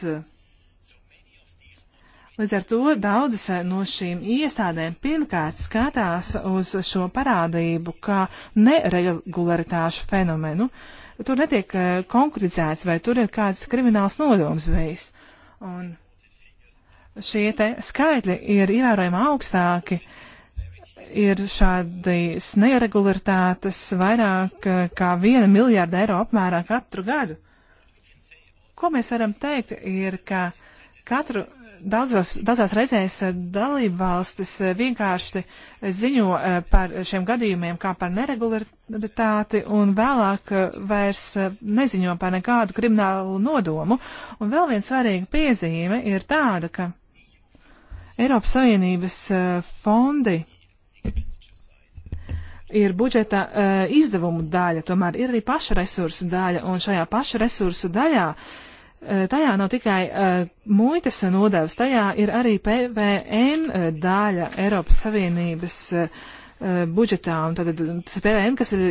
Līdz ar to daudzas no šīm iestādēm pirmkārt skatās uz šo parādību kā neregularitāšu fenomenu. Tur netiek eh, konkretizēts, vai tur ir kāds krimināls nodoms bijis. Un šie te skaitļi ir ievērojami augstāki. Ir šādas neregularitātes vairāk eh, kā viena miljārda eiro apmērā katru gadu. Ko mēs varam teikt, ir, ka uh, Katru daudzos, daudzās reizēs eh, dalībvalstis eh, vienkārši eh, ziņo par šiem gadījumiem kā par neregularitāti un vēlāk vairs neziņo par nekādu kriminālu nodomu. Un vēl viena svarīga piezīme ir tāda, ka Eiropas Savienības fondi ir budžeta uh, izdevumu daļa, tomēr ir arī paša resursu daļa, un šajā paša resursu daļā Eh, tajā nav tikai uh, muitas nodevs, tajā ir arī PVN eh, daļa Eiropas Savienības uh, budžetā, un tad tas PVN, kas ir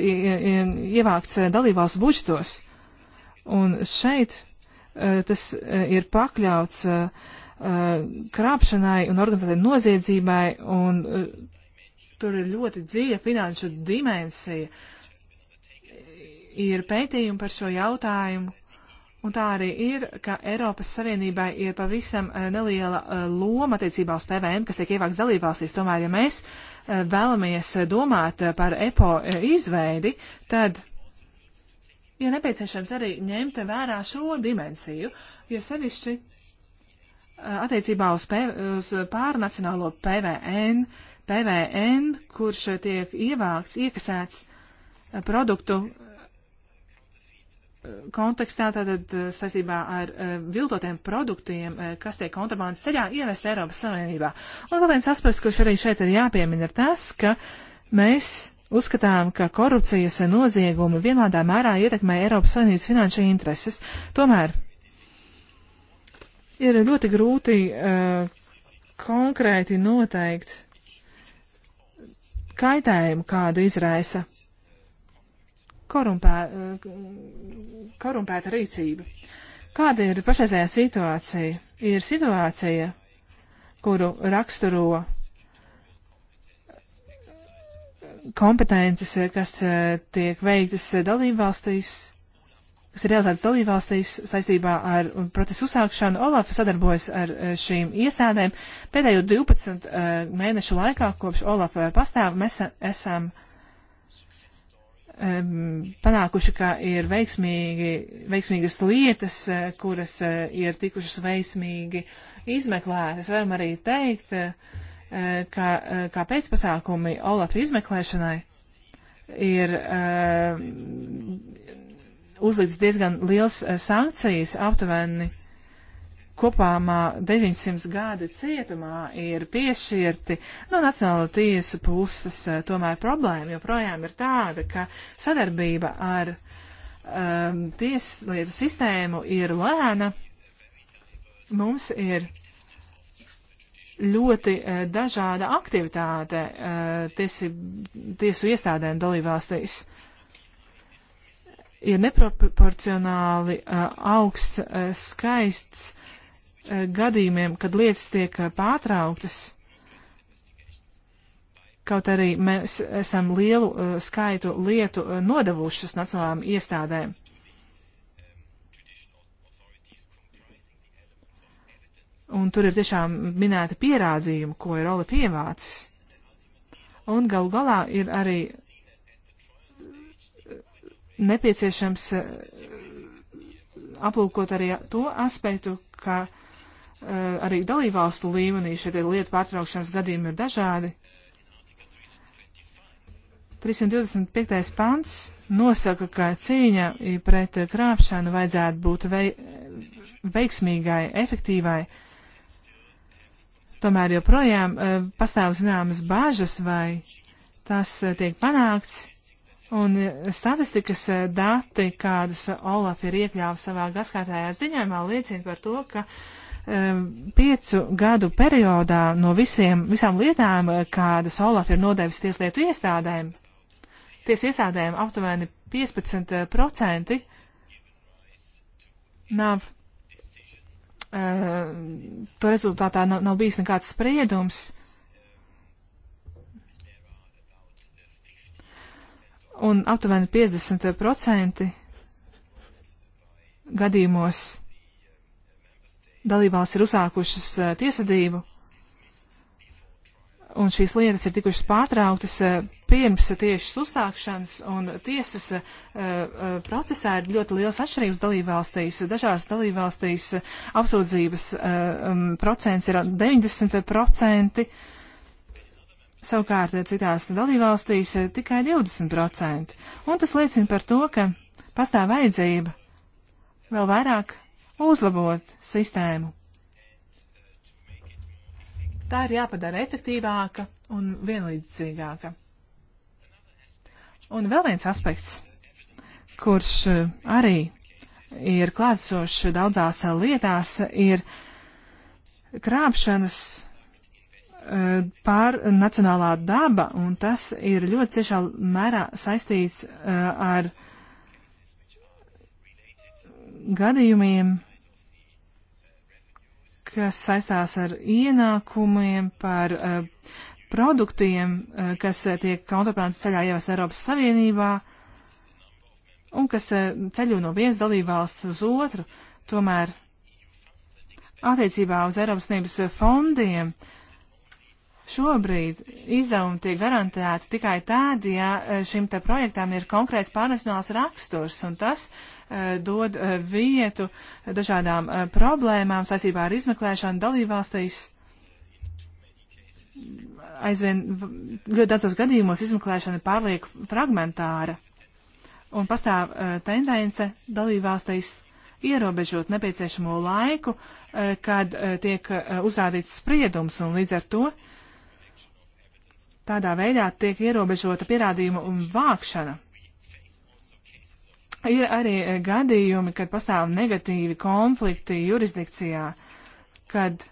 ievākts dalībvalstu budžetos. Un šeit uh, tas ir pakļauts krāpšanai un organizētai noziedzībai, un tur ir ļoti dziļa finanšu dimensija. Ir pētījumi par šo jautājumu, Un tā arī ir, ka Eiropas Savienībai ir pavisam eh, neliela eh, loma attiecībā uz PVN, kas tiek ievākts dalībvalstīs. Tomēr, ja mēs eh, vēlamies domāt par EPO izveidi, tad ir ja nepieciešams arī ņemt vērā šo dimensiju, jo sevišķi attiecībā uz, P, uz pārnacionālo PVN, PVN, kurš tiek ievākts, iekasēts produktu kontekstā, tātad eh, saistībā ar eh, viltotiem produktiem, eh, kas tiek kontrabandas ceļā ievest Eiropas Savienībā. Un vēl viens aspekts, kurš arī šeit ir jāpiemina, ir tas, ka mēs uzskatām, ka korupcijas noziegumi vienādā mērā ietekmē Eiropas Savienības finanšu intereses. Tomēr ir ļoti grūti uh, konkrēti noteikt kaitējumu, kādu izraisa korumpē, korumpēta rīcība. Kāda ir pašreizējā situācija? Ir situācija, kuru raksturo kompetences, kas eh, tiek veiktas dalībvalstīs, kas ir realizētas dalībvalstīs saistībā ar procesu uzsākšanu. Olaf sadarbojas ar eh, šīm iestādēm. Pēdējo 12 eh, mēnešu laikā, kopš Olaf pastāv, mēs esam. Esam panākuši, ka ir veiksmīgi, veiksmīgas lietas, eh, kuras eh, ir tikušas veiksmīgi izmeklētas. Varam arī teikt, eh, ka kā pēcpasākumi Olafa izmeklēšanai ir uzlikts diezgan liels sankcijas, aptuveni kopāmā 900 gadi cietumā ir piešķirti no Nacionāla tiesu puses. Tomēr problēma joprojām ir tāda, ka sadarbība ar um, tieslietu sistēmu ir lēna. Mums ir ļoti uh, dažāda aktivitāte uh, tiesi, tiesu iestādēm dalībvalstīs. Ir neproporcionāli uh, augsts uh, skaists uh, Eh, gadījumiem, kad lietas tiek eh, pārtrauktas, kaut arī mēs esam lielu uh, skaitu lietu uh, nodevušas nacionālām iestādēm. Un tur ir tiešām minēti pierādījumi, ko ir Ola pievācis. Un gal galā ir arī nepieciešams uh, aplūkot arī to aspektu, ka uh, Eh, arī dalībvalstu līmenī šie lietu pārtraukšanas gadījumi ir dažādi. 325. pants nosaka, ka cīņa pret krāpšanu vajadzētu būt vei, veiksmīgai, efektīvai. Tomēr joprojām eh, pastāv zināmas bāžas, vai tas eh, tiek panākts, un statistikas dati, kādus Olaf ir iekļāvis savā gaskārtējā ziņojumā, liecina par to, ka uh, piecu gadu periodā no visiem, visām lietām, eh, kādas Olaf ir nodevis tieslietu iestādēm, tiesu iestādēm aptuveni 15% nav, to rezultātā nav, nav bijis nekāds spriedums. Un aptuveni 50% gadījumos dalībvalsts ir uzsākušas eh, tiesadību, un šīs lietas ir tikušas pārtrauktas eh, pirms tiešas uzsākšanas, un tiesas eh, procesā ir ļoti liels atšķirības dalībvalstīs. Dažās dalībvalstīs apsūdzības um, procents ir 90%. Savukārt citās dalībvalstīs tikai 20%, un tas liecina par to, ka pastāv vajadzība vēl vairāk uzlabot sistēmu. Tā ir jāpadara efektīvāka un vienlīdzīgāka. Un vēl viens aspekts, kurš eh, arī ir klātsošs daudzās eh, lietās, ir krāpšanas eh, pārnacionālā daba, un tas ir ļoti ciešā mērā saistīts ar gadījumiem, kas saistās ar ienākumiem, par uh, produktiem, uh, kas eh, tiek kontrabandas ceļā ievest Eiropas Savienībā un kas uh, ceļo no vienas dalībvalsts uz otru, tomēr attiecībā uz Eiropas Savienības fondiem šobrīd izdevumi tiek garantēti tikai tādi, ja šim te projektām ir konkrēts pārnacionāls raksturs, un tas uh, Eh, dod eh, vietu dažādām eh, problēmām saistībā ar izmeklēšanu dalībvalstīs. Aizvien ļoti daudzos gadījumos izmeklēšana pārliek fragmentāra un pastāv tendence dalībvalstīs ierobežot nepieciešamo laiku, kad tiek uzrādīts spriedums, un līdz ar to tādā veidā tiek ierobežota pierādījumu vākšana. Ir arī e, gadījumi, kad pastāv negatīvi konflikti jurisdikcijā, kad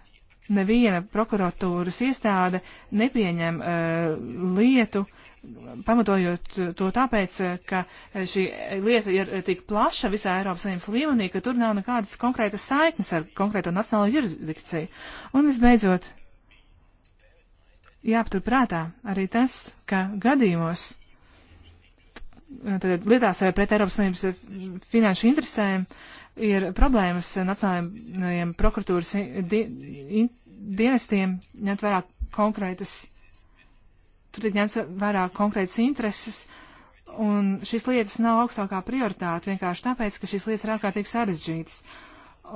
neviena prokuratūras iestāde nepieņem uh, lietu, pamatojot to tāpēc, e, ka šī lieta ir tik plaša visā Eiropas Savienības līmenī, ka tur nav nekādas konkrētas saiknes ar konkrēto nacionālo jurisdikciju. Un visbeidzot, jāpaturprātā arī tas, ka gadījumos, tad, lietās eh, pret Eiropas Savienības eh, finanšu interesēm ir problēmas nacionālajiem prokuratūras di in, dienestiem ņemt vērā konkrētas, tur tiek ņemts vērā konkrētas intereses, un šīs lietas nav augstākā prioritāte vienkārši tāpēc, ka šīs lietas ir ārkārtīgi sarežģītas.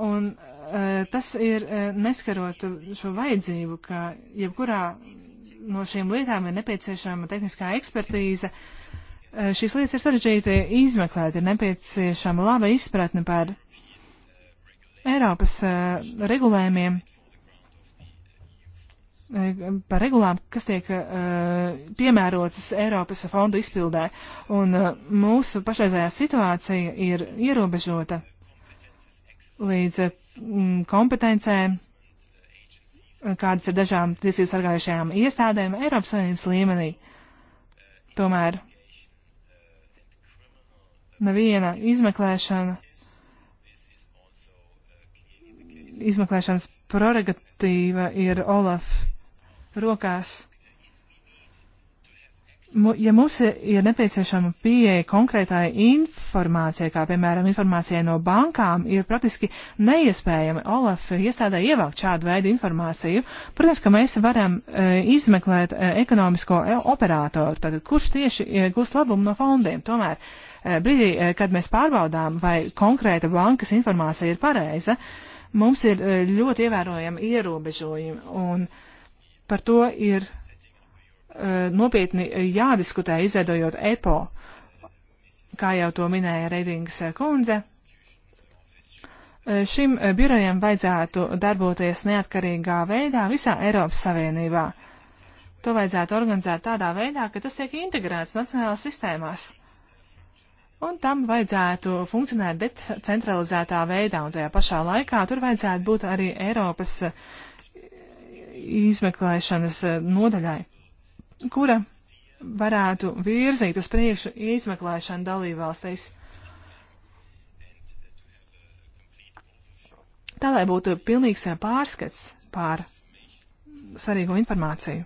Un e, tas ir e, neskarot šo vajadzību, ka jebkurā no šīm lietām ir nepieciešama tehniskā ekspertīze, e, Eh, šīs lietas ir sarežģīti izmeklēt, ir nepieciešama laba izpratne par Eiropas uh, regulējumiem, eh, par regulām, kas tiek uh, piemērotas Eiropas fondu izpildē. Un uh, mūsu pašreizējā situācija ir ierobežota līdz mm, kompetencēm, kādas ir dažām tiesību sargājušajām iestādēm Eiropas Savienības līmenī. Tomēr neviena izmeklēšana, izmeklēšanas prerogatīva ir Olaf rokās. Ja mums ir nepieciešama pieeja konkrētai informācijai, kā piemēram informācijai no bankām, ir praktiski neiespējami Olaf iestādē ievākt šādu veidu informāciju. Protams, ka mēs varam e, izmeklēt e, ekonomisko e, operātoru, tad kurš tieši e, gūs labumu no fondiem. Tomēr e, brīdī, e, kad mēs pārbaudām, vai konkrēta bankas informācija ir pareiza, mums ir e, ļoti ievērojami ierobežojumi, un par to ir Eh, nopietni jādiskutē, izveidojot EPO, kā jau to minēja Reidings eh, kundze. Eh, šim birojam vajadzētu darboties neatkarīgā veidā visā Eiropas Savienībā. To vajadzētu organizēt tādā veidā, ka tas tiek integrēts nacionālās sistēmās. Un tam vajadzētu funkcionēt decentralizētā veidā, un tajā pašā laikā tur vajadzētu būt arī Eiropas izmeklēšanas nodaļai kura varētu virzīt uz priekšu izmeklēšanu dalībvalstīs. Tā lai būtu pilnīgs pārskats pār svarīgo informāciju.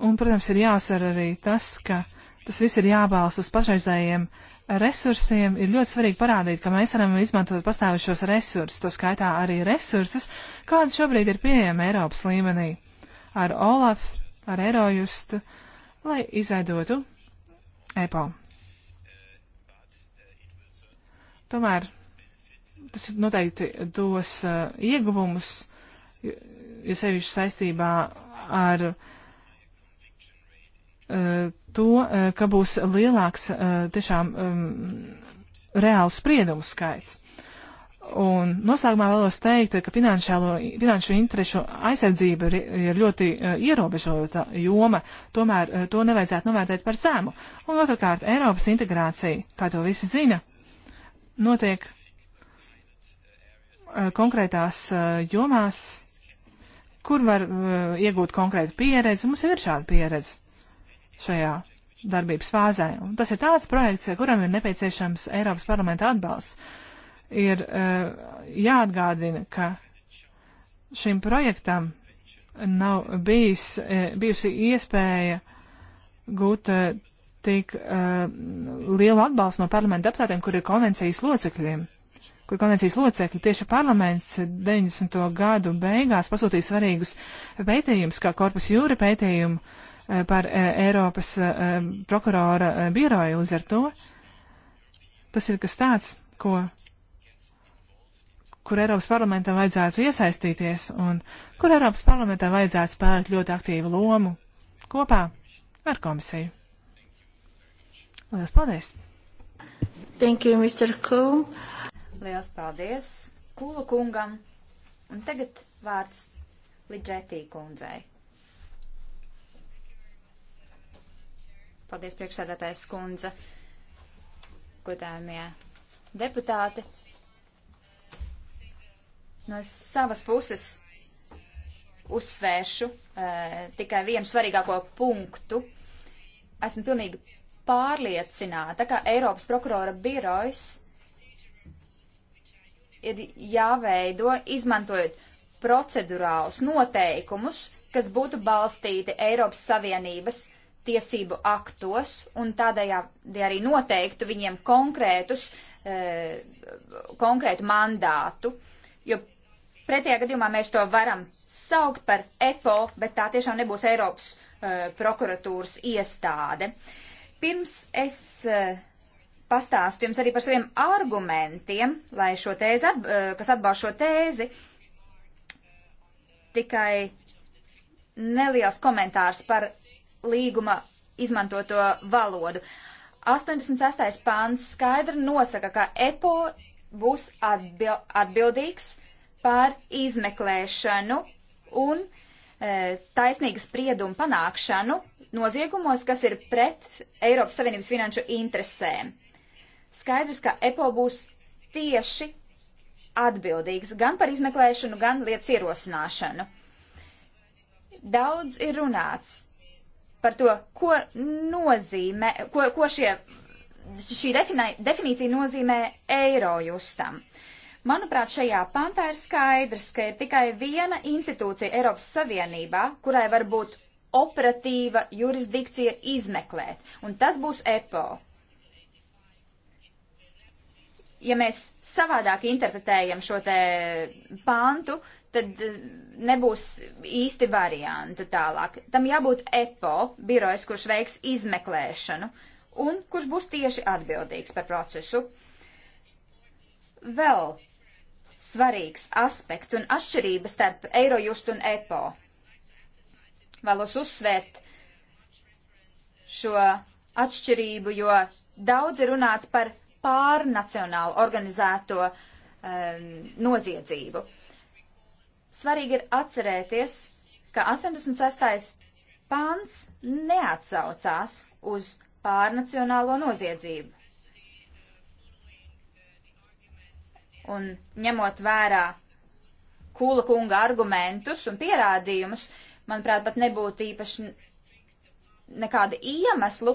Un, protams, ir jāsver arī tas, ka tas viss ir jābalsta uz pašreizējiem uh, resursiem ir ļoti svarīgi parādīt, ka mēs varam izmantot pastāvušos resursus, to skaitā arī resursus, kādi šobrīd ir pieejami Eiropas līmenī ar Olaf, ar Eirojustu, lai izveidotu EPO. Tomēr tas noteikti dos uh, ieguvumus, jo, jo sevišķi saistībā ar uh, to, eh, ka būs lielāks eh, tiešām reāls spriedumu skaits. Un noslēgumā vēlos teikt, ka finanšu interešu aizsardzība ir, ir ļoti uh, ierobežota joma, tomēr uh, to nevajadzētu novērtēt par zemu. Un otrkārt, Eiropas integrācija, kā to visi zina, notiek uh, konkrētās jomās, kur var iegūt konkrētu pieredzi. Mums jau ir šāda pieredze šajā darbības fāzē. Un tas ir tāds projekts, kuram ir nepieciešams Eiropas parlamenta atbalsts. Ir uh, jāatgādina, ka šim projektam nav bijis, uh, bijusi iespēja gūt uh, tik uh, lielu atbalstu no parlamenta deputātiem, kur ir konvencijas locekļiem kur konvencijas locekļi tieši parlaments 90. gadu beigās pasūtīja svarīgus pētījumus, kā korpus jūra pētījumu, uh, Eh, par eh, Eiropas eh, prokurora biroju līdz ar to. Tas ir kas tāds, ko, kur Eiropas parlamentam vajadzētu iesaistīties un kur Eiropas parlamentam vajadzētu spēlēt ļoti aktīvu lomu kopā ar komisiju. Lielas paldies! Thank you, Mr. Kuhn. Lielas paldies Kūla kungam. Un tagad vārds Lidžetī kundzei. Paldies, priekšsēdētājs skundze, godājumie deputāti. No savas puses uzsvēršu eh, tikai vienu svarīgāko punktu. Esmu pilnīgi pārliecināta, ka Eiropas prokurora birojs ir jāveido izmantojot procedurālus noteikumus, kas būtu balstīti Eiropas Savienības tiesību aktos un tādējādi arī noteiktu viņiem konkrētus, e, konkrētu mandātu, jo pretējā gadījumā mēs to varam saukt par EPO, bet tā tiešām nebūs Eiropas e, prokuratūras iestāde. Pirms es e, pastāstu jums arī par saviem argumentiem, lai šo tēzi, at, e, kas atbalsta šo tēzi, tikai neliels komentārs par līguma izmantoto valodu. 86. pāns skaidri nosaka, ka EPO būs atbil atbildīgs par izmeklēšanu un e, taisnīgu spriedumu panākšanu noziegumos, kas ir pret Eiropas Savienības finanšu interesēm. Skaidrs, ka EPO būs tieši atbildīgs gan par izmeklēšanu, gan lietas ierosināšanu. Daudz ir runāts par to, ko nozīmē, ko, ko šie, šī definē, definīcija nozīmē eiro justam. Manuprāt, šajā pantā ir skaidrs, ka ir tikai viena institūcija Eiropas Savienībā, kurai var būt operatīva jurisdikcija izmeklēt, un tas būs EPO. Ja mēs savādāk interpretējam šo te pantu, uh, tad eh, nebūs īsti varianti tālāk. Tam jābūt EPO birojas, kurš veiks izmeklēšanu un kurš būs tieši atbildīgs par procesu. Vēl svarīgs aspekts un atšķirības starp Eirojust un EPO. Vēlos uzsvērt šo atšķirību, jo daudz ir runāts par pārnacionālu organizēto um, noziedzību. Svarīgi ir atcerēties, ka 86. pants neatsaucās uz pārnacionālo noziedzību. Un ņemot vērā Kūla kunga argumentus un pierādījumus, manuprāt, pat nebūtu īpaši nekāda iemeslu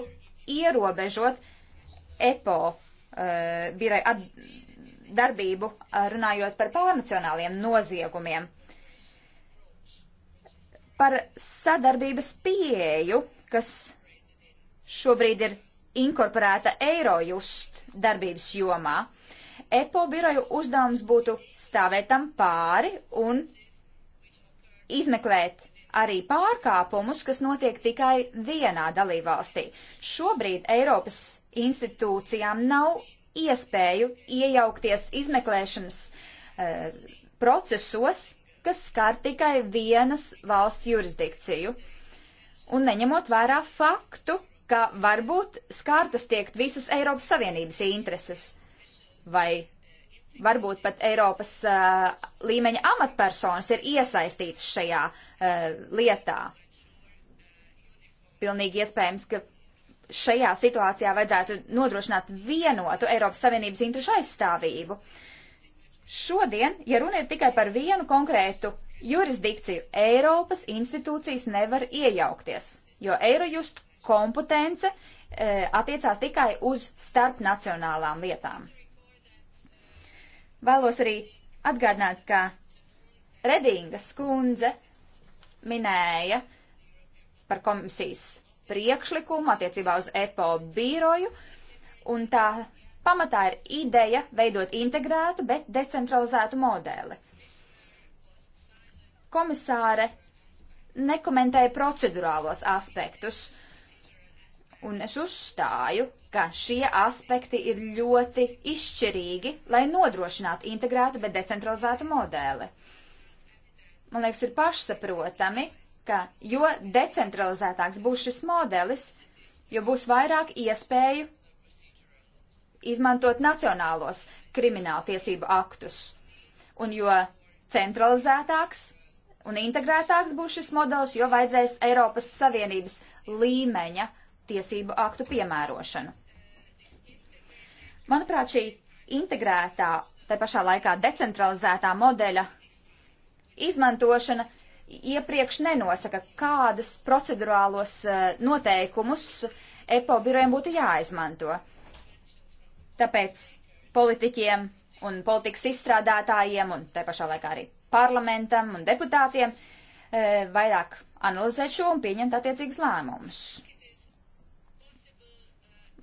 ierobežot EPO uh, birai darbību, uh, runājot par pārnacionāliem noziegumiem par sadarbības pieeju, kas šobrīd ir inkorporēta Eirojust darbības jomā. EPO biroju uzdevums būtu stāvēt tam pāri un izmeklēt arī pārkāpumus, kas notiek tikai vienā dalībvalstī. Šobrīd Eiropas institūcijām nav iespēju iejaukties izmeklēšanas e, procesos kas skar tikai vienas valsts jurisdikciju. Un neņemot vērā faktu, ka varbūt skārtas tiek visas Eiropas Savienības intereses vai varbūt pat Eiropas uh, līmeņa amatpersonas ir iesaistītas šajā uh, lietā. Pilnīgi iespējams, ka šajā situācijā vajadzētu nodrošināt vienotu Eiropas Savienības interešu aizstāvību. Uh, Šodien, ja runa ir tikai par vienu konkrētu jurisdikciju, Eiropas institūcijas nevar iejaukties, jo Eirojust kompetence e, attiecās tikai uz starpnacionālām lietām. Vēlos arī atgādināt, ka Redingas kundze minēja par komisijas priekšlikumu attiecībā uz EPO bīroju, un tā Pamatā ir ideja veidot integrētu, bet decentralizētu modeli. Komisāre nekomentēja procedurālos aspektus, un es uzstāju, ka šie aspekti ir ļoti izšķirīgi, lai nodrošinātu integrētu, bet decentralizētu modeli. Man liekas, ir pašsaprotami, ka jo decentralizētāks būs šis modelis, jo būs vairāk iespēju izmantot nacionālos krimināltiesību aktus. Un jo centralizētāks un integrētāks būs šis modelis, jo vajadzēs Eiropas Savienības līmeņa tiesību aktu piemērošanu. Manuprāt, šī integrētā, tai pašā laikā decentralizētā modeļa izmantošana iepriekš nenosaka, kādas procedurālos eh, noteikumus EPO birojiem būtu jāizmanto. Tāpēc politiķiem un politikas izstrādātājiem un te pašā laikā arī parlamentam un deputātiem e, vairāk analizēt šo un pieņemt attiecīgus lēmumus.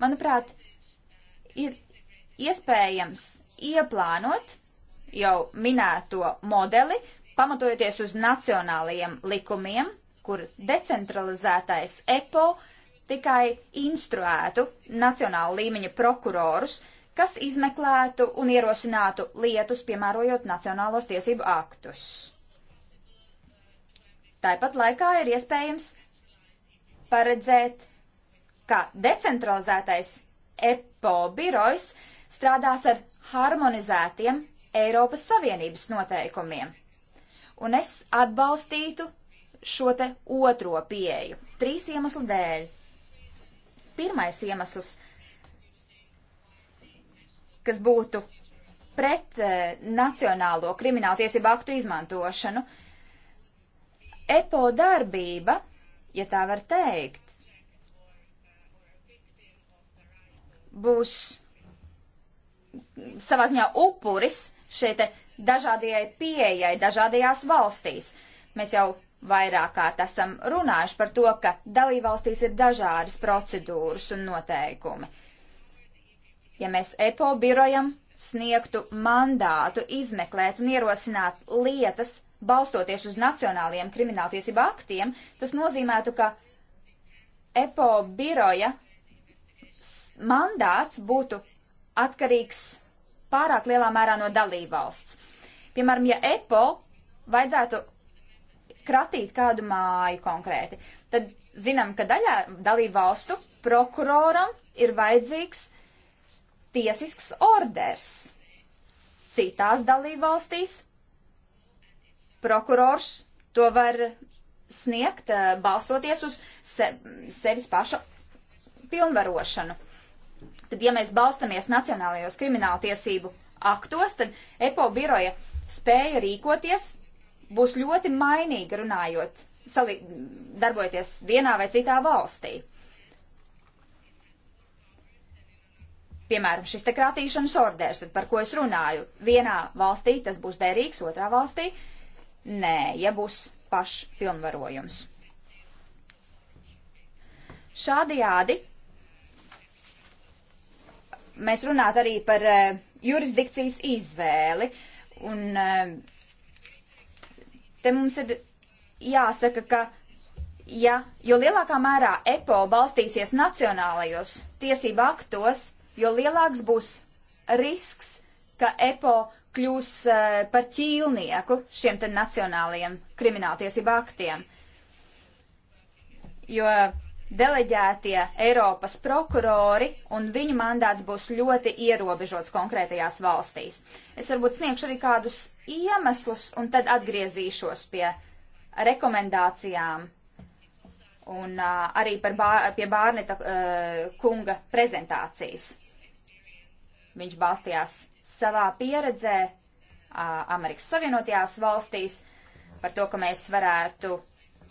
Manuprāt, ir iespējams ieplānot jau minēto modeli, pamatojoties uz nacionālajiem likumiem, kur decentralizētais EPO tikai instruētu nacionāla līmeņa prokurorus, kas izmeklētu un ierosinātu lietus, piemērojot nacionālos tiesību aktus. Tāpat laikā ir iespējams paredzēt, ka decentralizētais EPO birojs strādās ar harmonizētiem Eiropas Savienības noteikumiem. Un es atbalstītu šo te otro pieeju trīs iemeslu dēļ pirmais iemesls, kas būtu pret eh, nacionālo kriminālu tiesību aktu izmantošanu. EPO darbība, ja tā var teikt, būs savā ziņā upuris šeit dažādajai pieejai dažādajās valstīs. Mēs jau vairāk kārt esam runājuši par to, ka dalībvalstīs ir dažādas procedūras un noteikumi. Ja mēs EPO birojam sniegtu mandātu izmeklēt un ierosināt lietas, balstoties uz nacionāliem krimināltiesību aktiem, tas nozīmētu, ka EPO biroja mandāts būtu atkarīgs pārāk lielā mērā no dalībvalsts. Piemēram, ja EPO vajadzētu kratīt kādu māju konkrēti. Tad zinām, ka daļā dalību valstu prokuroram ir vajadzīgs tiesisks orders. Citās dalību valstīs prokurors to var sniegt, eh, balstoties uz se, sevis paša pilnvarošanu. Tad, ja mēs balstamies nacionālajos krimināltiesību aktos, tad EPO biroja spēja rīkoties būs ļoti mainīga runājot, sali, darbojoties vienā vai citā valstī. Piemēram, šis te krātīšanas orders, tad par ko es runāju. Vienā valstī tas būs derīgs, otrā valstī nē, ja būs pašpilnvarojums. Šādajādi mēs runātu arī par uh, jurisdikcijas izvēli, un uh, Te mums ir jāsaka, ka, ja, jo lielākā mērā EPO balstīsies nacionālajos tiesību aktos, jo lielāks būs risks, ka EPO kļūs uh, par ķīlnieku šiem te nacionālajiem krimināltiesību aktiem. Jo uh, deleģētie Eiropas prokurori un viņu mandāts būs ļoti ierobežots konkrētajās valstīs. Es varbūt sniegšu arī kādus iemeslus un tad atgriezīšos pie rekomendācijām un uh, arī par bā, pie Bārnita uh, kunga prezentācijas. Viņš balstījās savā pieredzē uh, Amerikas Savienotajās valstīs par to, ka mēs varētu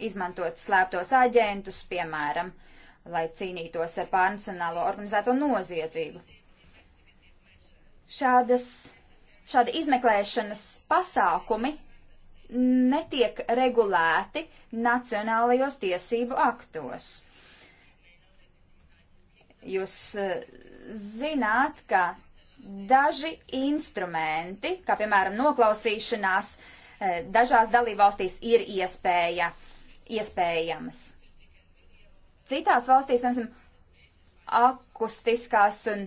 izmantot slēptos aģentus, piemēram, lai cīnītos ar pārnacionālo organizēto noziedzību. Šādas, šādi izmeklēšanas pasākumi netiek regulēti nacionālajos tiesību aktos. Jūs eh, zināt, ka daži instrumenti, kā piemēram noklausīšanās, eh, dažās dalībvalstīs ir iespēja uh, iespējamas. Citās valstīs, piemēram, akustiskās un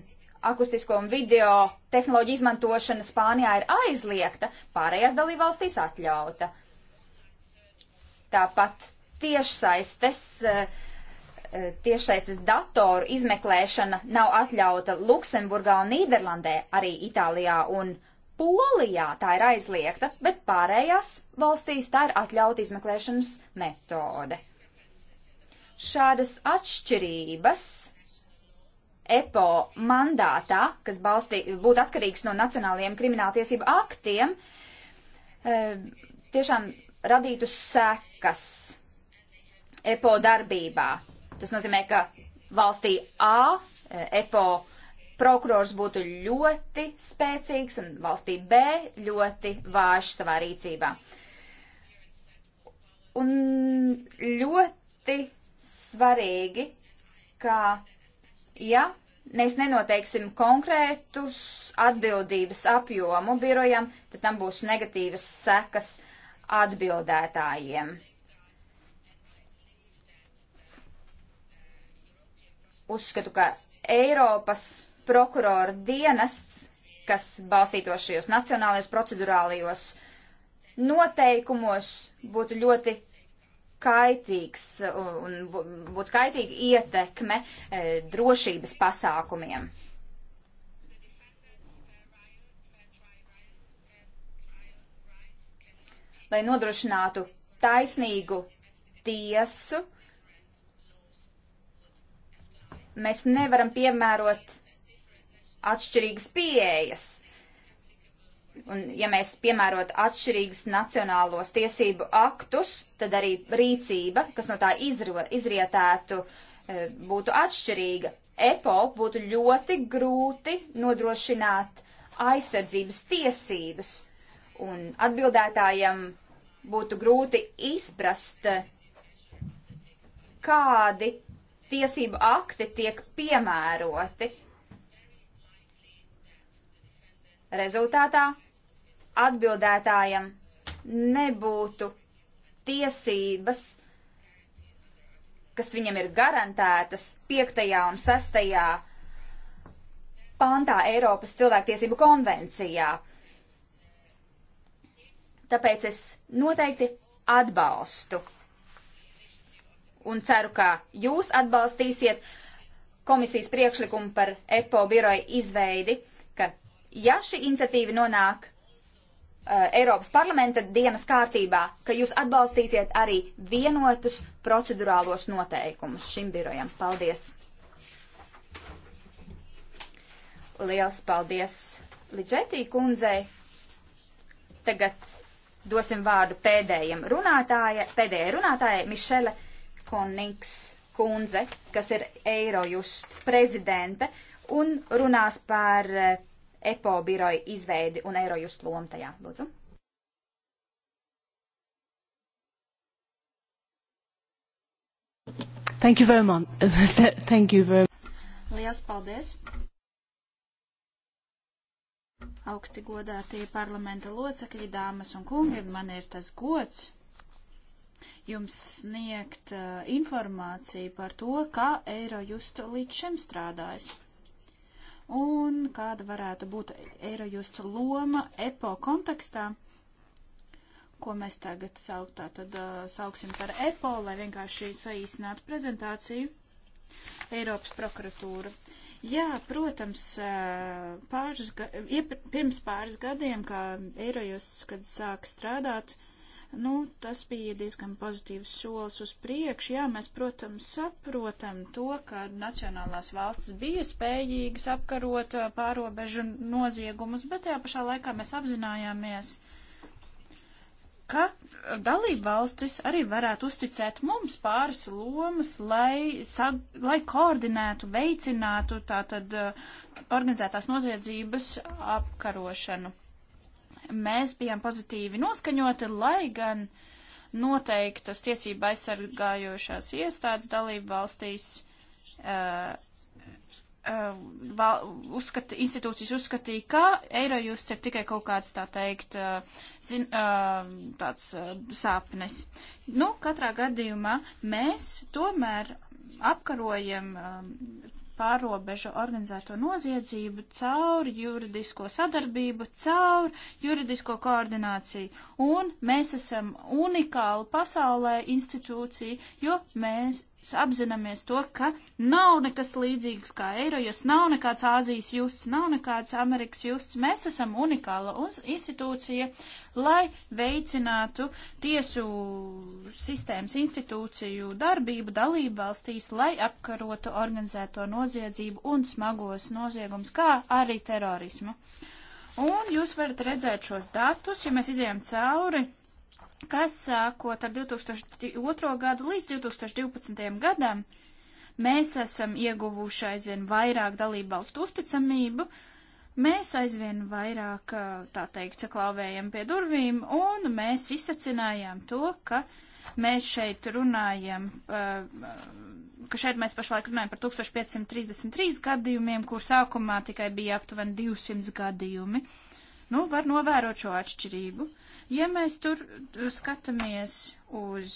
akustisko un video tehnoloģiju izmantošana Spānijā ir aizliegta, pārējās dalībvalstīs atļauta. Tāpat tiešsaistes, eh, eh, tiešsaistes datoru izmeklēšana nav atļauta Luksemburgā un Nīderlandē, arī Itālijā un Nīderlandē. Polijā tā ir aizliegta, bet pārējās valstīs tā ir atļauta izmeklēšanas metode. Šādas atšķirības EPO mandātā, kas balstī, būtu atkarīgs no nacionālajiem krimināltiesību aktiem, e, tiešām radītu sekas EPO darbībā. Tas nozīmē, ka valstī A EPO e prokurors būtu ļoti spēcīgs un valstī B ļoti vājš savā rīcībā. Un ļoti svarīgi, ka, ja mēs nenoteiksim konkrētus atbildības apjomu birojam, tad tam būs negatīvas sekas atbildētājiem. Uzskatu, ka Eiropas prokurora dienests, kas balstītos šajos nacionālajos procedurālajos noteikumos, būtu ļoti kaitīgs un būtu kaitīga ietekme e, drošības pasākumiem. Lai nodrošinātu taisnīgu tiesu, mēs nevaram piemērot atšķirīgas pieejas. Un, ja mēs piemērot atšķirīgus nacionālos tiesību aktus, tad arī rīcība, kas no tā izro, izrietētu, e, būtu atšķirīga. EPO būtu ļoti grūti nodrošināt aizsardzības tiesības, un atbildētājiem būtu grūti izprast, e, kādi tiesību akti tiek piemēroti Rezultātā atbildētājam nebūtu tiesības, kas viņam ir garantētas 5. un 6. pantā Eiropas cilvēktiesību konvencijā. Tāpēc es noteikti atbalstu un ceru, ka jūs atbalstīsiet komisijas priekšlikumu par EPO biroju izveidi ja šī iniciatīva nonāk uh, Eiropas parlamenta dienas kārtībā, ka jūs atbalstīsiet arī vienotus procedurālos noteikumus šim birojam. Paldies! Liels paldies Liģetī kundzei! Tagad dosim vārdu pēdējiem runātāja, pēdējai runātājai Mišele Konings kundze, kas ir Eirojust prezidente un runās par uh, EPO biroja izveidi un Eirojust lomu tajā. Lūdzu. Thank you very much. Thank you very much. Lielas paldies. Augsti godātie parlamenta locekļi, dāmas un kungi, man ir tas gods jums sniegt uh, informāciju par to, kā Eiro just līdz šim strādājas un kāda varētu būt Eirojust loma EPO kontekstā, ko mēs tagad sauk, tātad, sauksim par EPO, lai vienkārši saīsinātu prezentāciju. Eiropas prokuratūra. Jā, protams, pāris, ga, pirms pāris gadiem, kā Eirojus, kad sāk strādāt, Nu, tas bija diezgan pozitīvs solis uz priekšu. Jā, mēs, protams, saprotam to, ka nacionālās valstis bija spējīgas apkarot uh, pārobežu noziegumus, bet tajā pašā laikā mēs apzinājāmies, ka dalība valstis arī varētu uzticēt mums pāris lomas, lai, sag, lai koordinētu, veicinātu tātad uh, organizētās noziedzības apkarošanu mēs bijām pozitīvi noskaņoti, lai gan noteiktas tiesība aizsargājošās iestādes dalību valstīs uh, uh, val, uzskata, institūcijas uzskatīja, ka Eirojust ir tikai kaut kāds, tā teikt, uh, zin, tāds sāpnes. Nu, katrā gadījumā mēs tomēr apkarojam pārobežu organizēto noziedzību caur juridisko sadarbību, caur juridisko koordināciju. Un mēs esam unikāli pasaulē institūcija, jo mēs apzināmies to, ka nav nekas līdzīgs kā eiro, jo nav nekāds Āzijas justs, nav nekāds Amerikas justs. Mēs esam unikāla institūcija, lai veicinātu tiesu sistēmas institūciju darbību dalību valstīs, lai apkarotu organizēto noziedzību un smagos noziegums, kā arī terorismu. Un jūs varat redzēt šos datus, ja mēs izējām cauri kas sākot ar 2002. gadu līdz 2012. gadam, mēs esam ieguvuši aizvien vairāk dalībvalstu uzticamību, mēs aizvien vairāk, tā teikt, saklauvējam pie durvīm, un mēs izsacinājām to, ka mēs šeit runājam, ka šeit mēs pašlaik runājam par 1533 gadījumiem, kur sākumā tikai bija aptuveni 200 gadījumi. Nu, var novērot šo atšķirību. Uh, Ja mēs tur skatāmies uz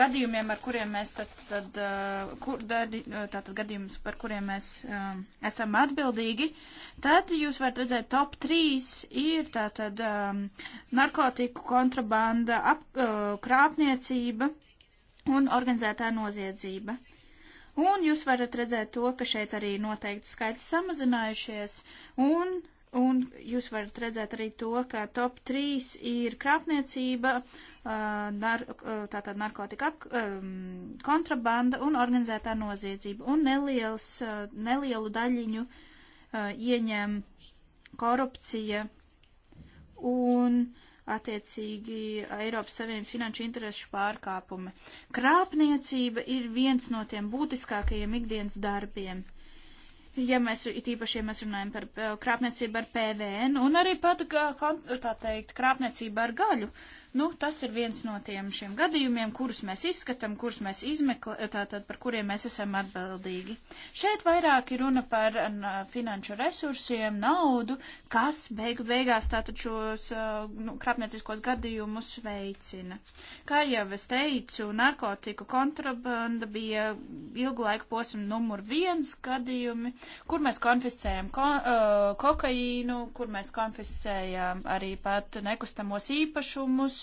gadījumiem, ar kuriem mēs tad, tad, kur, tātad gadījumus, par kuriem mēs um, esam atbildīgi, tad jūs varat redzēt, top 3 ir tātad um, narkotiku kontrabanda, ap, uh, krāpniecība un organizētā noziedzība. Un jūs varat redzēt to, ka šeit arī noteikti skaits samazinājušies, un Un jūs varat redzēt arī to, ka top 3 ir krāpniecība, nar, tātad narkotika kontrabanda un organizētā noziedzība. Un neliels, nelielu daļiņu ieņem korupcija un attiecīgi Eiropas Savienības finanšu interesu pārkāpumi. Krāpniecība ir viens no tiem būtiskākajiem ikdienas darbiem ja mēs it īpaši, ja mēs runājam par krāpniecību ar PVN un arī pat, kā, tā teikt, krāpniecību ar gaļu. Uh, Nu, tas ir viens no tiem šiem gadījumiem, kurus mēs izskatām, kurus mēs izmeklējam, tātad par kuriem mēs esam atbildīgi. Šeit vairāk ir runa par finanšu resursiem, naudu, kas beigu beigās tātad šos nu, krāpnieciskos gadījumus veicina. Kā jau es teicu, narkotiku kontrabanda bija ilgu laiku posmu numur viens gadījumi, kur mēs konfiscējam ko, uh, kokaīnu, kur mēs konfiscējam arī pat nekustamos īpašumus,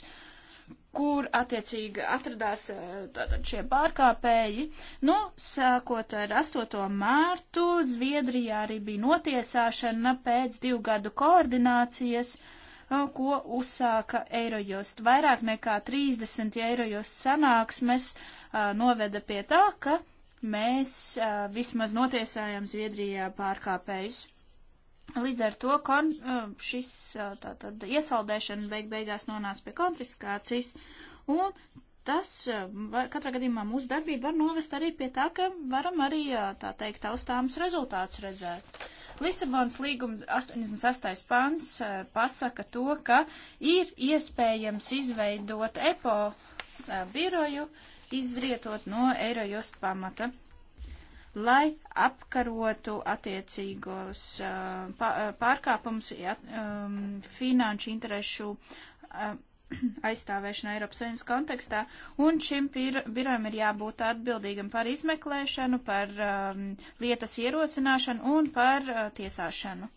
kur attiecīgi atradās eh, tātad šie pārkāpēji. Nu, sākot ar 8. mārtu, Zviedrijā arī bija notiesāšana pēc divu gadu koordinācijas, eh, ko uzsāka Eirojost. Vairāk nekā 30 Eirojost sanāksmes eh, noveda pie tā, ka mēs vismaz notiesājām Zviedrijā pārkāpējus. Līdz ar to kon, šis tātad iesaldēšana beig beigās nonāca pie konfiskācijas, un tas var, katrā gadījumā mūsu darbība var novest arī pie tā, ka varam arī, tā teikt, taustāms rezultāts redzēt. Lisabonas līguma 88. pants pasaka to, ka ir iespējams izveidot EPO biroju, izrietot no Eirojust pamata lai apkarotu attiecīgos uh, uh, pārkāpumus um, finanšu interesu uh, aizstāvēšana Eiropas Savienības kontekstā, un šim birojam ir jābūt atbildīgam par izmeklēšanu, par um, lietas ierosināšanu un par uh, tiesāšanu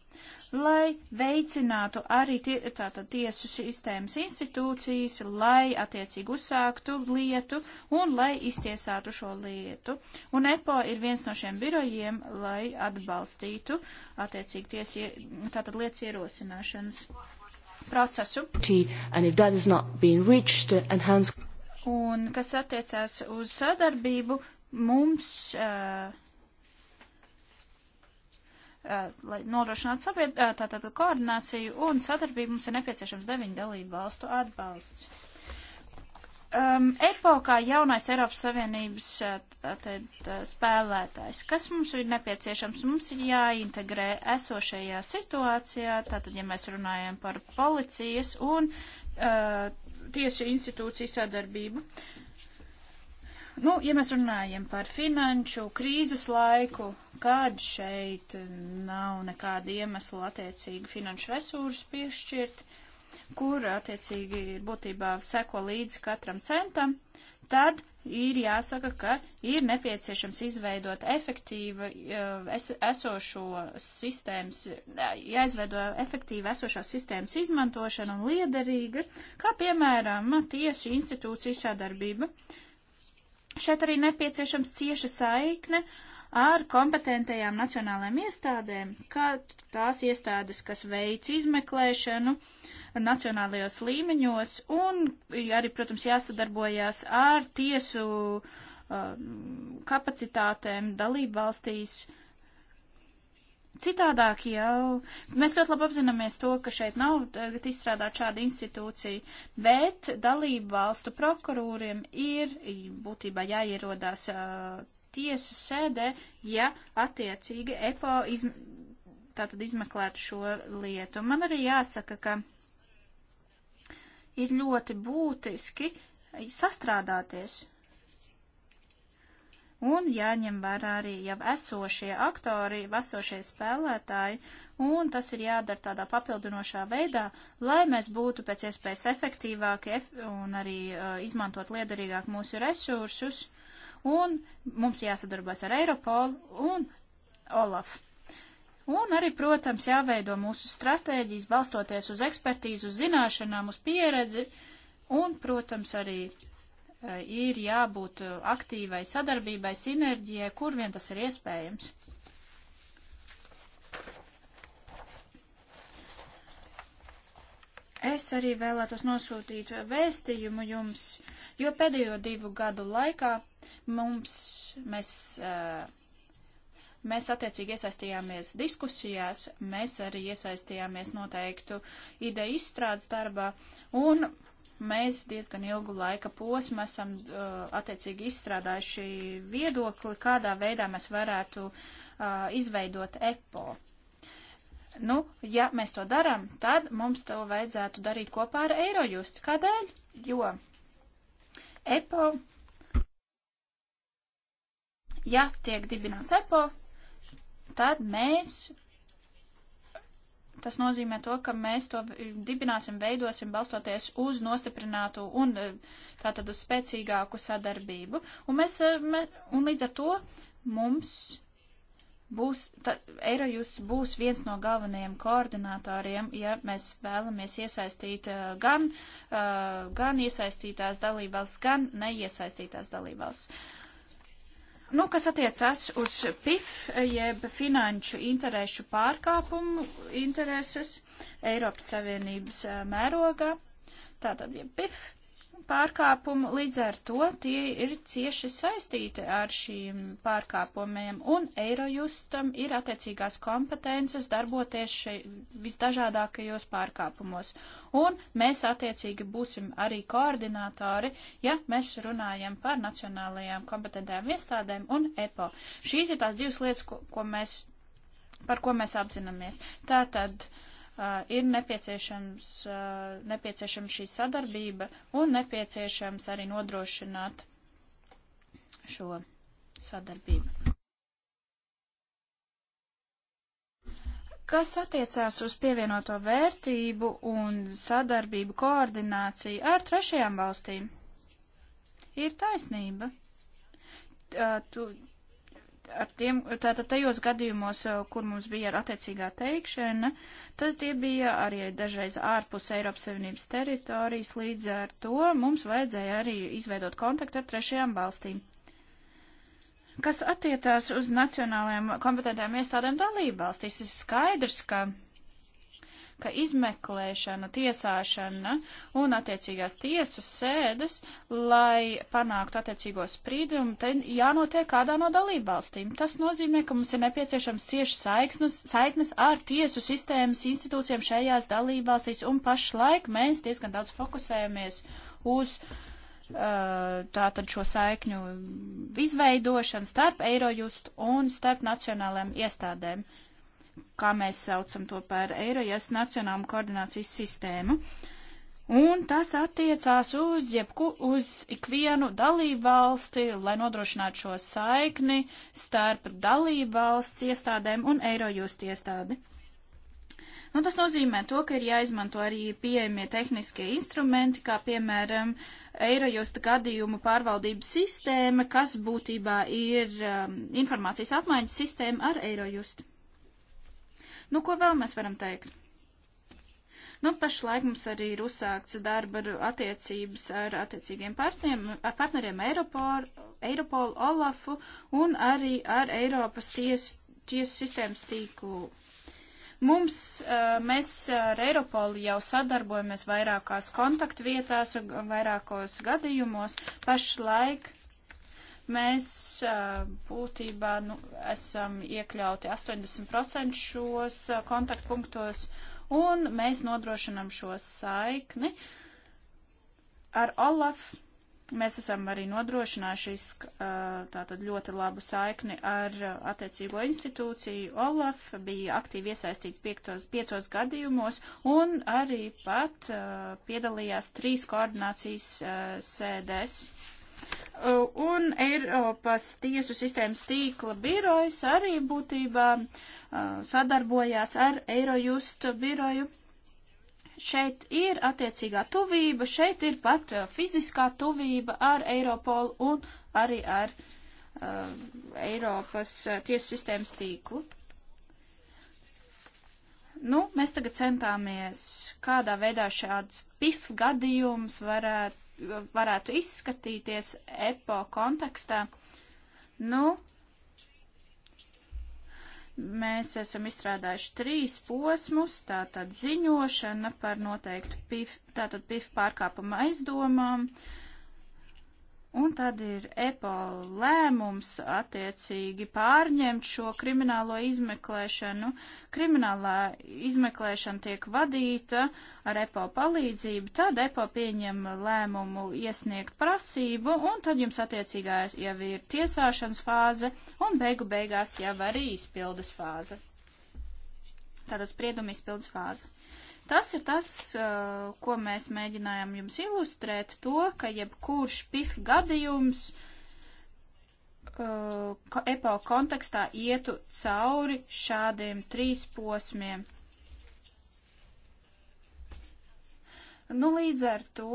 lai veicinātu arī tie, tātad tiesu sistēmas institūcijas, lai attiecīgi uzsāktu lietu un lai iztiesātu šo lietu. Un EPO ir viens no šiem birojiem, lai atbalstītu attiecīgi tiesu, tātad lietas ierosināšanas procesu. Reached, enhanced... Un kas attiecās uz sadarbību, mums. Uh, Uh, lai nodrošinātu sabied, uh, tātad koordināciju un sadarbību, mums ir nepieciešams deviņu dalību valstu atbalsts. Um, EPO kā jaunais Eiropas Savienības uh, tātad, spēlētājs. Kas mums ir nepieciešams? Mums ir jāintegrē esošajā situācijā, tātad, ja mēs runājam par policijas un uh, tieši institūciju sadarbību. Nu, ja mēs runājam par finanšu krīzes laiku, uh, kad šeit nav nekāda iemesla attiecīgi finanšu resursus piešķirt, kur attiecīgi būtībā seko līdzi katram centam, tad ir jāsaka, ka ir nepieciešams izveidot efektīvu e, es, esošo sistēmas, e, jāizveido efektīva esošās sistēmas izmantošana un liederīga, kā piemēram tiesu institūciju sadarbība. Šeit arī nepieciešams cieša saikne uh, ar kompetentajām nacionālajām iestādēm, kā tās iestādes, kas veic izmeklēšanu nacionālajos līmeņos un arī, protams, jāsadarbojās ar tiesu um, kapacitātēm dalību valstīs, uh, Citādāk jau mēs ļoti labi apzināmies to, ka šeit nav tagad izstrādāt šādu institūciju, bet dalību valstu prokurūriem ir būtībā jāierodās uh, tiesas sēdē, ja attiecīgi EPO izm tātad izmeklētu šo lietu. Man arī jāsaka, ka ir ļoti būtiski sastrādāties un jāņem vērā arī jau esošie aktori, jau esošie spēlētāji, un tas ir jādara tādā papildinošā veidā, lai mēs būtu pēc iespējas efektīvāki ef un arī uh, izmantot liederīgāk mūsu resursus, un mums jāsadarbojas ar Eiropolu un Olaf. Un arī, protams, jāveido mūsu stratēģijas, balstoties uz ekspertīzu, uz zināšanām, uz pieredzi, un, protams, arī Eh, ir jābūt eh, aktīvai sadarbībai, sinerģijai, kur vien tas ir iespējams. Es arī vēlētos nosūtīt vēstījumu jums, jo pēdējo divu gadu laikā mums, mēs, eh, mēs attiecīgi iesaistījāmies diskusijās, mēs arī iesaistījāmies noteiktu ideju izstrādes darbā, un Mēs diezgan ilgu laika posmu esam uh, attiecīgi izstrādājuši viedokli, kādā veidā mēs varētu uh, izveidot EPO. Nu, ja mēs to darām, tad mums to vajadzētu darīt kopā ar Eirojustu. Kādēļ? Jo EPO, ja tiek dibināts EPO, tad mēs tas nozīmē to, ka mēs to dibināsim, veidosim, balstoties uz nostiprinātu un e, tātad uz spēcīgāku sadarbību. Un, mēs, e, mē, un līdz ar to mums būs, Eirojus būs viens no galvenajiem koordinatoriem, ja mēs vēlamies iesaistīt e, gan, gan iesaistītās dalībvalsts, gan neiesaistītās dalībvalsts. Nu, kas attiecas uz PIF, jeb finanšu interešu pārkāpumu intereses Eiropas Savienības eh, mērogā, tātad jeb PIF, pārkāpumu, līdz ar to tie ir cieši saistīti ar šīm pārkāpumiem, un Eirojustam ir attiecīgās kompetences darboties šai visdažādākajos pārkāpumos. Un mēs attiecīgi būsim arī koordinātori, ja mēs runājam par nacionālajām kompetentajām iestādēm un EPO. Šīs ir tās divas lietas, ko, ko mēs, par ko mēs apzināmies. Tātad. Uh, Eh, ir nepieciešams, eh, nepieciešama šī sadarbība un nepieciešams arī nodrošināt šo sadarbību. Kas attiecās uz pievienoto vērtību un sadarbību koordināciju ar trešajām valstīm? Ir taisnība. Eh, tu, ar tiem, tātad tajos gadījumos, eh, kur mums bija ar attiecīgā teikšana, tas tie bija arī dažreiz ārpus Eiropas Savienības teritorijas, līdz ar to mums vajadzēja arī izveidot kontaktu ar trešajām valstīm. Kas attiecās uz nacionālajām kompetentajām iestādēm dalību valstīs, ir skaidrs, ka ka izmeklēšana, tiesāšana un attiecīgās tiesas sēdes, lai panāktu attiecīgo sprīdumu, te jānotiek kādā no dalībvalstīm. Tas nozīmē, ka mums ir nepieciešams cieši saiknes, saiknes ar tiesu sistēmas institūcijiem šajās dalībvalstīs, un pašlaik mēs diezgan daudz fokusējamies uz uh, tātad šo saikņu izveidošanu starp Eirojust un starp nacionālajām iestādēm kā mēs saucam to par Eirojas Nacionālu koordinācijas sistēmu. Un tas attiecās uz, jebku, uz ikvienu dalību valsti, lai nodrošinātu šo saikni starp dalību valsts iestādēm un Eirojust iestādi. Nu, tas nozīmē to, ka ir jāizmanto arī pieejamie tehniskie instrumenti, kā piemēram Eirojusta gadījumu pārvaldības sistēma, kas būtībā ir um, informācijas apmaiņas sistēma ar Eirojustu. Nu, ko vēl mēs varam teikt? Nu, pašlaik mums arī ir uzsākts darba attiecības ar attiecīgiem partneriem, ar partneriem Eiropol, Eiropol, Olafu un arī ar Eiropas tiesu ties sistēmas tīklu. Mums, mēs ar Eiropolu jau sadarbojamies vairākās kontaktvietās, vairākos gadījumos. Pašlaik Mēs būtībā nu, esam iekļauti 80% šos kontaktpunktos, un mēs nodrošinam šo saikni ar Olaf. Mēs esam arī nodrošinājuši tātad ļoti labu saikni ar attiecīgo institūciju. Olaf bija aktīvi iesaistīts piektos, piecos gadījumos un arī pat piedalījās trīs koordinācijas sēdēs. Uh, Uh, un Eiropas tiesu sistēmas tīkla birojas arī būtībā uh, sadarbojās ar Eirojust biroju. Šeit ir attiecīgā tuvība, šeit ir pat uh, fiziskā tuvība ar Eiropolu un arī ar uh, Eiropas tiesu sistēmas tīklu. Nu, mēs tagad centāmies, kādā veidā šāds PIF gadījums varētu varētu izskatīties EPO kontekstā. Nu, mēs esam izstrādājuši trīs posmus, tātad ziņošana par noteiktu PIF, tātad PIF pārkāpuma aizdomām, uh, Un tad ir EPO lēmums attiecīgi pārņemt šo kriminālo izmeklēšanu. Kriminālā izmeklēšana tiek vadīta ar EPO palīdzību, tad EPO pieņem lēmumu iesniegt prasību, un tad jums attiecīgā jau ir tiesāšanas fāze, un beigu beigās jau arī izpildes fāze. Tātad sprieduma izpildes fāze. Uh, Tas ir tas, eh, ko mēs mēģinājām jums ilustrēt, to, ka jebkurš PIF gadījums uh, eh, EPO kontekstā ietu cauri šādiem trīs posmiem. Nu, līdz ar to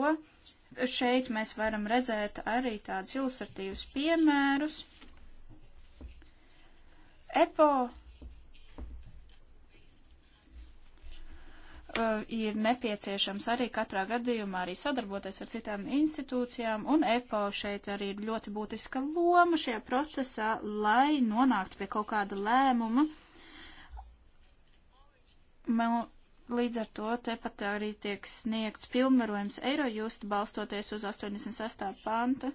šeit mēs varam redzēt arī tādus ilustratīvus piemērus. EPO Eh, ir nepieciešams arī katrā gadījumā arī sadarboties ar citām institūcijām, un EPO šeit arī ir ļoti būtiska loma šajā procesā, lai nonāktu pie kaut kāda lēmuma. Man Līdz ar to tepat arī tiek sniegts pilnvarojums Eirojust balstoties uz 86. panta,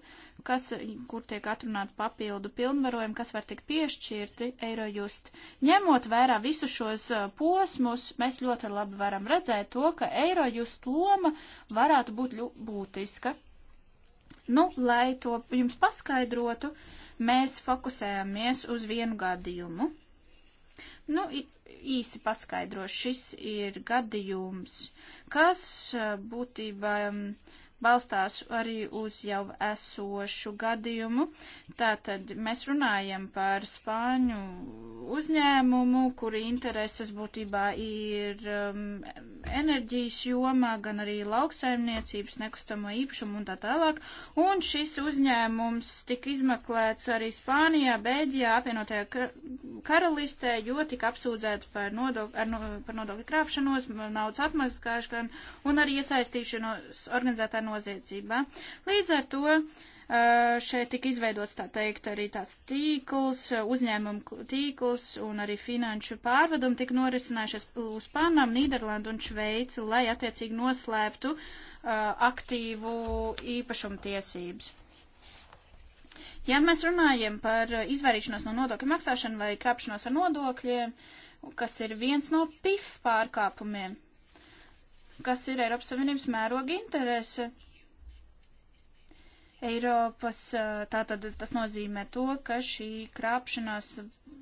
kas, kur tiek atrunāt papildu pilnvarojumi, kas var tikt piešķirti Eirojust. Ņemot vērā visu šos posmus, mēs ļoti labi varam redzēt to, ka Eirojust loma varētu būt būtiska. Nu, lai to jums paskaidrotu, mēs fokusējamies uz vienu gadījumu. Nu, īsi paskaidrošu, šis ir gadījums, kas būtībā balstās arī uz jau esošu gadījumu. Tātad mēs runājam par spāņu uzņēmumu, kuri intereses būtībā ir um, enerģijas jomā, gan arī lauksaimniecības, nekustamo īpašumu un tā tālāk. Un šis uzņēmums tika izmeklēts arī Spānijā, Bēģijā, apvienotajā kar karalistē, jo tika apsūdzēts par, nodok no par nodokļu krāpšanos, naudas atmaskāšanu un arī iesaistīšanos organizētā noziedzībā. Līdz ar to šeit tika izveidots, tā teikt, arī tāds tīkls, uzņēmumu tīkls un arī finanšu pārvadumi tika norisinājušies uz Panām, Nīderlandu un Šveici, lai attiecīgi noslēptu uh, aktīvu īpašumtiesības. Ja mēs runājam par izvairīšanos no nodokļu maksāšanu vai krapšanos ar nodokļiem, kas ir viens no PIF pārkāpumiem, kas ir Eiropas Savienības mēroga interese. Eiropas, tātad tas nozīmē to, ka šī krāpšanās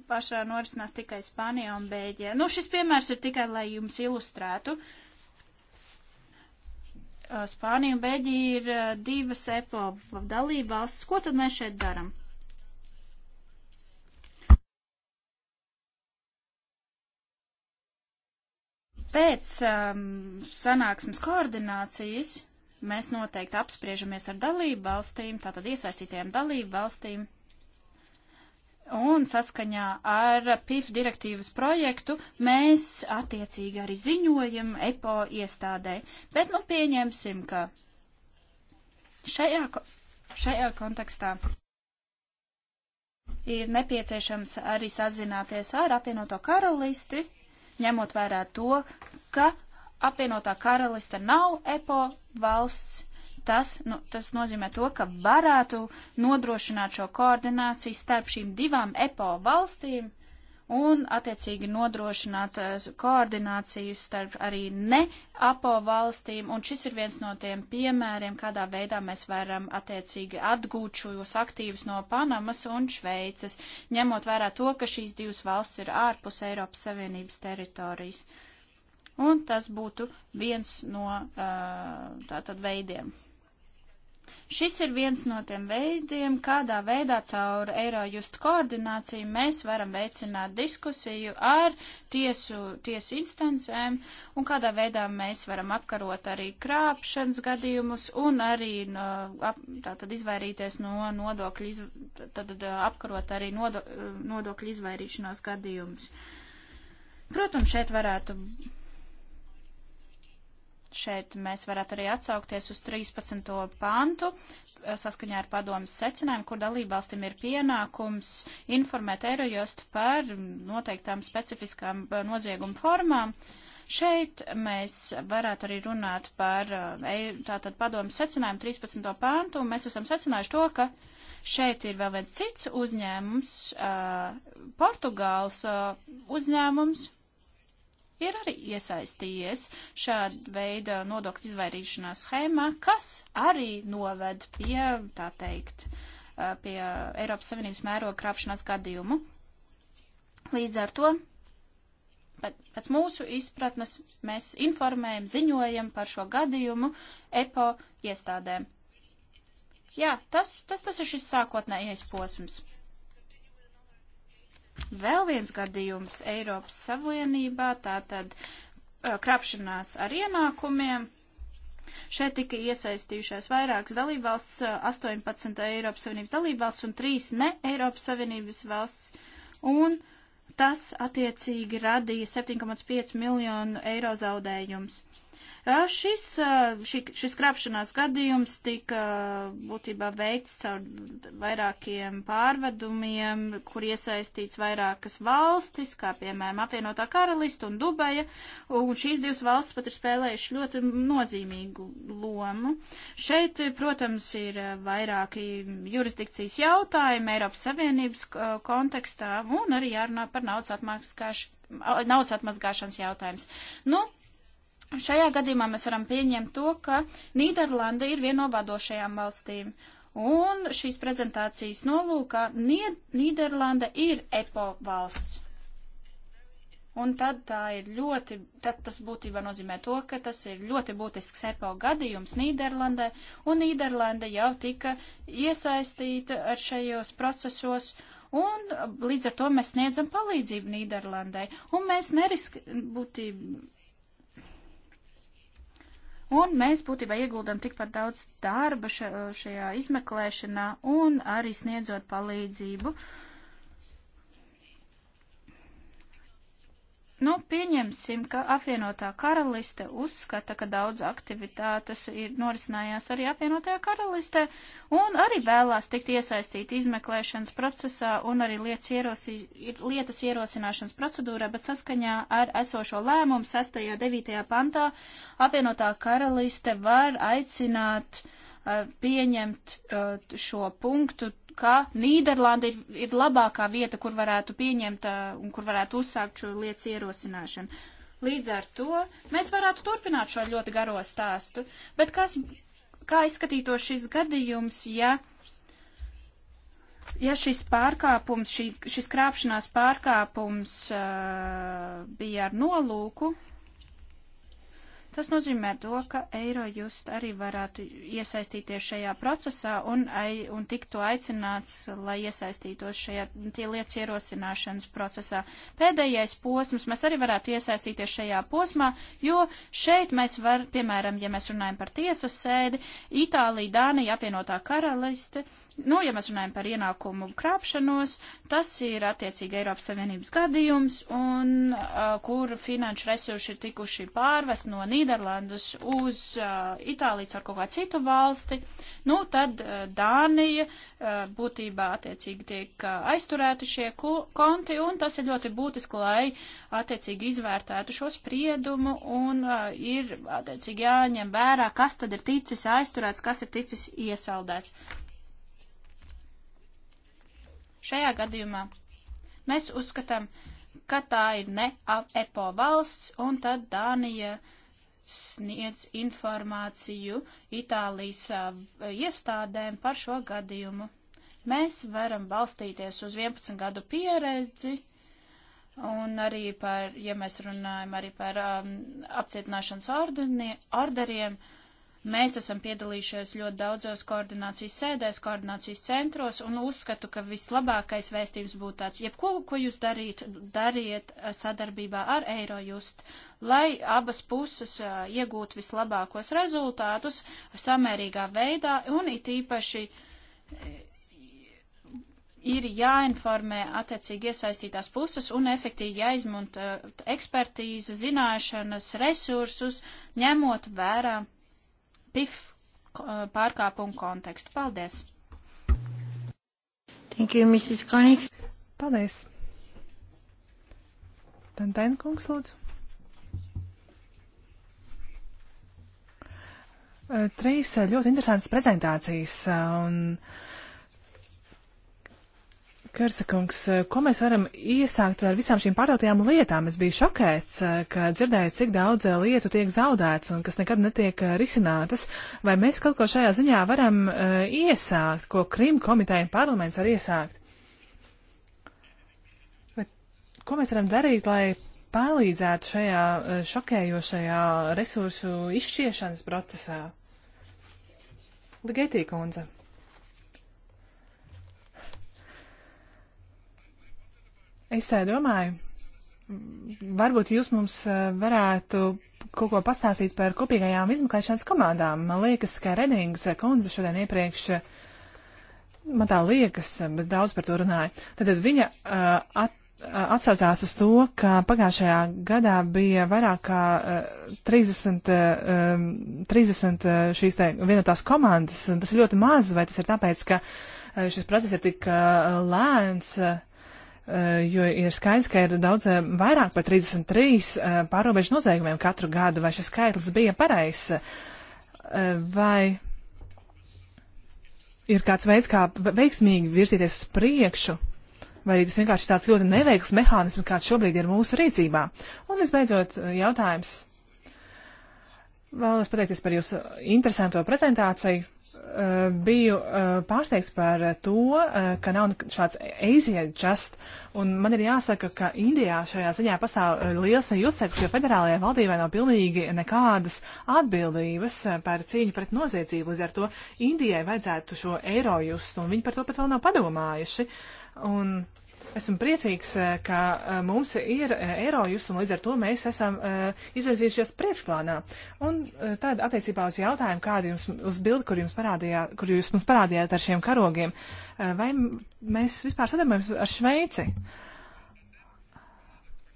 pašā norisinās tikai Spānijā un Bēļģijā. Nu, šis piemērs ir tikai, lai jums ilustrētu. Spānija un Bēļģija ir divas EPO dalībvalstis. Ko tad mēs šeit darām? Pēc um, sanāksmes koordinācijas mēs noteikti apspriežamies ar dalību valstīm, tātad iesaistītajām dalību valstīm. Un saskaņā ar PIF direktīvas projektu mēs attiecīgi arī ziņojam EPO iestādē. Bet nu pieņemsim, ka šajā, šajā kontekstā ir nepieciešams arī sazināties ar apvienoto karalisti, ņemot vērā to, ka apvienotā karaliste nav EPO valsts. Tas, nu, tas nozīmē to, ka varētu nodrošināt šo koordināciju starp šīm divām EPO valstīm, uh, un attiecīgi nodrošināt eh, koordināciju starp arī ne APO valstīm, un šis ir viens no tiem piemēriem, kādā veidā mēs varam attiecīgi atgūt šos aktīvus no Panamas un Šveices, ņemot vērā to, ka šīs divas valsts ir ārpus Eiropas Savienības teritorijas. Un tas būtu viens no uh, tātad veidiem. Šis ir viens no tiem veidiem, kādā veidā caur Eirojust koordināciju mēs varam veicināt diskusiju ar tiesu, tiesu instancēm un kādā veidā mēs varam apkarot arī krāpšanas gadījumus un arī no, ap, tātad izvairīties no nodokļu, iz, tātad apkarot arī nodo, nodokļu izvairīšanās gadījumus. Protams, šeit varētu Šeit mēs varētu arī atsaukties uz 13. pantu eh, saskaņā ar padomas secinājumu, kur dalībvalstim ir pienākums informēt Eirojost par noteiktām specifiskām eh, noziegumu formām. Šeit mēs varētu arī runāt par eh, tātad padomu secinājumu 13. pāntu, un mēs esam secinājuši to, ka šeit ir vēl viens cits uzņēmums, Portugāls uzņēmums, ir arī iesaistījies šāda veida nodokļu izvairīšanās schēmā, kas arī noved pie, tā teikt, pie Eiropas Savienības mēroga krāpšanās gadījumu. Līdz ar to pēc mūsu izpratnes mēs informējam, ziņojam par šo gadījumu EPO iestādēm. Jā, tas, tas, tas ir šis sākotnējais posms. Vēl viens gadījums Eiropas Savienībā, tātad krapšanās ar ienākumiem. Šeit tika iesaistījušās vairākas dalībvalsts, 18 Eiropas Savienības dalībvalsts un 3 ne Eiropas Savienības valsts. Un tas attiecīgi radīja 7,5 miljonu eiro zaudējums. Šis, ši, šis krāpšanās gadījums tika būtībā veikts caur vairākiem pārvedumiem, kur iesaistīts vairākas valstis, kā piemēram apvienotā karalista un Dubaja, un šīs divas valstis pat ir spēlējuši ļoti nozīmīgu lomu. Šeit, protams, ir vairāki jurisdikcijas jautājumi Eiropas Savienības kontekstā un arī jārunā par naudas atmaksāšanu naudas atmazgāšanas jautājums. Nu, Šajā gadījumā mēs varam pieņemt to, ka Nīderlanda ir viena no vadošajām valstīm. Un šīs prezentācijas nolūkā Nīderlanda ir EPO valsts. Un tad tā ir ļoti, tad tas būtībā nozīmē to, ka tas ir ļoti būtisks EPO gadījums Nīderlandē, un Nīderlanda jau tika iesaistīta ar šajos procesos, un līdz ar to mēs sniedzam palīdzību Nīderlandai, un mēs nerisk, būtībā Un mēs būtībā ieguldam tikpat daudz darba šajā izmeklēšanā un arī sniedzot palīdzību uh, Nu, pieņemsim, ka apvienotā karaliste uzskata, ka daudz aktivitātes ir norisinājās arī apvienotajā karalistē un arī vēlās tikt iesaistīt izmeklēšanas procesā un arī lietas, ierosi, lietas ierosināšanas procedūrā, bet saskaņā ar esošo lēmumu 6. un 9. pantā apvienotā karaliste var aicināt uh, Uh, pieņemt uh, šo punktu, ka Nīderlanda ir, ir labākā vieta, kur varētu pieņemt uh, un kur varētu uzsākt šo lietas ierosināšanu. Līdz ar to mēs varētu turpināt šo ļoti garo stāstu, bet kas, kā izskatītos šis gadījums, ja ja šis pārkāpums, šī, šis krāpšanās pārkāpums uh, bija ar nolūku, Tas nozīmē to, ka Eirojust arī varētu iesaistīties šajā procesā un, ai, un tiktu aicināts, lai iesaistītos šajā lietas ierosināšanas procesā. Pēdējais posms, mēs arī varētu iesaistīties šajā posmā, jo šeit mēs var, piemēram, ja mēs runājam par tiesas sēdi, Itālija, Dānija, apvienotā karaliste, Nu, ja mēs runājam par ienākumu krāpšanos, tas ir attiecīgi Eiropas Savienības gadījums, un uh, kur finanšu resursi ir tikuši pārvest no Nīderlandes Nīderlandes uz uh, Itāliju ar kaut kā citu valsti, nu tad uh, Dānija uh, būtībā attiecīgi tiek uh, aizturēti šie konti, un tas ir ļoti būtiski, lai attiecīgi izvērtētu šo spriedumu, un uh, ir attiecīgi jāņem vērā, kas tad ir ticis aizturēts, kas ir ticis iesaldēts. Šajā gadījumā mēs uzskatām, ka tā ir ne EPO valsts, un tad Dānija uh, sniedz informāciju Itālijas iestādēm par šo gadījumu. Mēs varam balstīties uz 11 gadu pieredzi un arī par, ja mēs runājam arī par um, apcietināšanas ordeni, orderiem, uh, Mēs esam piedalījušies ļoti daudzos koordinācijas sēdēs, koordinācijas centros, un uzskatu, ka vislabākais vēstījums būtu tāds, jebko, ko jūs darīt, dariet eh, sadarbībā ar Eirojust, lai abas puses eh, iegūtu vislabākos rezultātus samērīgā veidā, un it īpaši eh, ir jāinformē attiecīgi iesaistītās puses un efektīvi jāizmanto ekspertīze, zināšanas, resursus, ņemot vērā PIF eh, pārkāpumu kontekstu. Paldies! Thank you, Mrs. Konigs. Paldies! Tantēna kungs, lūdzu. Eh, trīs eh, ļoti interesantas prezentācijas. Un, uh, Karsakungs, eh, ko mēs varam iesākt ar visām šīm pārdotajām lietām? Es biju šokēts, eh, ka dzirdēju, cik daudz eh, lietu tiek zaudēts un kas nekad netiek risinātas. Vai mēs kaut ko šajā ziņā varam uh, iesākt, ko Krim komiteja un parlaments var iesākt? Bet ko mēs varam darīt, lai palīdzētu šajā šokējošajā resursu izšķiešanas procesā? Ligetī kundze. Es eh, domāju, varbūt jūs mums eh, varētu kaut ko pastāstīt par kopīgajām izmeklēšanas komandām. Man liekas, ka Redings eh, kundze šodien iepriekš, man tā liekas, bet daudz par to runāja. Tad viņa at, atsaucās uz to, ka pagājušajā gadā bija vairāk kā 30, 30 šīs te vienotās komandas, un tas ir ļoti maz, vai tas ir tāpēc, ka šis process ir tik lēns. Uh, Eh, jo ir skaidrs, ka ir daudz eh, vairāk par 33 eh, pārobežu noziegumiem katru gadu. Vai šis skaitlis bija pareizs? Vai ir kāds veids, kā veiksmīgi virzīties uz priekšu? Vai tas vienkārši tāds ļoti neveiks mehānisms, kāds šobrīd ir mūsu rīcībā? Un visbeidzot, jautājums. Vēlos pateikties par jūsu interesanto prezentāciju. Eh, biju eh, pārsteigts par to, eh, ka nav šāds Asia just, un man ir jāsaka, ka Indijā šajā ziņā pastāv liels jūtseks, jo federālajai valdībai nav pilnīgi nekādas atbildības par cīņu pret noziedzību, līdz ar to Indijai vajadzētu šo eiro just, un viņi par to pat vēl nav padomājuši. Un, uh, Esmu priecīgs, eh, ka eh, mums ir eh, Eirojus, un līdz ar to mēs esam izvirzījušies priekšplānā. Un tad attiecībā uz jautājumu, kādu jums uz bildi, kur, jums parādījāt, kur jūs mums parādījāt ar šiem karogiem, vai mēs vispār sadarbojamies ar Šveici?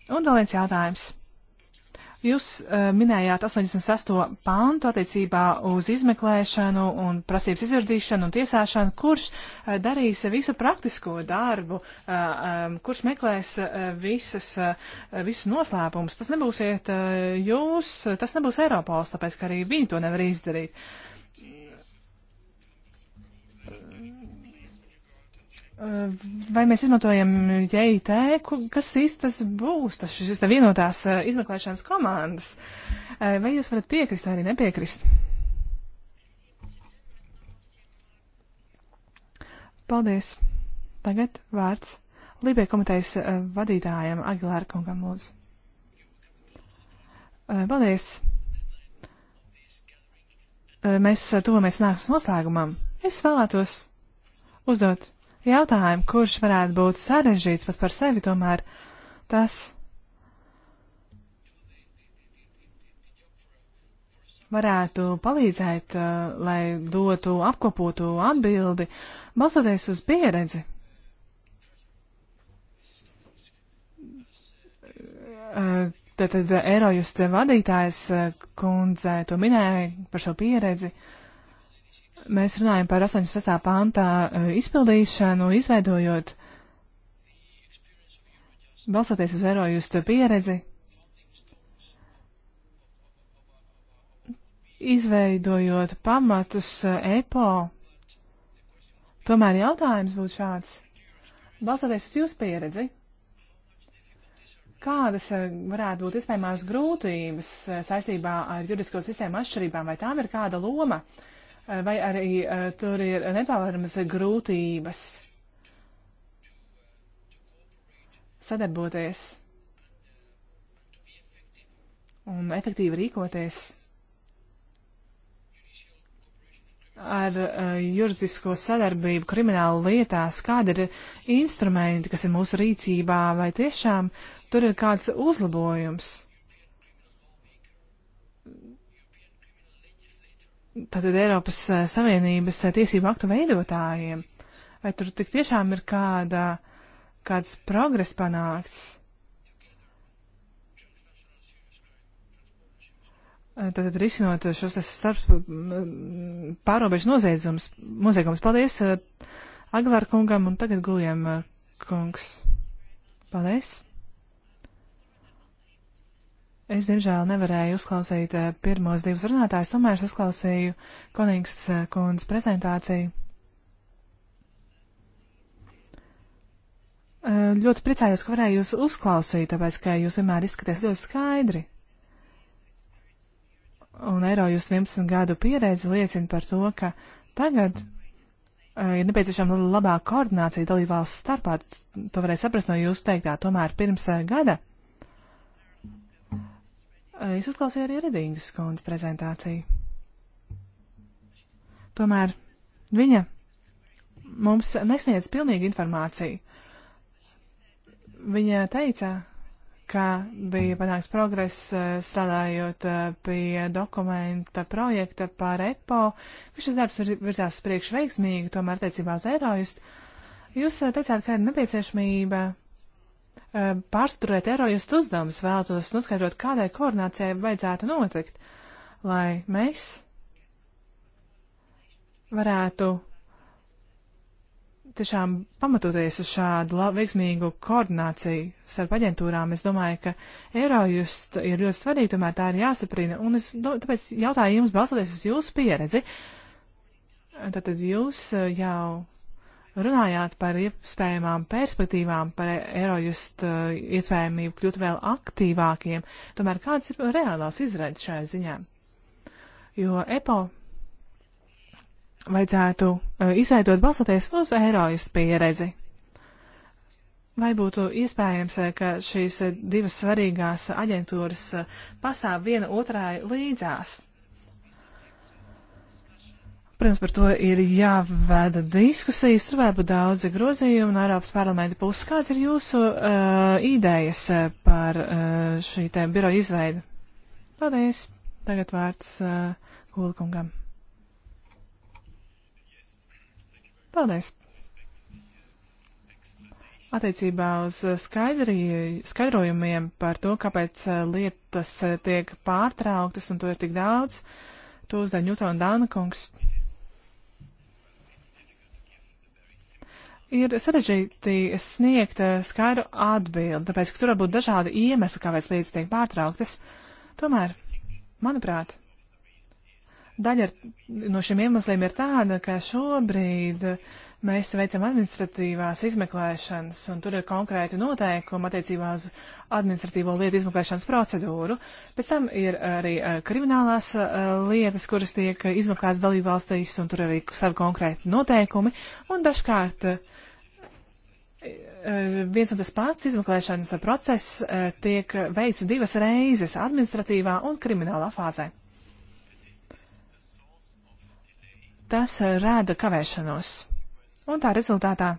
Un vēl viens jautājums. Jūs uh, minējāt 86. pāntu attiecībā uz izmeklēšanu un prasības izvirdīšanu un tiesāšanu, kurš uh, darīs visu praktisko darbu, uh, um, kurš meklēs uh, visas, uh, visu noslēpumus. Tas nebūsiet uh, jūs, tas nebūs Eiropols, tāpēc ka arī viņi to nevar izdarīt. Uh, Vai mēs izmantojam JIT, kas īsti tas būs, tas šis tā vienotās izmeklēšanas komandas? Vai jūs varat piekrist vai arī nepiekrist? Paldies. Tagad vārds Lībie komitejas vadītājiem Agilēra kungam lūdzu. Paldies. Mēs tuvamies nāks noslēgumam. Es vēlētos uzdot jautājumu, kurš varētu būt sarežģīts pats par sevi, tomēr tas varētu palīdzēt, uh, lai dotu apkopotu atbildi, balsoties uz pieredzi. Uh, Tātad Eirojust vadītājs uh, kundze to minēja par šo pieredzi. Uh, mēs runājam par 86. pāntā e, izpildīšanu, izveidojot, balsoties uz Eirojusta pieredzi, izveidojot pamatus EPO. E Tomēr jautājums būtu šāds. Balsoties uz jūsu pieredzi, kādas e, varētu būt iespējamās grūtības saistībā ar juridisko sistēmu atšķirībām, vai tām ir kāda loma? Uh, vai arī e, tur ir nepārvaramas grūtības sadarboties un efektīvi rīkoties ar uh, juridisko sadarbību kriminālu lietās, kādi ir instrumenti, kas ir mūsu rīcībā, vai tiešām tur ir kāds uzlabojums. tātad Eiropas eh, Savienības eh, tiesību aktu veidotājiem. Vai tur tik tiešām ir kāda, kāds progress panākts? Eh, tātad risinot šos starp mm, pārobežu noziedzums, noziegumus. Paldies Aglāra kungam un tagad Guljam kungs. Paldies! Es, diemžēl, nevarēju uzklausīt eh, pirmos divus runātājus, tomēr es uzklausīju Konings eh, kundas prezentāciju. Eh, ļoti priecājos, ka varēju jūs uzklausīt, tāpēc, ka jūs vienmēr izskaties ļoti skaidri. Un eiro jūs 11 gadu pieredze liecina par to, ka tagad ir nepieciešama labāka koordinācija dalībvalstu starpā. To varēja saprast no jūsu teiktā. Tomēr pirms gada Es uzklausīju arī Redingas skundas prezentāciju. Tomēr viņa mums nesniedz pilnīgi informāciju. Viņa teica, ka bija panāks progress eh, strādājot eh, pie dokumenta projekta par EPO, ka šis darbs virzās uz priekšu veiksmīgi, tomēr attiecībā uz Eirojust. Jūs eh, teicāt, ka ir nepieciešamība Um, pārsturēt Eirojas uzdevumus, vēlētos noskaidrot, kādai koordinācijai vajadzētu notikt, lai mēs varētu tiešām pamatoties uz šādu veiksmīgu koordināciju starp aģentūrām, es domāju, ka Eirojus ir ļoti svarīgi, tomēr tā ir jāsaprina. Un es do, tāpēc jautāju jums, balstoties uz jūsu pieredzi, tātad jūs uh, jau Runājāt par iespējamām perspektīvām, par Eirojust uh, iespējamību kļūt vēl aktīvākiem, tomēr kāds ir reālās izredzes šajā ziņā? Jo EPO vajadzētu uh, izveidot balstoties uz Eirojust pieredzi. Vai būtu iespējams, uh, ka šīs divas svarīgās aģentūras pastāv viena otrai līdzās? Protams, par to ir jāveda diskusijas, tur varētu būt daudzi grozījumi no Eiropas parlamenta puses. Kāds ir jūsu uh, idejas uh, par uh, šī te biroja izveidu? Paldies! Tagad vārds uh, Kulkungam. Paldies! Attiecībā uz skaidri, skaidrojumiem par to, kāpēc uh, lietas uh, tiek pārtrauktas un to ir tik daudz, to uzdev Ņūtona Dāna kungs. ir sarežģīti sniegt eh, skaidru atbildi, tāpēc, ka tur var būt dažādi iemesli, kāpēc lietas tiek pārtrauktas. Tomēr, manuprāt, daļa no šiem iemesliem ir tāda, ka šobrīd mēs veicam administratīvās izmeklēšanas, un tur ir konkrēti noteikumi attiecībā uz administratīvo lietu izmeklēšanas procedūru. Pēc tam ir arī eh, kriminālās eh, lietas, kuras tiek izmeklētas dalībvalstīs, un tur ir arī savi konkrēti noteikumi, un dažkārt uh, Eh, viens un tas pats izmeklēšanas process eh, tiek veikts divas reizes - administratīvā un kriminālā fāzē. Tas eh, rāda kavēšanos. Un tā rezultātā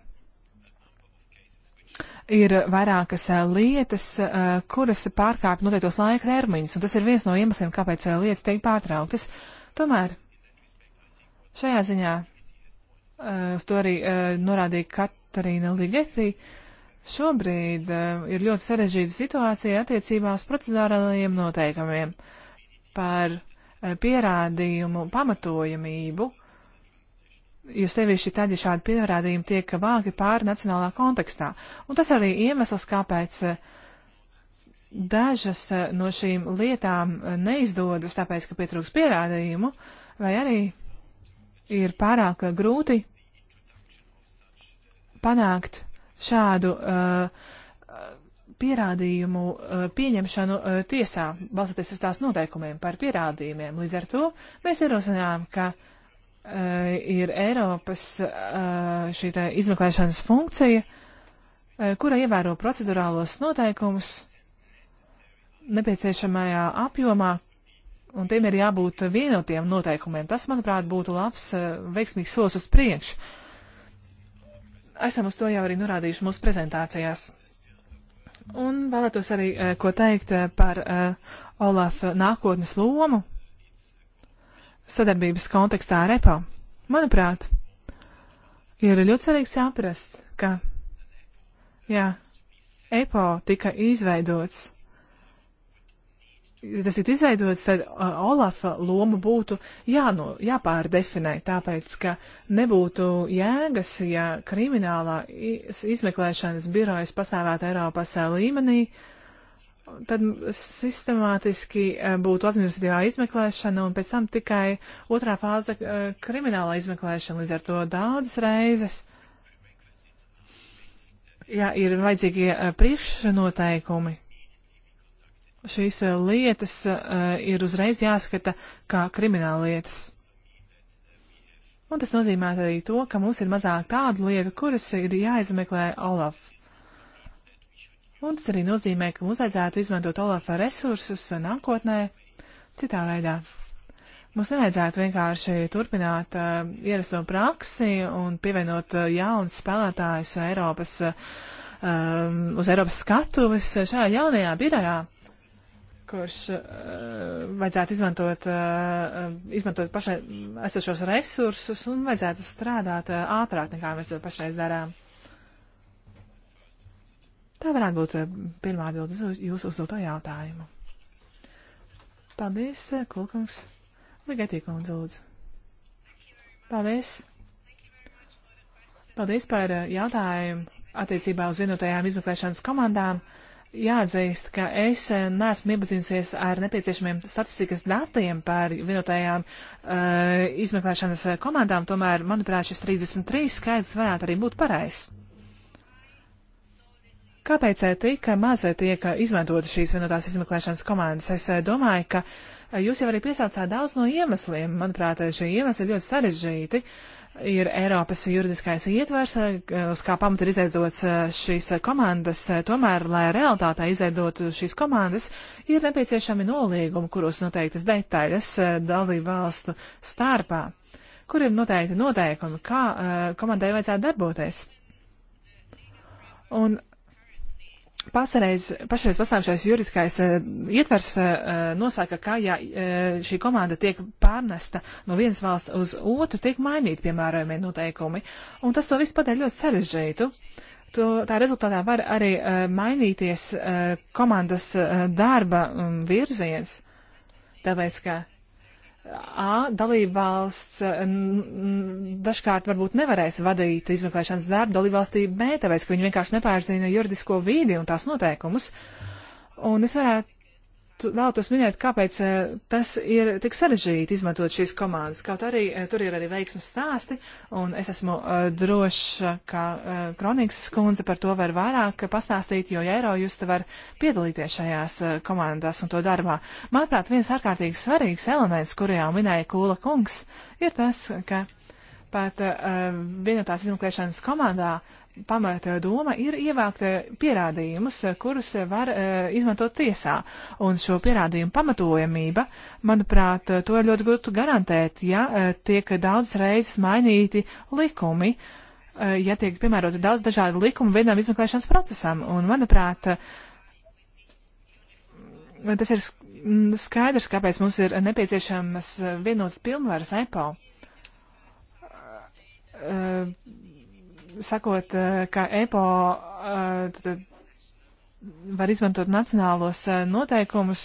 ir vairākas lietas, kuras pārkāpj noteiktos laika termiņus, un tas ir viens no iemesliem, kāpēc lietas tiek pārtrauktas. Tomēr šajā ziņā uz to arī norādīja kat Katarīna Ligeti. Šobrīd uh, ir ļoti sarežģīta situācija attiecībā uz procedurālajiem noteikumiem par uh, pierādījumu pamatojamību, jo sevišķi tad, ja šādi pierādījumi tiek vāki pāri nacionālā kontekstā. Un tas arī iemesls, kāpēc uh, dažas no šīm lietām neizdodas, tāpēc, ka pietrūks pierādījumu, vai arī ir pārāk grūti panākt šādu uh, pierādījumu uh, pieņemšanu uh, tiesā, balstoties uz tās noteikumiem par pierādījumiem. Līdz ar to mēs ierosinām, ka uh, ir Eiropas uh, šī izmeklēšanas funkcija, uh, kura ievēro procedurālos noteikumus nepieciešamajā apjomā, un tiem ir jābūt vienotiem noteikumiem. Tas, manuprāt, būtu labs, veiksmīgs solis uz priekšu esam uz to jau arī norādījuši mūsu prezentācijās. Un vēlētos arī eh, ko teikt eh, par eh, Olafa nākotnes lomu sadarbības kontekstā ar EPO. Manuprāt, ir ļoti svarīgi saprast, ka jā, EPO tika izveidots tas ir izveidots, tad Olafa loma būtu jāno, jāpārdefinē, tāpēc, ka nebūtu jēgas, ja kriminālā izmeklēšanas birojas pastāvētu Eiropas līmenī, tad sistemātiski būtu administratīvā izmeklēšana un pēc tam tikai otrā fāze kriminālā izmeklēšana, līdz ar to daudzas reizes. Jā, ir vajadzīgie priekšnoteikumi, šīs eh, lietas eh, ir uzreiz jāskata kā krimināla lietas. Un tas nozīmē arī to, ka mums ir mazāk tādu lietu, kuras ir jāizmeklē Olaf. Un tas arī nozīmē, ka mums vajadzētu izmantot Olafa resursus nākotnē citā veidā. Mums nevajadzētu vienkārši turpināt uh, eh, ierasto praksi un pievienot uh, jaunus spēlētājus Eiropas, uh, uz Eiropas skatuves šajā jaunajā birajā. Uh, kurš eh, vajadzētu izmantot, eh, izmantot pašai esošos resursus un vajadzētu strādāt eh, ātrāk nekā mēs to pašais darām. Tā varētu būt pirmā atbilde uz jūsu uzdoto jautājumu. Paldies, Kulkungs. Ligatī kundze, lūdzu. Paldies. Paldies par jautājumu attiecībā uz vienotajām izmeklēšanas komandām. Uh, Jāatzīst, ka es eh, neesmu iepazinusies ar nepieciešamiem statistikas datiem par vienotajām uh, izmeklēšanas eh, komandām, tomēr, manuprāt, šis 33 skaidrs varētu arī būt pareizs. Kāpēc tika maz tiek izmantota šīs vienotās izmeklēšanas komandas? Es domāju, ka jūs jau arī piesaucāt daudz no iemesliem. Manuprāt, šie iemesli ir ļoti sarežģīti. Uh, ir Eiropas juridiskais ietvers, eh, uz kā pamata ir izveidots eh, šīs eh, komandas. Tomēr, lai realtātā izveidotu šīs komandas, ir nepieciešami nolīgumi, kuros noteiktas detaļas dalību valstu starpā, kur ir noteikti noteikumi, kā komandai vajadzētu darboties. Un Pasareiz, pašreiz pastāvšais juridiskais uh, ietvers uh, nosaka, ka, ja uh, šī komanda tiek pārnesta no vienas valsts uz otru, tiek mainīti piemērojumie noteikumi. Un tas to visu padara ļoti sarežģītu. To, tā rezultātā var arī uh, mainīties uh, komandas uh, darba um, virziens. Tāpēc, ka A dalībvalsts eh, dažkārt varbūt nevarēs vadīt izmeklēšanas darbu dalībvalstī B, tāpēc, ka viņi vienkārši nepārzina juridisko vīdi un tās noteikumus. Un es varētu vēlētos minēt, kāpēc eh, tas ir tik sarežģīti izmantot šīs komandas. Kaut arī eh, tur ir arī veiksmes stāsti, un es esmu eh, droša, ka Kronīgas skundze par to var vairāk pastāstīt, jo eiro jūs te var piedalīties šajās komandās un to darbā. Manuprāt, viens ārkārtīgi svarīgs elements, kuru jau minēja Kūla kungs, ir tas, ka pat uh, vienotās izmeklēšanas komandā uh, pamata doma ir ievākt eh, pierādījumus, eh, kurus eh, var izmantot tiesā. Un šo pierādījumu pamatojamība, manuprāt, to ir ļoti grūti garantēt, ja tiek daudz reizes mainīti likumi, ja tiek piemēroti daudz dažādu likumu vienam izmeklēšanas procesam. Un, manuprāt, tas ir mm, skaidrs, kāpēc mums ir nepieciešamas vienotas pilnvaras EPO sakot, eh, ka EPO eh, var izmantot nacionālos eh, noteikumus,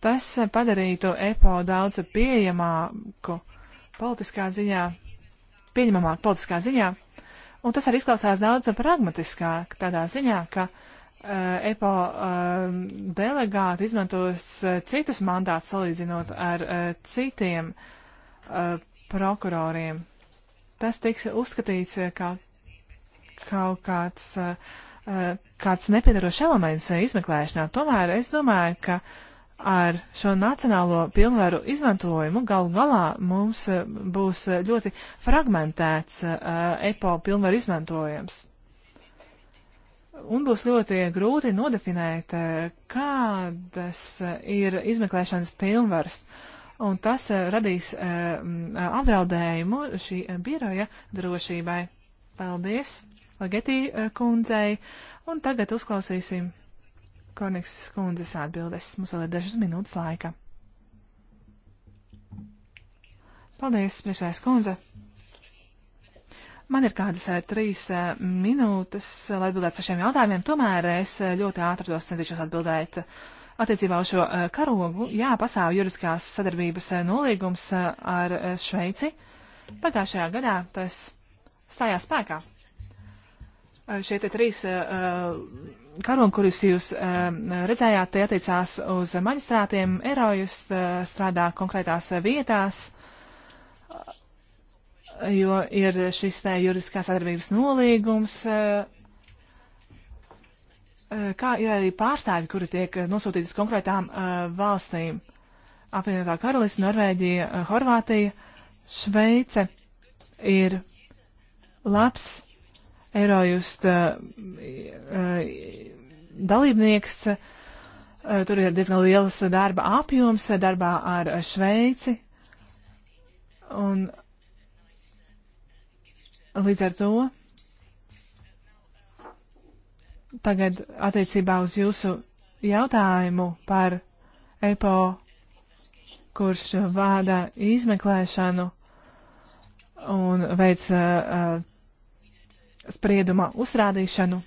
tas padarītu EPO daudz pieejamāku politiskā ziņā, pieņemamāku politiskā ziņā, un tas arī izklausās daudz pragmatiskāk tādā ziņā, ka EPO e delegāti izmantos citus mandātus salīdzinot ar citiem prokuroriem tas tiks uzskatīts kā kaut kāds, eh, eh, kāds nepiedarošs elements eh, izmeklēšanā. Tomēr es domāju, ka ar šo nacionālo pilnvaru izmantojumu galu galā mums būs ļoti fragmentēts EPO e pilnvaru izmantojums. Un būs ļoti grūti nodefinēt, kādas ir izmeklēšanas pilnvaras. Un tas radīs apdraudējumu šī biroja drošībai. Paldies! Lagetī eh, kundzei, un tagad uzklausīsim Koniksas kundzes atbildes. Mums vēl ir dažas minūtes laika. Paldies, priekšējais kundze! Man ir kādas eh, trīs eh, minūtes, lai atbildētu uz šiem jautājumiem. Tomēr es ļoti ātri tos centīšos atbildēt. Attiecībā uz šo karogu, jā, pastāv juridiskās sadarbības nolīgums ar Šveici. Pagājušajā gadā tas stājās spēkā. Šie te trīs eh, eh, karoni, kurus jūs eh, redzējāt, tie attiecās uz maģistrātiem. Erojus strādā konkrētās vietās, jo ir šis te juridiskās sadarbības nolīgums. Kā ir arī pārstāvi, kuri tiek nosūtīti uz konkrētām valstīm? apvienotā karalista, Norvēģija, Horvātija, Šveice ir labs Eurojust eh, eh, dalībnieks. Eh, tur ir diezgan liels darba apjoms darbā ar Šveici. Un līdz ar to tagad attiecībā uz jūsu jautājumu par EPO, kurš vāda izmeklēšanu un veic uh, sprieduma uzrādīšanu.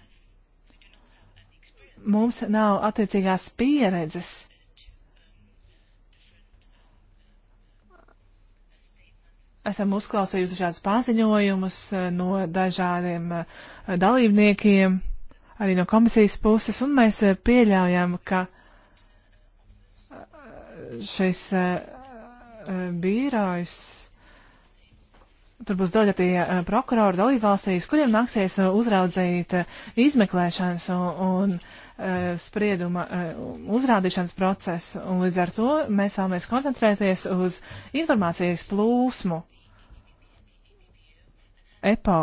Mums nav attiecīgās pieredzes. Esam uzklausījuši dažādas paziņojumus eh, no dažādiem eh, dalībniekiem, arī no komisijas puses, un mēs eh, pieļaujam, ka šis birojs Tur būs daļatie eh, prokurori dalībvalstīs, kuriem nāksies eh, uzraudzīt eh, izmeklēšanas un, un sprieduma uzrādīšanas procesu. Un līdz ar to mēs vēlamies koncentrēties uz informācijas plūsmu EPO.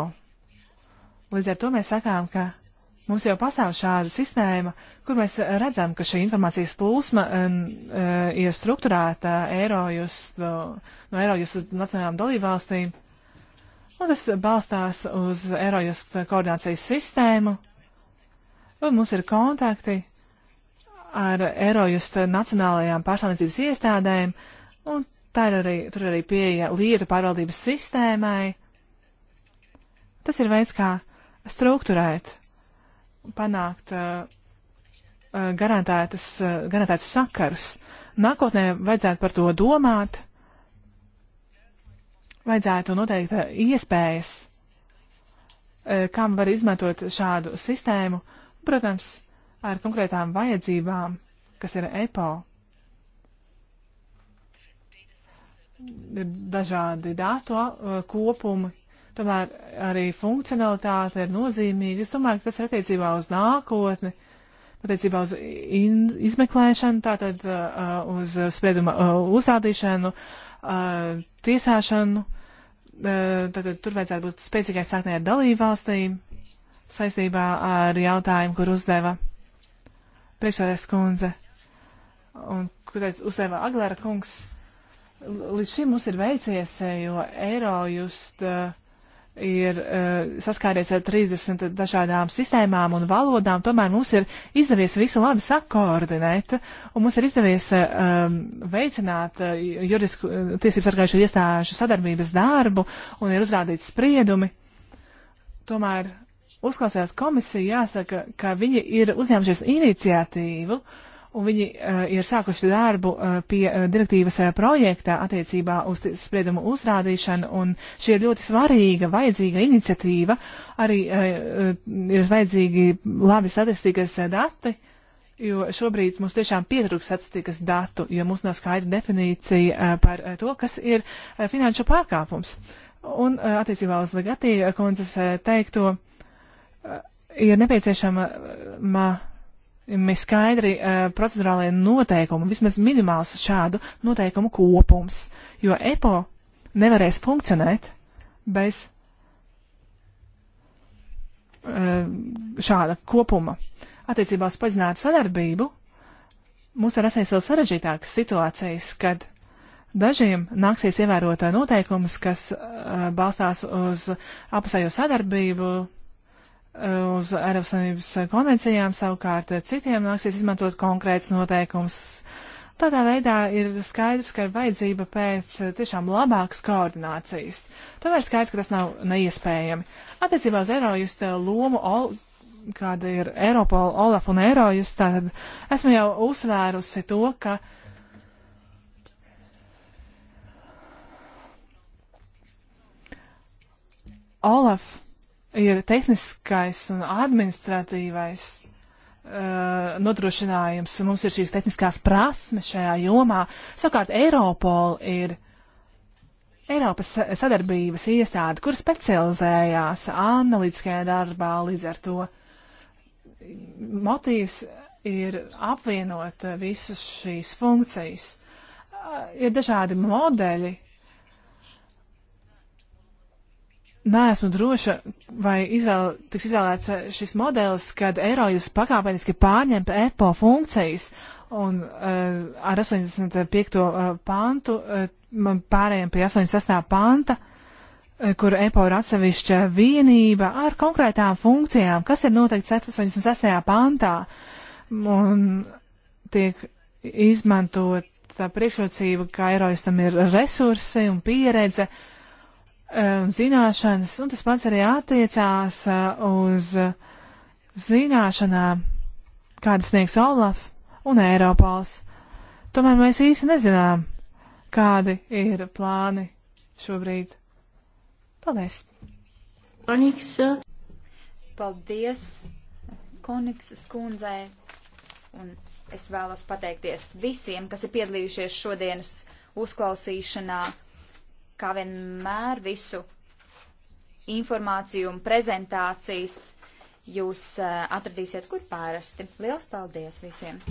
Līdz ar to mēs sakām, ka Mums jau pastāv šāda sistēma, kur mēs redzam, ka šī informācijas plūsma un, uh, ir struktūrēta Eirojust, uh, no Eirojust uz nacionālām dalībvalstīm. Un tas balstās uz Eirojas koordinācijas sistēmu. Un mums ir kontakti ar Eirojas nacionālajām pārstāvniecības iestādēm. Un tā ir arī, tur ir arī pieeja lietu pārvaldības sistēmai. Tas ir veids, kā struktūrēt, panākt uh, garantētas, uh, garantētas sakars. Nākotnē vajadzētu par to domāt vajadzētu noteikt eh, iespējas, eh, kam var izmantot šādu sistēmu, protams, ar konkrētām vajadzībām, kas ir EPO. Ir dažādi datu eh, kopumi, tomēr arī funkcionalitāte ir nozīmīga. Es domāju, ka tas ir attiecībā uz nākotni attiecībā uz in, izmeklēšanu, tātad uh, uz sprieduma uh, uzstādīšanu, uh, tiesāšanu. Uh, tad, tad tur vajadzētu būt spēcīgai sāknē ar dalībvalstīm saistībā ar jautājumu, kur uzdeva priekšsēdēs kundze un kur teica uzdeva Aglera kungs. Līdz šim mums ir veicies, jo Eirojust uh, ir uh, saskāries ar 30 dažādām sistēmām un valodām, tomēr mums ir izdevies visu labi sakoordinēt, un mums ir izdevies uh, veicināt uh, juridisku uh, tiesību sargājušu iestāžu sadarbības darbu, un ir uzrādīti spriedumi. Tomēr, uzklausot komisiju, jāsaka, ka viņi ir uzņēmušies iniciatīvu uh, un viņi uh, ir sākuši darbu uh, pie uh, direktīvas uh, projektā attiecībā uz spriedumu uzrādīšanu, un šī ir ļoti svarīga, vajadzīga iniciatīva, arī uh, ir vajadzīgi labi statistikas uh, dati, jo šobrīd mums tiešām pietrūks statistikas datu, jo mums nav skaidra definīcija uh, par uh, to, kas ir uh, finanšu pārkāpums. Un uh, attiecībā uz Legatī uh, kundzes uh, teikto uh, ir nepieciešama. Uh, ma, Mēs skaidri uh, eh, procedurālajie noteikumi, vismaz minimāls šādu noteikumu kopums, jo EPO nevarēs funkcionēt bez uh, šāda kopuma. Attiecībā uz padziļinātu sadarbību mums var rasties vēl sarežģītākas situācijas, kad dažiem nāksies ievērot noteikumus, kas uh, balstās uz apusējo sadarbību, uz Eiropas Savienības konvencijām, savukārt citiem nāksies izmantot konkrēts noteikums. Tādā veidā ir skaidrs, ka ir vajadzība pēc tiešām labākas koordinācijas. Tomēr skaidrs, ka tas nav neiespējami. Attiecībā uz Eirojusta lomu, ol, kāda ir Eiropola, Olaf un Eirojusta, tad esmu jau uzsvērusi to, ka Olaf ir tehniskais un administratīvais uh, nodrošinājums, un mums ir šīs tehniskās prasmes šajā jomā. Savukārt Eiropola ir Eiropas sadarbības iestāde, kur specializējās analītiskajā darbā līdz ar to. Motīvs ir apvienot visas šīs funkcijas. Uh, ir dažādi modeļi, Nē, esmu droša, vai izvēl, tiks izvēlēts šis modelis, kad Eirojus pakāpeniski pārņem EPO funkcijas un uh, ar 85. Uh, eh, pantu uh, pārējiem pie 86. panta, uh, kur EPO ir atsevišķa vienība ar konkrētām funkcijām, kas ir noteikts 86. pantā un tiek izmantot priekšrocība, ka Eirojus tam ir resursi un pieredze. Uh, Um, zināšanas, un tas pats arī attiecās uh, uz zināšanām, kādas sniegs Olaf un Eiropols. Tomēr mēs īsti nezinām, kādi ir plāni šobrīd. Paldies! Koniksa. Paldies Koniksas kundzei, un es vēlos pateikties visiem, kas ir piedalījušies šodienas uzklausīšanā kā vienmēr, visu informāciju un prezentācijas jūs eh, atradīsiet, kur pārasti. Liels paldies visiem!